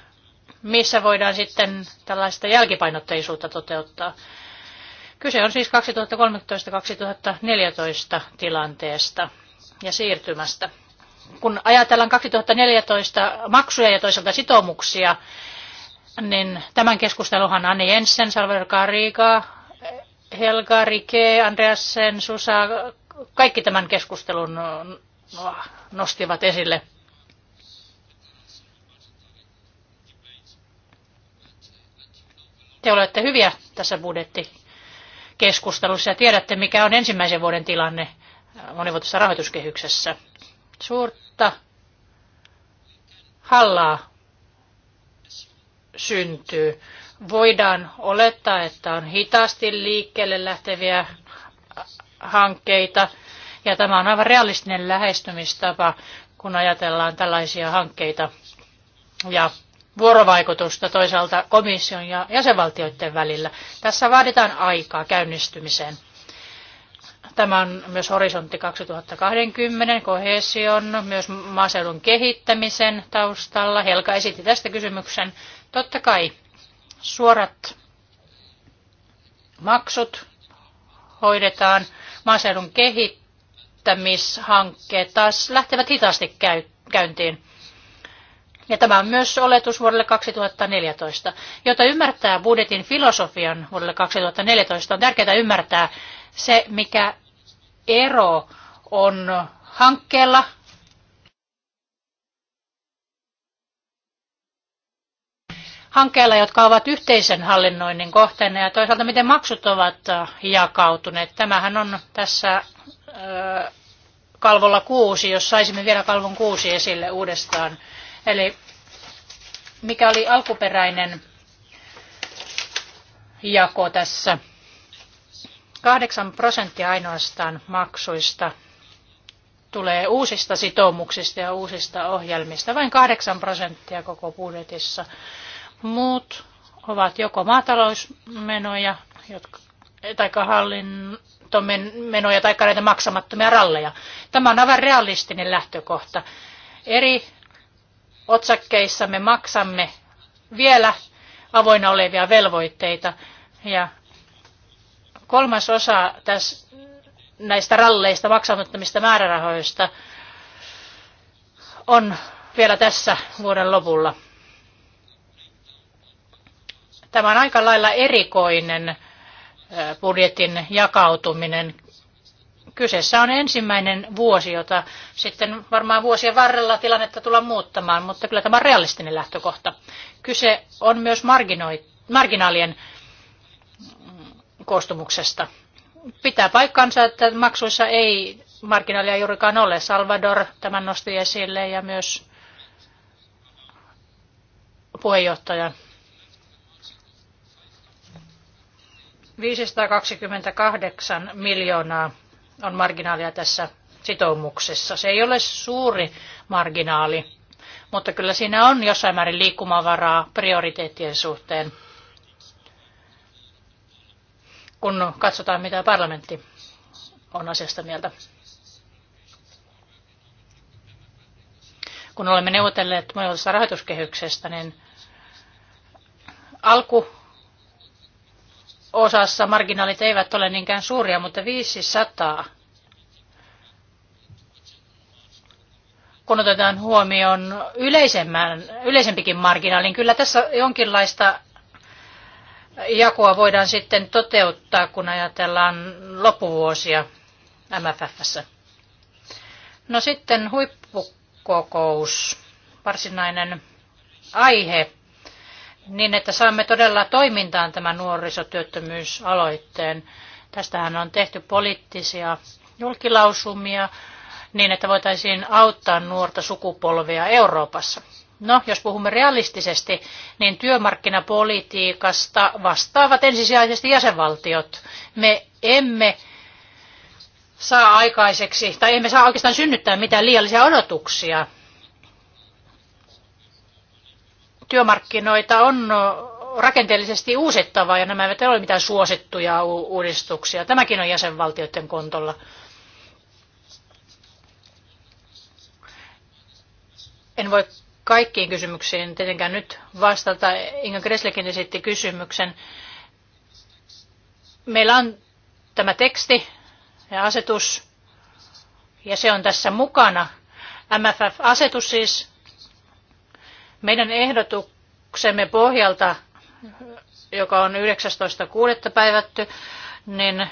missä voidaan sitten tällaista jälkipainotteisuutta toteuttaa. Kyse on siis 2013-2014 tilanteesta ja siirtymästä. Kun ajatellaan 2014 maksuja ja toisaalta sitoumuksia, niin tämän keskusteluhan Anne Jensen, Salvador Garriga, Helga Rike, Andreasen, Susa, kaikki tämän keskustelun nostivat esille. Te olette hyviä tässä budjettikeskustelussa ja tiedätte, mikä on ensimmäisen vuoden tilanne monivuotisessa rahoituskehyksessä. Suurta hallaa syntyy. Voidaan olettaa, että on hitaasti liikkeelle lähteviä hankkeita, ja tämä on aivan realistinen lähestymistapa, kun ajatellaan tällaisia hankkeita ja vuorovaikutusta toisaalta komission ja jäsenvaltioiden välillä. Tässä vaaditaan aikaa käynnistymiseen. Tämä on myös horisontti 2020, kohesion, myös maaseudun kehittämisen taustalla. Helka esitti tästä kysymyksen. Totta kai suorat maksut hoidetaan, maaseudun kehittämishankkeet taas lähtevät hitaasti käyntiin. Ja tämä on myös oletus vuodelle 2014. Jotta ymmärtää budjetin filosofian vuodelle 2014, on tärkeää ymmärtää se, mikä ero on hankkeella hankkeilla, jotka ovat yhteisen hallinnoinnin kohteena ja toisaalta miten maksut ovat äh, jakautuneet. Tämähän on tässä äh, kalvolla kuusi, jos saisimme vielä kalvon kuusi esille uudestaan. Eli mikä oli alkuperäinen jako tässä? 8 prosenttia ainoastaan maksuista tulee uusista sitoumuksista ja uusista ohjelmista, vain 8 prosenttia koko budjetissa. Muut ovat joko maatalousmenoja, jotka, tai hallintomenoja, tai näitä maksamattomia ralleja. Tämä on aivan realistinen lähtökohta. Eri otsakkeissa me maksamme vielä avoinna olevia velvoitteita, ja kolmas osa tässä, näistä ralleista, maksamattomista määrärahoista, on vielä tässä vuoden lopulla. Tämä on aika lailla erikoinen budjetin jakautuminen. Kyseessä on ensimmäinen vuosi, jota sitten varmaan vuosien varrella tilannetta tullaan muuttamaan, mutta kyllä tämä on realistinen lähtökohta. Kyse on myös marginaalien mm, koostumuksesta. Pitää paikkansa, että maksuissa ei marginaalia juurikaan ole. Salvador tämän nosti esille ja myös puheenjohtaja 528 miljoonaa on marginaalia tässä sitoumuksessa. Se ei ole suuri marginaali, mutta kyllä siinä on jossain määrin liikkumavaraa prioriteettien suhteen, kun katsotaan mitä parlamentti on asiasta mieltä. Kun olemme neuvotelleet monivuotisesta rahoituskehyksestä, niin alku osassa marginaalit eivät ole niinkään suuria, mutta 500 kun otetaan huomioon yleisemmän, yleisempikin marginaalin, kyllä tässä jonkinlaista jakoa voidaan sitten toteuttaa, kun ajatellaan loppuvuosia MFFssä. No sitten huippukokous, varsinainen aihe niin, että saamme todella toimintaan tämän nuorisotyöttömyysaloitteen. Tästähän on tehty poliittisia julkilausumia niin, että voitaisiin auttaa nuorta sukupolvia Euroopassa. No, jos puhumme realistisesti, niin työmarkkinapolitiikasta vastaavat ensisijaisesti jäsenvaltiot. Me emme saa aikaiseksi, tai emme saa oikeastaan synnyttää mitään liiallisia odotuksia työmarkkinoita on rakenteellisesti uusittava ja nämä eivät ole mitään suosittuja uudistuksia. Tämäkin on jäsenvaltioiden kontolla. En voi kaikkiin kysymyksiin tietenkään nyt vastata. Inga Kreslekin esitti kysymyksen. Meillä on tämä teksti ja asetus, ja se on tässä mukana. MFF-asetus siis meidän ehdotuksemme pohjalta, joka on 19.6. päivätty, niin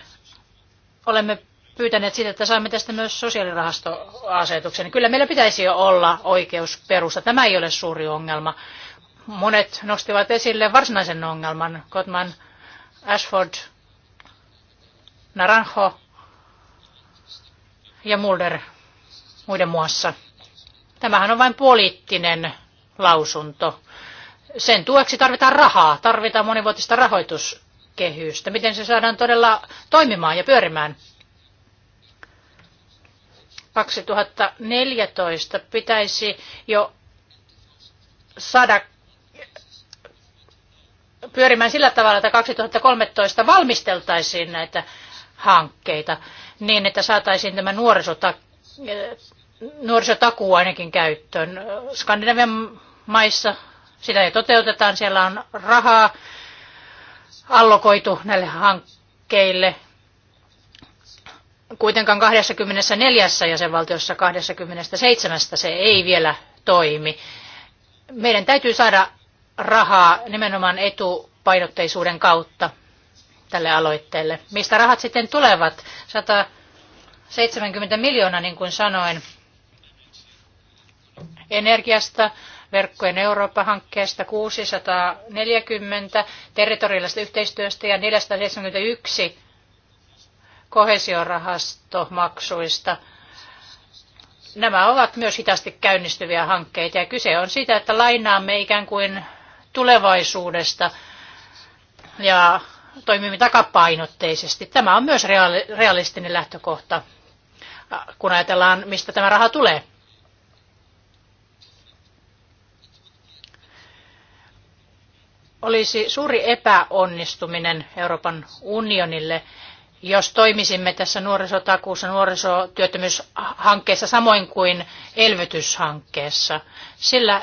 olemme pyytäneet sitä, että saamme tästä myös sosiaalirahastoasetuksen. Kyllä meillä pitäisi jo olla oikeusperusta. Tämä ei ole suuri ongelma. Monet nostivat esille varsinaisen ongelman. Kotman, Ashford, Naranjo ja Mulder muiden muassa. Tämähän on vain poliittinen lausunto. Sen tueksi tarvitaan rahaa, tarvitaan monivuotista rahoituskehystä. Miten se saadaan todella toimimaan ja pyörimään? 2014 pitäisi jo saada pyörimään sillä tavalla, että 2013 valmisteltaisiin näitä hankkeita niin, että saataisiin tämä nuorisotakuu nuorisotakuu ainakin käyttöön. Skandinavian maissa sitä ei toteutetaan, siellä on rahaa allokoitu näille hankkeille. Kuitenkaan 24 jäsenvaltiossa 27 se ei vielä toimi. Meidän täytyy saada rahaa nimenomaan etupainotteisuuden kautta tälle aloitteelle. Mistä rahat sitten tulevat? 170 miljoonaa, niin kuin sanoin, energiasta, verkkojen Eurooppa-hankkeesta 640, territoriallisesta yhteistyöstä ja 471 kohesiorahastomaksuista. Nämä ovat myös hitaasti käynnistyviä hankkeita ja kyse on siitä, että lainaamme ikään kuin tulevaisuudesta ja toimimme takapainotteisesti. Tämä on myös realistinen lähtökohta, kun ajatellaan, mistä tämä raha tulee. olisi suuri epäonnistuminen Euroopan unionille, jos toimisimme tässä nuorisotakuussa, nuorisotyöttömyyshankkeessa samoin kuin elvytyshankkeessa. Sillä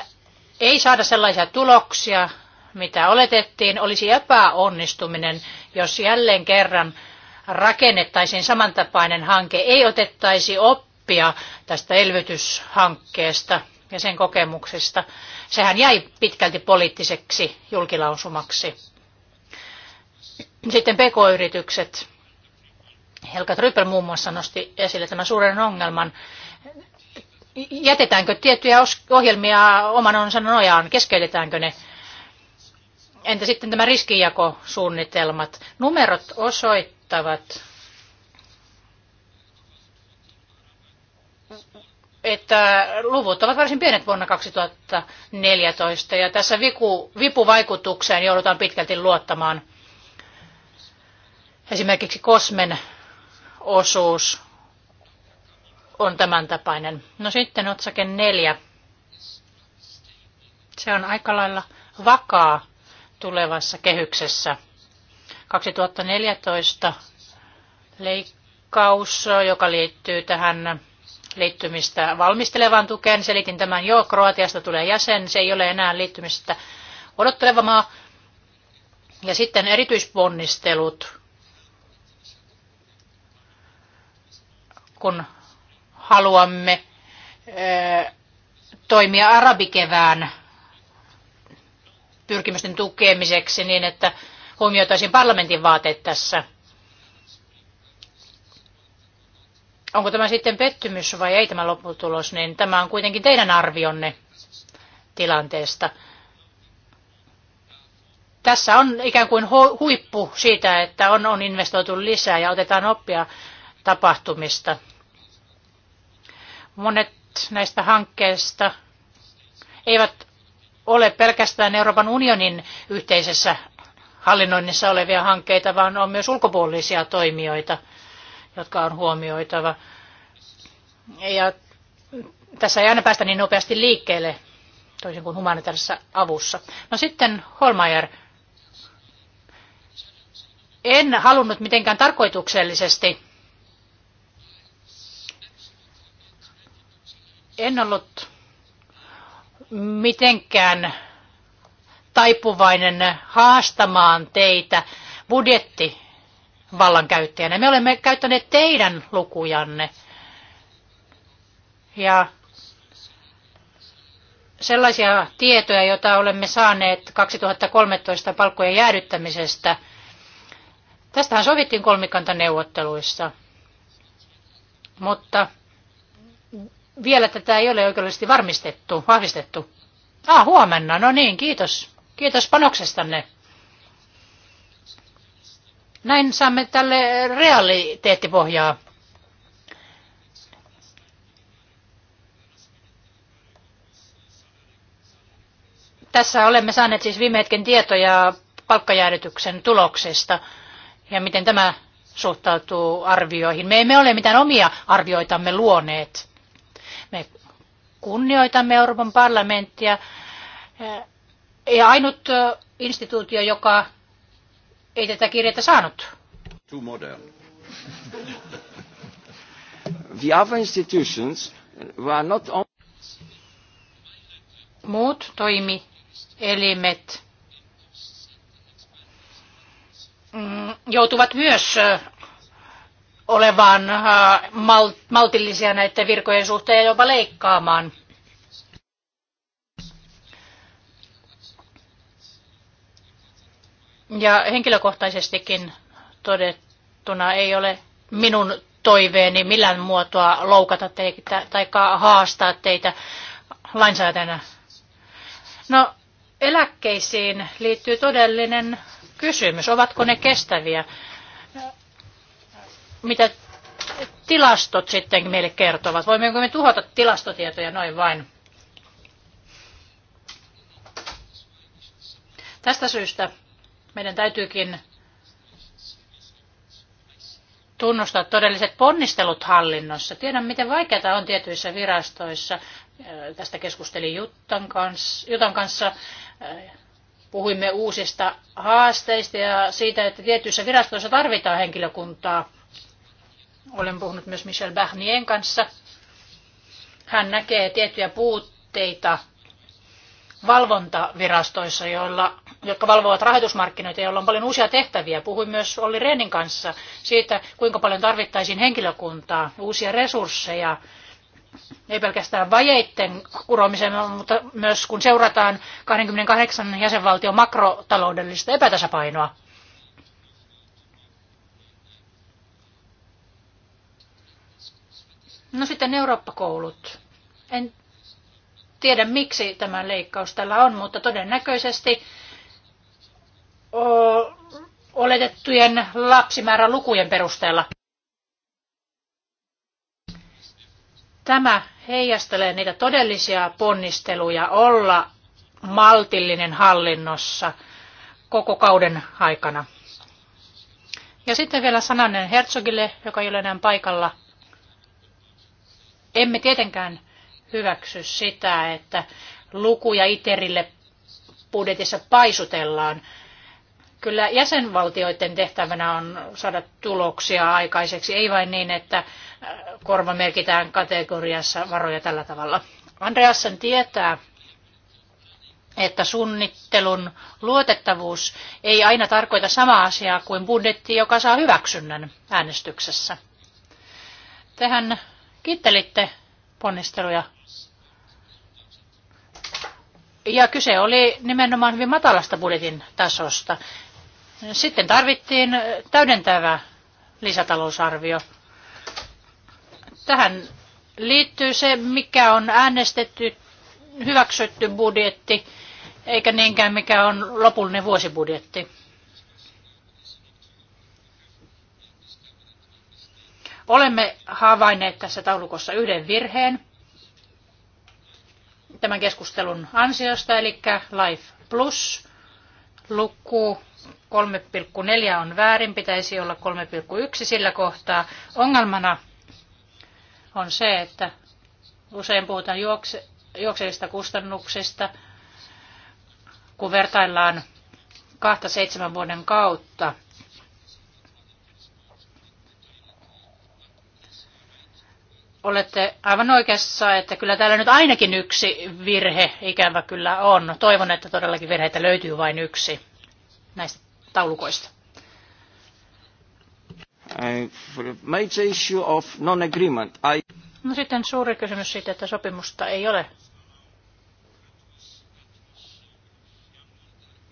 ei saada sellaisia tuloksia, mitä oletettiin, olisi epäonnistuminen, jos jälleen kerran rakennettaisiin samantapainen hanke, ei otettaisi oppia tästä elvytyshankkeesta ja sen kokemuksista. Sehän jäi pitkälti poliittiseksi julkilausumaksi. Sitten PK-yritykset. Helka Trypel muun muassa nosti esille tämän suuren ongelman. Jätetäänkö tiettyjä ohjelmia oman onsa nojaan? Keskeytetäänkö ne? Entä sitten tämä riskijakosuunnitelmat? Numerot osoittavat, että luvut ovat varsin pienet vuonna 2014 ja tässä viku, vipuvaikutukseen joudutaan pitkälti luottamaan. Esimerkiksi kosmen osuus on tämän tapainen. No sitten otsake neljä. Se on aika lailla vakaa tulevassa kehyksessä. 2014 leikkaus, joka liittyy tähän liittymistä valmistelevaan tukeen. Selitin tämän jo, Kroatiasta tulee jäsen, se ei ole enää liittymistä odotteleva maa. Ja sitten erityisponnistelut, kun haluamme eh, toimia arabikevään pyrkimysten tukemiseksi niin, että huomioitaisiin parlamentin vaateet tässä. onko tämä sitten pettymys vai ei tämä lopputulos, niin tämä on kuitenkin teidän arvionne tilanteesta. Tässä on ikään kuin huippu siitä, että on, on investoitu lisää ja otetaan oppia tapahtumista. Monet näistä hankkeista eivät ole pelkästään Euroopan unionin yhteisessä hallinnoinnissa olevia hankkeita, vaan on myös ulkopuolisia toimijoita – jotka on huomioitava. Ja tässä ei aina päästä niin nopeasti liikkeelle, toisin kuin humanitaarisessa avussa. No sitten Holmajer. En halunnut mitenkään tarkoituksellisesti. En ollut mitenkään taipuvainen haastamaan teitä budjetti vallankäyttäjänä. Me olemme käyttäneet teidän lukujanne. Ja sellaisia tietoja, joita olemme saaneet 2013 palkkojen jäädyttämisestä. Tästähän sovittiin kolmikantaneuvotteluissa, mutta vielä tätä ei ole oikeudellisesti varmistettu, vahvistettu. Ah, huomenna, no niin, kiitos. Kiitos panoksestanne. Näin saamme tälle realiteettipohjaa. Tässä olemme saaneet siis viime hetken tietoja palkkajäädytyksen tuloksesta ja miten tämä suhtautuu arvioihin. Me emme ole mitään omia arvioitamme luoneet. Me kunnioitamme Euroopan parlamenttia. Ja ainut instituutio, joka ei tätä kirjettä saanut. Too modern. The other institutions uh, were not on... Muut toimi elimet mm, joutuvat myös olemaan maltillisia näiden virkojen suhteen ja jopa leikkaamaan. Ja henkilökohtaisestikin todettuna ei ole minun toiveeni millään muotoa loukata teitä tai haastaa teitä lainsäätänä. No, eläkkeisiin liittyy todellinen kysymys. Ovatko ne kestäviä? Mitä tilastot sitten meille kertovat? Voimmeko me tuhota tilastotietoja noin vain? Tästä syystä meidän täytyykin tunnustaa todelliset ponnistelut hallinnossa. Tiedän, miten vaikeaa on tietyissä virastoissa. Äh, tästä keskustelin Jutan kanssa, Jutan äh, kanssa. Puhuimme uusista haasteista ja siitä, että tietyissä virastoissa tarvitaan henkilökuntaa. Olen puhunut myös Michel Barnien kanssa. Hän näkee tiettyjä puutteita valvontavirastoissa, joilla jotka valvovat rahoitusmarkkinoita, joilla on paljon uusia tehtäviä. Puhuin myös Olli Rehnin kanssa siitä, kuinka paljon tarvittaisiin henkilökuntaa, uusia resursseja, ei pelkästään vajeiden kuromiseen, mutta myös kun seurataan 28 jäsenvaltion makrotaloudellista epätasapainoa. No sitten Eurooppa-koulut. En tiedä miksi tämä leikkaus tällä on, mutta todennäköisesti oletettujen lapsimäärän lukujen perusteella. Tämä heijastelee niitä todellisia ponnisteluja olla maltillinen hallinnossa koko kauden aikana. Ja sitten vielä sananen Herzogille, joka ei ole enää paikalla. Emme tietenkään hyväksy sitä, että lukuja Iterille budjetissa paisutellaan. Kyllä jäsenvaltioiden tehtävänä on saada tuloksia aikaiseksi, ei vain niin, että äh, korva merkitään kategoriassa varoja tällä tavalla. Andreasen tietää, että suunnittelun luotettavuus ei aina tarkoita samaa asiaa kuin budjetti, joka saa hyväksynnän äänestyksessä. Tehän kittelitte ponnisteluja. Ja kyse oli nimenomaan hyvin matalasta budjetin tasosta. Sitten tarvittiin täydentävä lisätalousarvio. Tähän liittyy se, mikä on äänestetty, hyväksytty budjetti, eikä niinkään mikä on lopullinen vuosibudjetti. Olemme havainneet tässä taulukossa yhden virheen tämän keskustelun ansiosta, eli Life Plus luku 3,4 on väärin, pitäisi olla 3,1 sillä kohtaa. Ongelmana on se, että usein puhutaan juokse, juoksevista kustannuksista, kun vertaillaan kahta seitsemän vuoden kautta. Olette aivan oikeassa, että kyllä täällä nyt ainakin yksi virhe ikävä kyllä on. Toivon, että todellakin virheitä löytyy vain yksi näistä taulukoista? Major issue of non-agreement. I... No sitten suuri kysymys siitä, että sopimusta ei ole.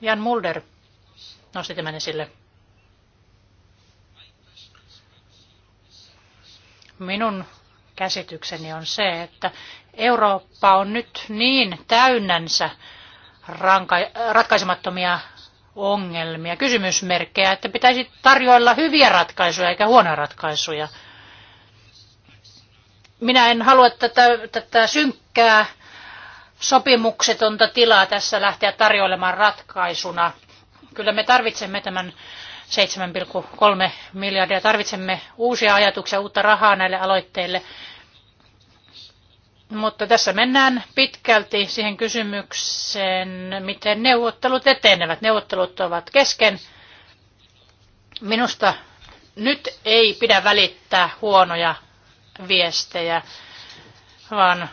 Jan Mulder nosti tämän esille. Minun käsitykseni on se, että Eurooppa on nyt niin täynnänsä ranka- ratkaisemattomia ongelmia, kysymysmerkkejä, että pitäisi tarjoilla hyviä ratkaisuja eikä huonoja ratkaisuja. Minä en halua tätä, tätä synkkää sopimuksetonta tilaa tässä lähteä tarjoilemaan ratkaisuna. Kyllä me tarvitsemme tämän 7,3 miljardia, tarvitsemme uusia ajatuksia, uutta rahaa näille aloitteille. Mutta tässä mennään pitkälti siihen kysymykseen, miten neuvottelut etenevät. Neuvottelut ovat kesken. Minusta nyt ei pidä välittää huonoja viestejä, vaan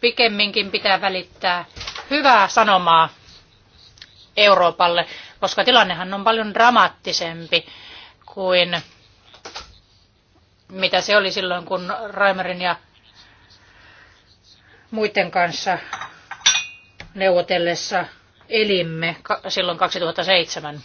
pikemminkin pitää välittää hyvää sanomaa Euroopalle, koska tilannehan on paljon dramaattisempi kuin mitä se oli silloin, kun Raimerin ja muiden kanssa neuvotellessa elimme silloin 2007.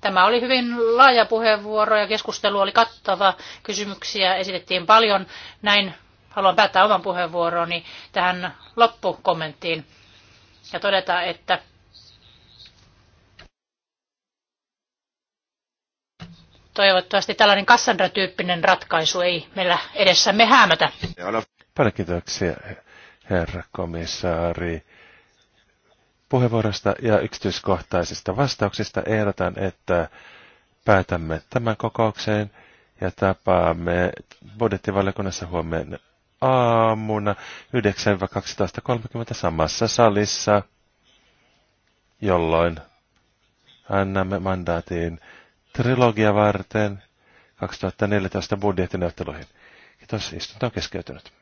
Tämä oli hyvin laaja puheenvuoro ja keskustelu oli kattava. Kysymyksiä esitettiin paljon. Näin haluan päättää oman puheenvuoroni tähän loppukommenttiin ja todeta, että toivottavasti tällainen Cassandra-tyyppinen ratkaisu ei meillä edessämme häämötä. Paljon kiitoksia, herra komissaari, puheenvuorosta ja yksityiskohtaisista vastauksista. Ehdotan, että päätämme tämän kokoukseen ja tapaamme budjettivaliokunnassa huomenna aamuna 9-12.30 samassa salissa, jolloin annamme mandaatin trilogia varten 2014 budjettineuvotteluihin. Kiitos, istunto on keskeytynyt.